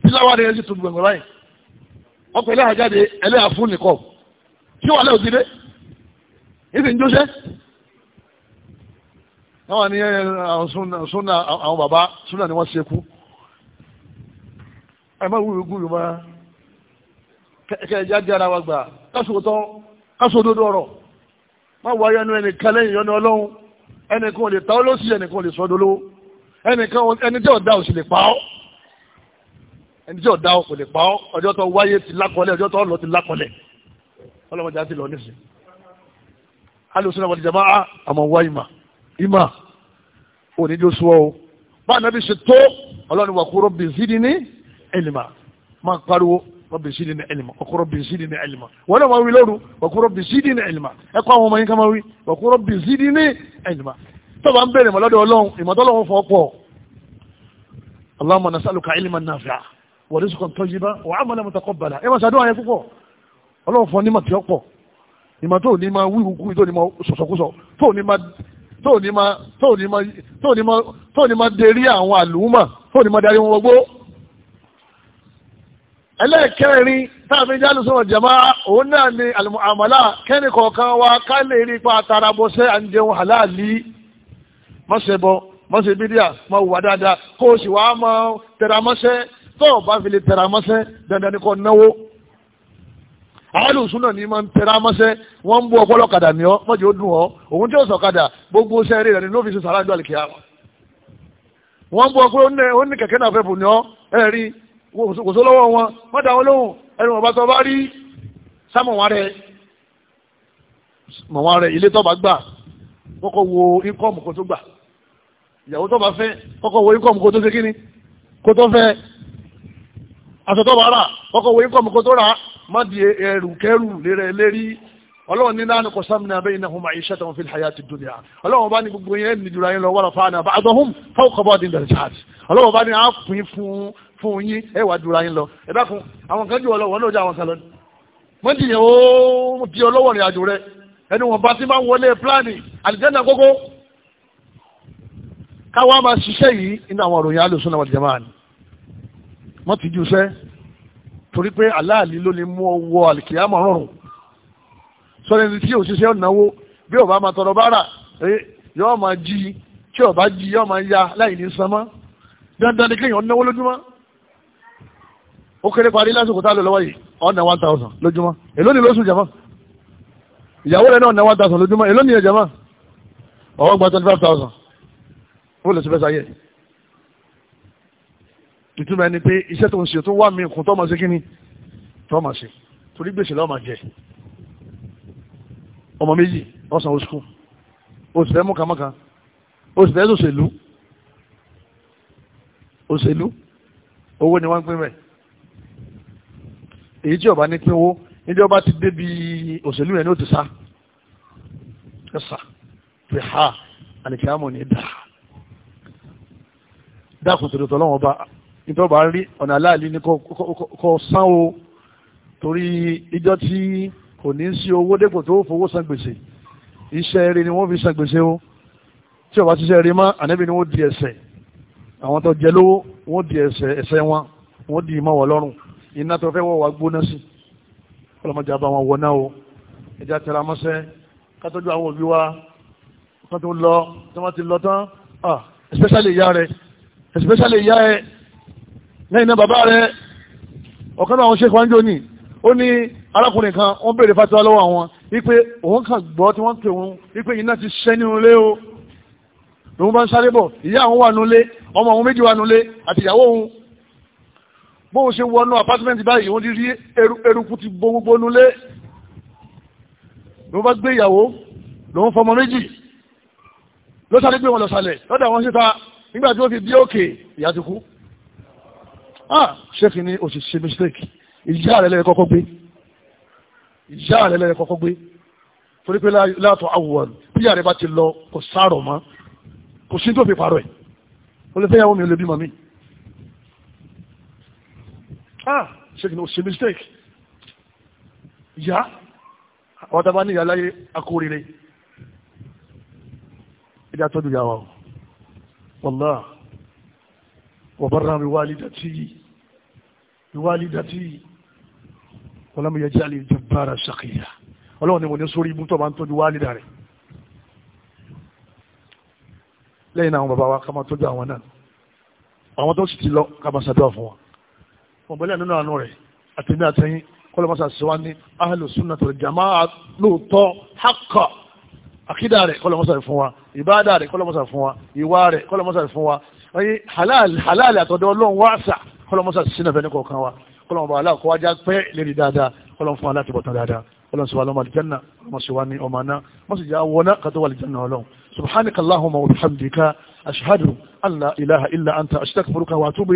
B: tí láwárí ẹ̀ sì tún gbẹ̀gbẹ̀ báyìí ọkọ̀ ilé àjáde ẹlẹ́yà fún nìkọ́ tí wà lẹ́ò ti dé bí sì ń jó sẹ́ náwọn ni eh, àwọn bàbá súnà ni wọ́n ṣe kú ẹ má wúwo gúrú máa kẹ̀kẹ́ ìjáde ara wa gbà kásòótọ́ kásòódódó ọ̀rọ̀ má wáyé ẹnu ẹnìkan lẹ́yìn ìyọ́nú ọlọ́run ẹnìkan ò lè ta ọ́ lọ́sí ẹnìkan ò lè sọ́dọ́ lówó ẹnìkan ẹni tí ọ̀dà ò sì lè pa ọ́ ẹni tí ọ̀dà ò kò lè pa ọ́ ọjọ́ tó wáyé ti lákọlẹ̀ ọjọ́ tó lọ ti lákọlẹ̀ ọlọ́mọdé á ti lọ nísìn alùsùn àwọn ìjàmbá àmọ̀ wá ìmà ìmà òní ló sọ ọ́ nàbí ṣe tó ọlọ́run wà kúrò bí zidni ilma máa pariwo rọ́bì sí dínà ẹ̀lìmà ọkọ̀ rọ́bì sí dínà ẹ̀lìmà wọ́n náà máa wí lóru ọkọ̀ rọ́bì sí dínà ẹ̀lìmà ẹ̀kọ́ àwọn ọmọ yín ká máa wí ọkọ̀ rọ́bì sí dínà ẹ̀lìmà tó bá ń bẹ̀rẹ̀ mọ́ lọ́dọ̀ ọlọ́run ìmọ̀tọ́lọ́run fọ́ pọ̀ Allahumma nas'aluka ilman nafi'a wa rizqan tayyiba wa 'amalan mutaqabbala ẹ máa ṣàdúrà yẹn púpọ̀ ọlọ́run fún onímọ̀ tí ó pọ̀ ìmọ̀ tó ní máa wíwúkú tó ní máa sọ̀sọ̀kúsọ̀ tó ní máa tó ní máa tó ní máa tó ní máa dérí àwọn àlùmọ̀ tó ní máa darí wọn gbogbo ẹlẹ́ẹ̀kẹrin táàfin jálù sọ̀rọ̀ jẹ̀má òun náà ni àmàlà kẹ́ni kọ̀ọ̀kan wa ká lè rí ipa àtàrà bọ́sẹ̀ à ń jẹun àláàlì mọ́sẹ̀bọ̀ dáadáa kó o sì wá máa tẹ̀ramọ́sẹ́ tó o bá fi lè tẹ̀ramọ́sẹ́ dandan ni kò náwó. ni ń tẹ̀ramọ́sẹ́ wọ́n ń bú ọpọlọ kàdà ní ọ mọ́jọ́ dùn ọ òun tí ó sọ kàdà gbogbo rẹ̀ kò só lọ́wọ́ wọn wọ́n dá wọn lóhùn ẹnu ọba tó bá rí sámọ̀ wọn rẹ mọ̀ wọn rẹ ilé tó bá gbà kọ́kọ́ wo ínkọ́ọ̀mù kó tó gbà ìyàwó tó bá fẹ́ kọ́kọ́ wo ínkọ́ọ̀mù kó tó ṣe kíni kó tó fẹ́ aṣọ tó bá rà kọ́kọ́ wo ínkọ́ọ̀mù kó tó rà má di ẹrù kẹrù lérẹ lérí ọlọ́run ní láàánú kò sáàmì náà bẹ́yìn náà hùmà iṣẹ́ tó ń fi àyà ti dùn ní à ọlọ́run bá ní gbogbo yẹn ní yẹn lọ wọ́n fà náà bá àgbọ̀hún fọ́ọ̀kọ́ bá dín dàrí ṣáàtì ọlọ́run bá ní àpín fún fún yín ẹ wàá dúra yín lọ ẹ dákun àwọn kan jù ọ lọ wọn náà jẹ àwọn kan ni wọn jìyàn ó di ọlọ́wọ́ rìn àjò rẹ ẹni wọn bá ti máa wọlé pílánì àlìjẹ́nà kókó káwa máa ṣiṣẹ́ yìí nínú àwọn òròyìn alòsùn àwọn ìjẹ̀mà ni wọ́n ti jùṣẹ́ torí pé aláàlí ló lè mú ọwọ́ àlìkìyàmọ̀ rọrùn sọ́dọ̀ ẹni tí òṣìṣẹ́ ọ̀nàwó bí ọba máa tọrọ bára yóò máa jí tí ọba jí yóò máa ya láì ní sanmọ́ dandan ni kéèyàn náwó lójúmọ́ ó kéré parí lásìkò tá a lò lọ́wọ́ yìí ọ̀nà one thousand lójúmọ́ èló ni lóṣù jama ìyàwó rẹ̀ náà ọ̀nà one lójúmọ́ èló ni yẹn jama ọ̀wọ́ gba twenty five thousand ó lè ṣubẹ́ sáyẹ̀ ìtumọ̀ ẹni pé iṣẹ́ tó ń ṣe tó wà mí kún tọ́mọ̀ sí kíni tọ́mọ̀ sí torí gbèsè lọ́mọ̀ jẹ ọmọ méjì ọ̀sán oṣù oṣù fẹ́ mú kàmọ́kà òṣèlú owó ni wọ́n ń pín bẹ́ẹ̀ èyí tí ọba ní pín owó níjọba ti débi òṣèlú yẹn ní ó ti sá ẹ sá pé ha àlìkíyàmù ní dà dákùn tòdò tọ́lọ́wọ́n bá ìtọ́ba rí ọ̀nà aláàlí ní kò san o torí ìjọ tí kò ní sí owó dépò tó fowó san gbèsè iṣẹ́ eré ni wọ́n fi san gbèsè o tí ọba ṣiṣẹ́ eré mọ́ ànábì ni wọ́n di ẹ̀ṣẹ̀ àwọn tó jẹ lówó wọ́n di ẹ̀ṣẹ̀ ẹ̀ṣẹ̀ wọn wọ́n di ìmọ̀wọ̀ lọ́rùn iná tó fẹ́ wọ́ wa gbóná sí ọlọ́mọdé àbá wọn wọ̀ náà o ẹja tẹ̀ra mọ́sẹ́ kátọ́jú àwọn òbí wa kan tó lọ tí wọ́n ti lọ tán ah especially ìyá rẹ̀ especially ìyá ẹ̀ lẹ́yìn náà bàbá rẹ̀ ọ̀kan náà àwọn ṣe kwanjó ni ó ní arákùnrin kan wọ́n béèrè fatiwa lọ́wọ́ àwọn wípé òun kàn gbọ́ tí wọ́n pè òun wípé iná ti ṣẹ́ nínú ilé o lòun bá ń sáré bọ̀ ìyá àwọn wà nulẹ̀ ọmọ àwọn méjì wà nulẹ̀ àtìyàwó òun bó o ṣe wọnú apátímẹ́ǹtì báyìí wọ́n ti rí eruku ti bo gbogbo nulé ló bá gbé ìyàwó lòun fọmọ méjì ló sáré gbé wọn lọ sálẹ̀ lọ́dọ̀ àwọn síta nígbà tí ó fi bí òkè ìyá ti kú ah ṣéèkì ni o ti ṣe mistake ìyá rẹ̀ lẹ́yìn kọ́kọ́ gbé ìyá rẹ̀ lẹ́yìn kọ́kọ́ gbé torí pé látọ̀ awùwọ̀n bí ìyá rẹ̀ bá ti lọ kò sáàrọ̀ mọ́ kò sí tó fi parọ́ ẹ̀ ó lè fẹ́ yàwó mi ó lè bímọ mi ah ṣe kìí ṣe mistake ìyá àwọn tàbá ní ìyá láyé akóríire ìdá tọ́jú ìyá wa wàlá wàbára mi wá lídà tí mi wá lídà tí wọ́n mú yẹjẹ́ àlè jàbára ṣàkíyà ọlọ́run ni mo ní sórí ibùtọ̀ máa ń tọ́jú wá lídà rẹ̀ lẹ́yìn àwọn bàbá wa ká máa tọ́jú àwọn náà àwọn tó sì ti lọ ká máa ṣàdúrà fún wọn fọ̀nbẹ́lẹ̀ nínú àánú rẹ̀ àtẹ̀mí àtẹ̀yìn kọlọmọsà sí wa ní ahlu sunnah wal jama'a lóòótọ́ hakọ̀ àkídà rẹ̀ kọlọmọsà fún wa ìbáàdà rẹ̀ kọlọmọsà fún wa ìwà rẹ̀ kọlọmọsà fún wa oye halal àtọ̀dọ̀ ọlọ́run wáṣà kọlọmọsà sínú ẹ̀fẹ́ ní kọ̀ọ̀kan wa kọlọmọba aláàkọ́ wájá pẹ́ lérí dáadáa kọlọmọ fún aláàtìbọ̀tán dáadáa ọlọ́run sọ wa lọ́mọ àlìjánná ọmọ sọ wa ní ọmọ aná wọ́n sì já wọná kátó wà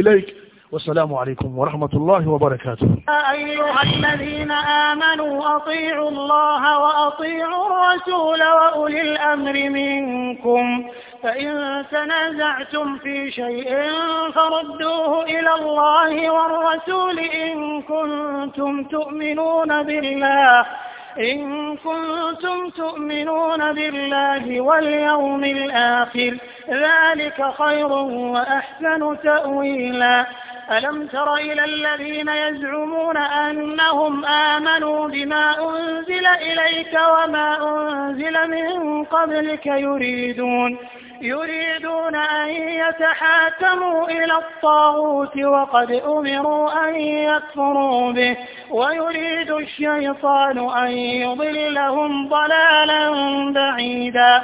B: والسلام عليكم ورحمة الله وبركاته
A: أيها الذين آمنوا أطيعوا الله وأطيعوا الرسول وأولي الأمر منكم فإن تنازعتم في شيء فردوه إلى الله والرسول إن كنتم تؤمنون بالله إن كنتم تؤمنون بالله واليوم الآخر ذلك خير وأحسن تأويلا ألم تر إلى الذين يزعمون أنهم آمنوا بما أنزل إليك وما أنزل من قبلك يريدون يريدون أن يتحاكموا إلى الطاغوت وقد أمروا أن يكفروا به ويريد الشيطان أن يضلهم ضلالا بعيدا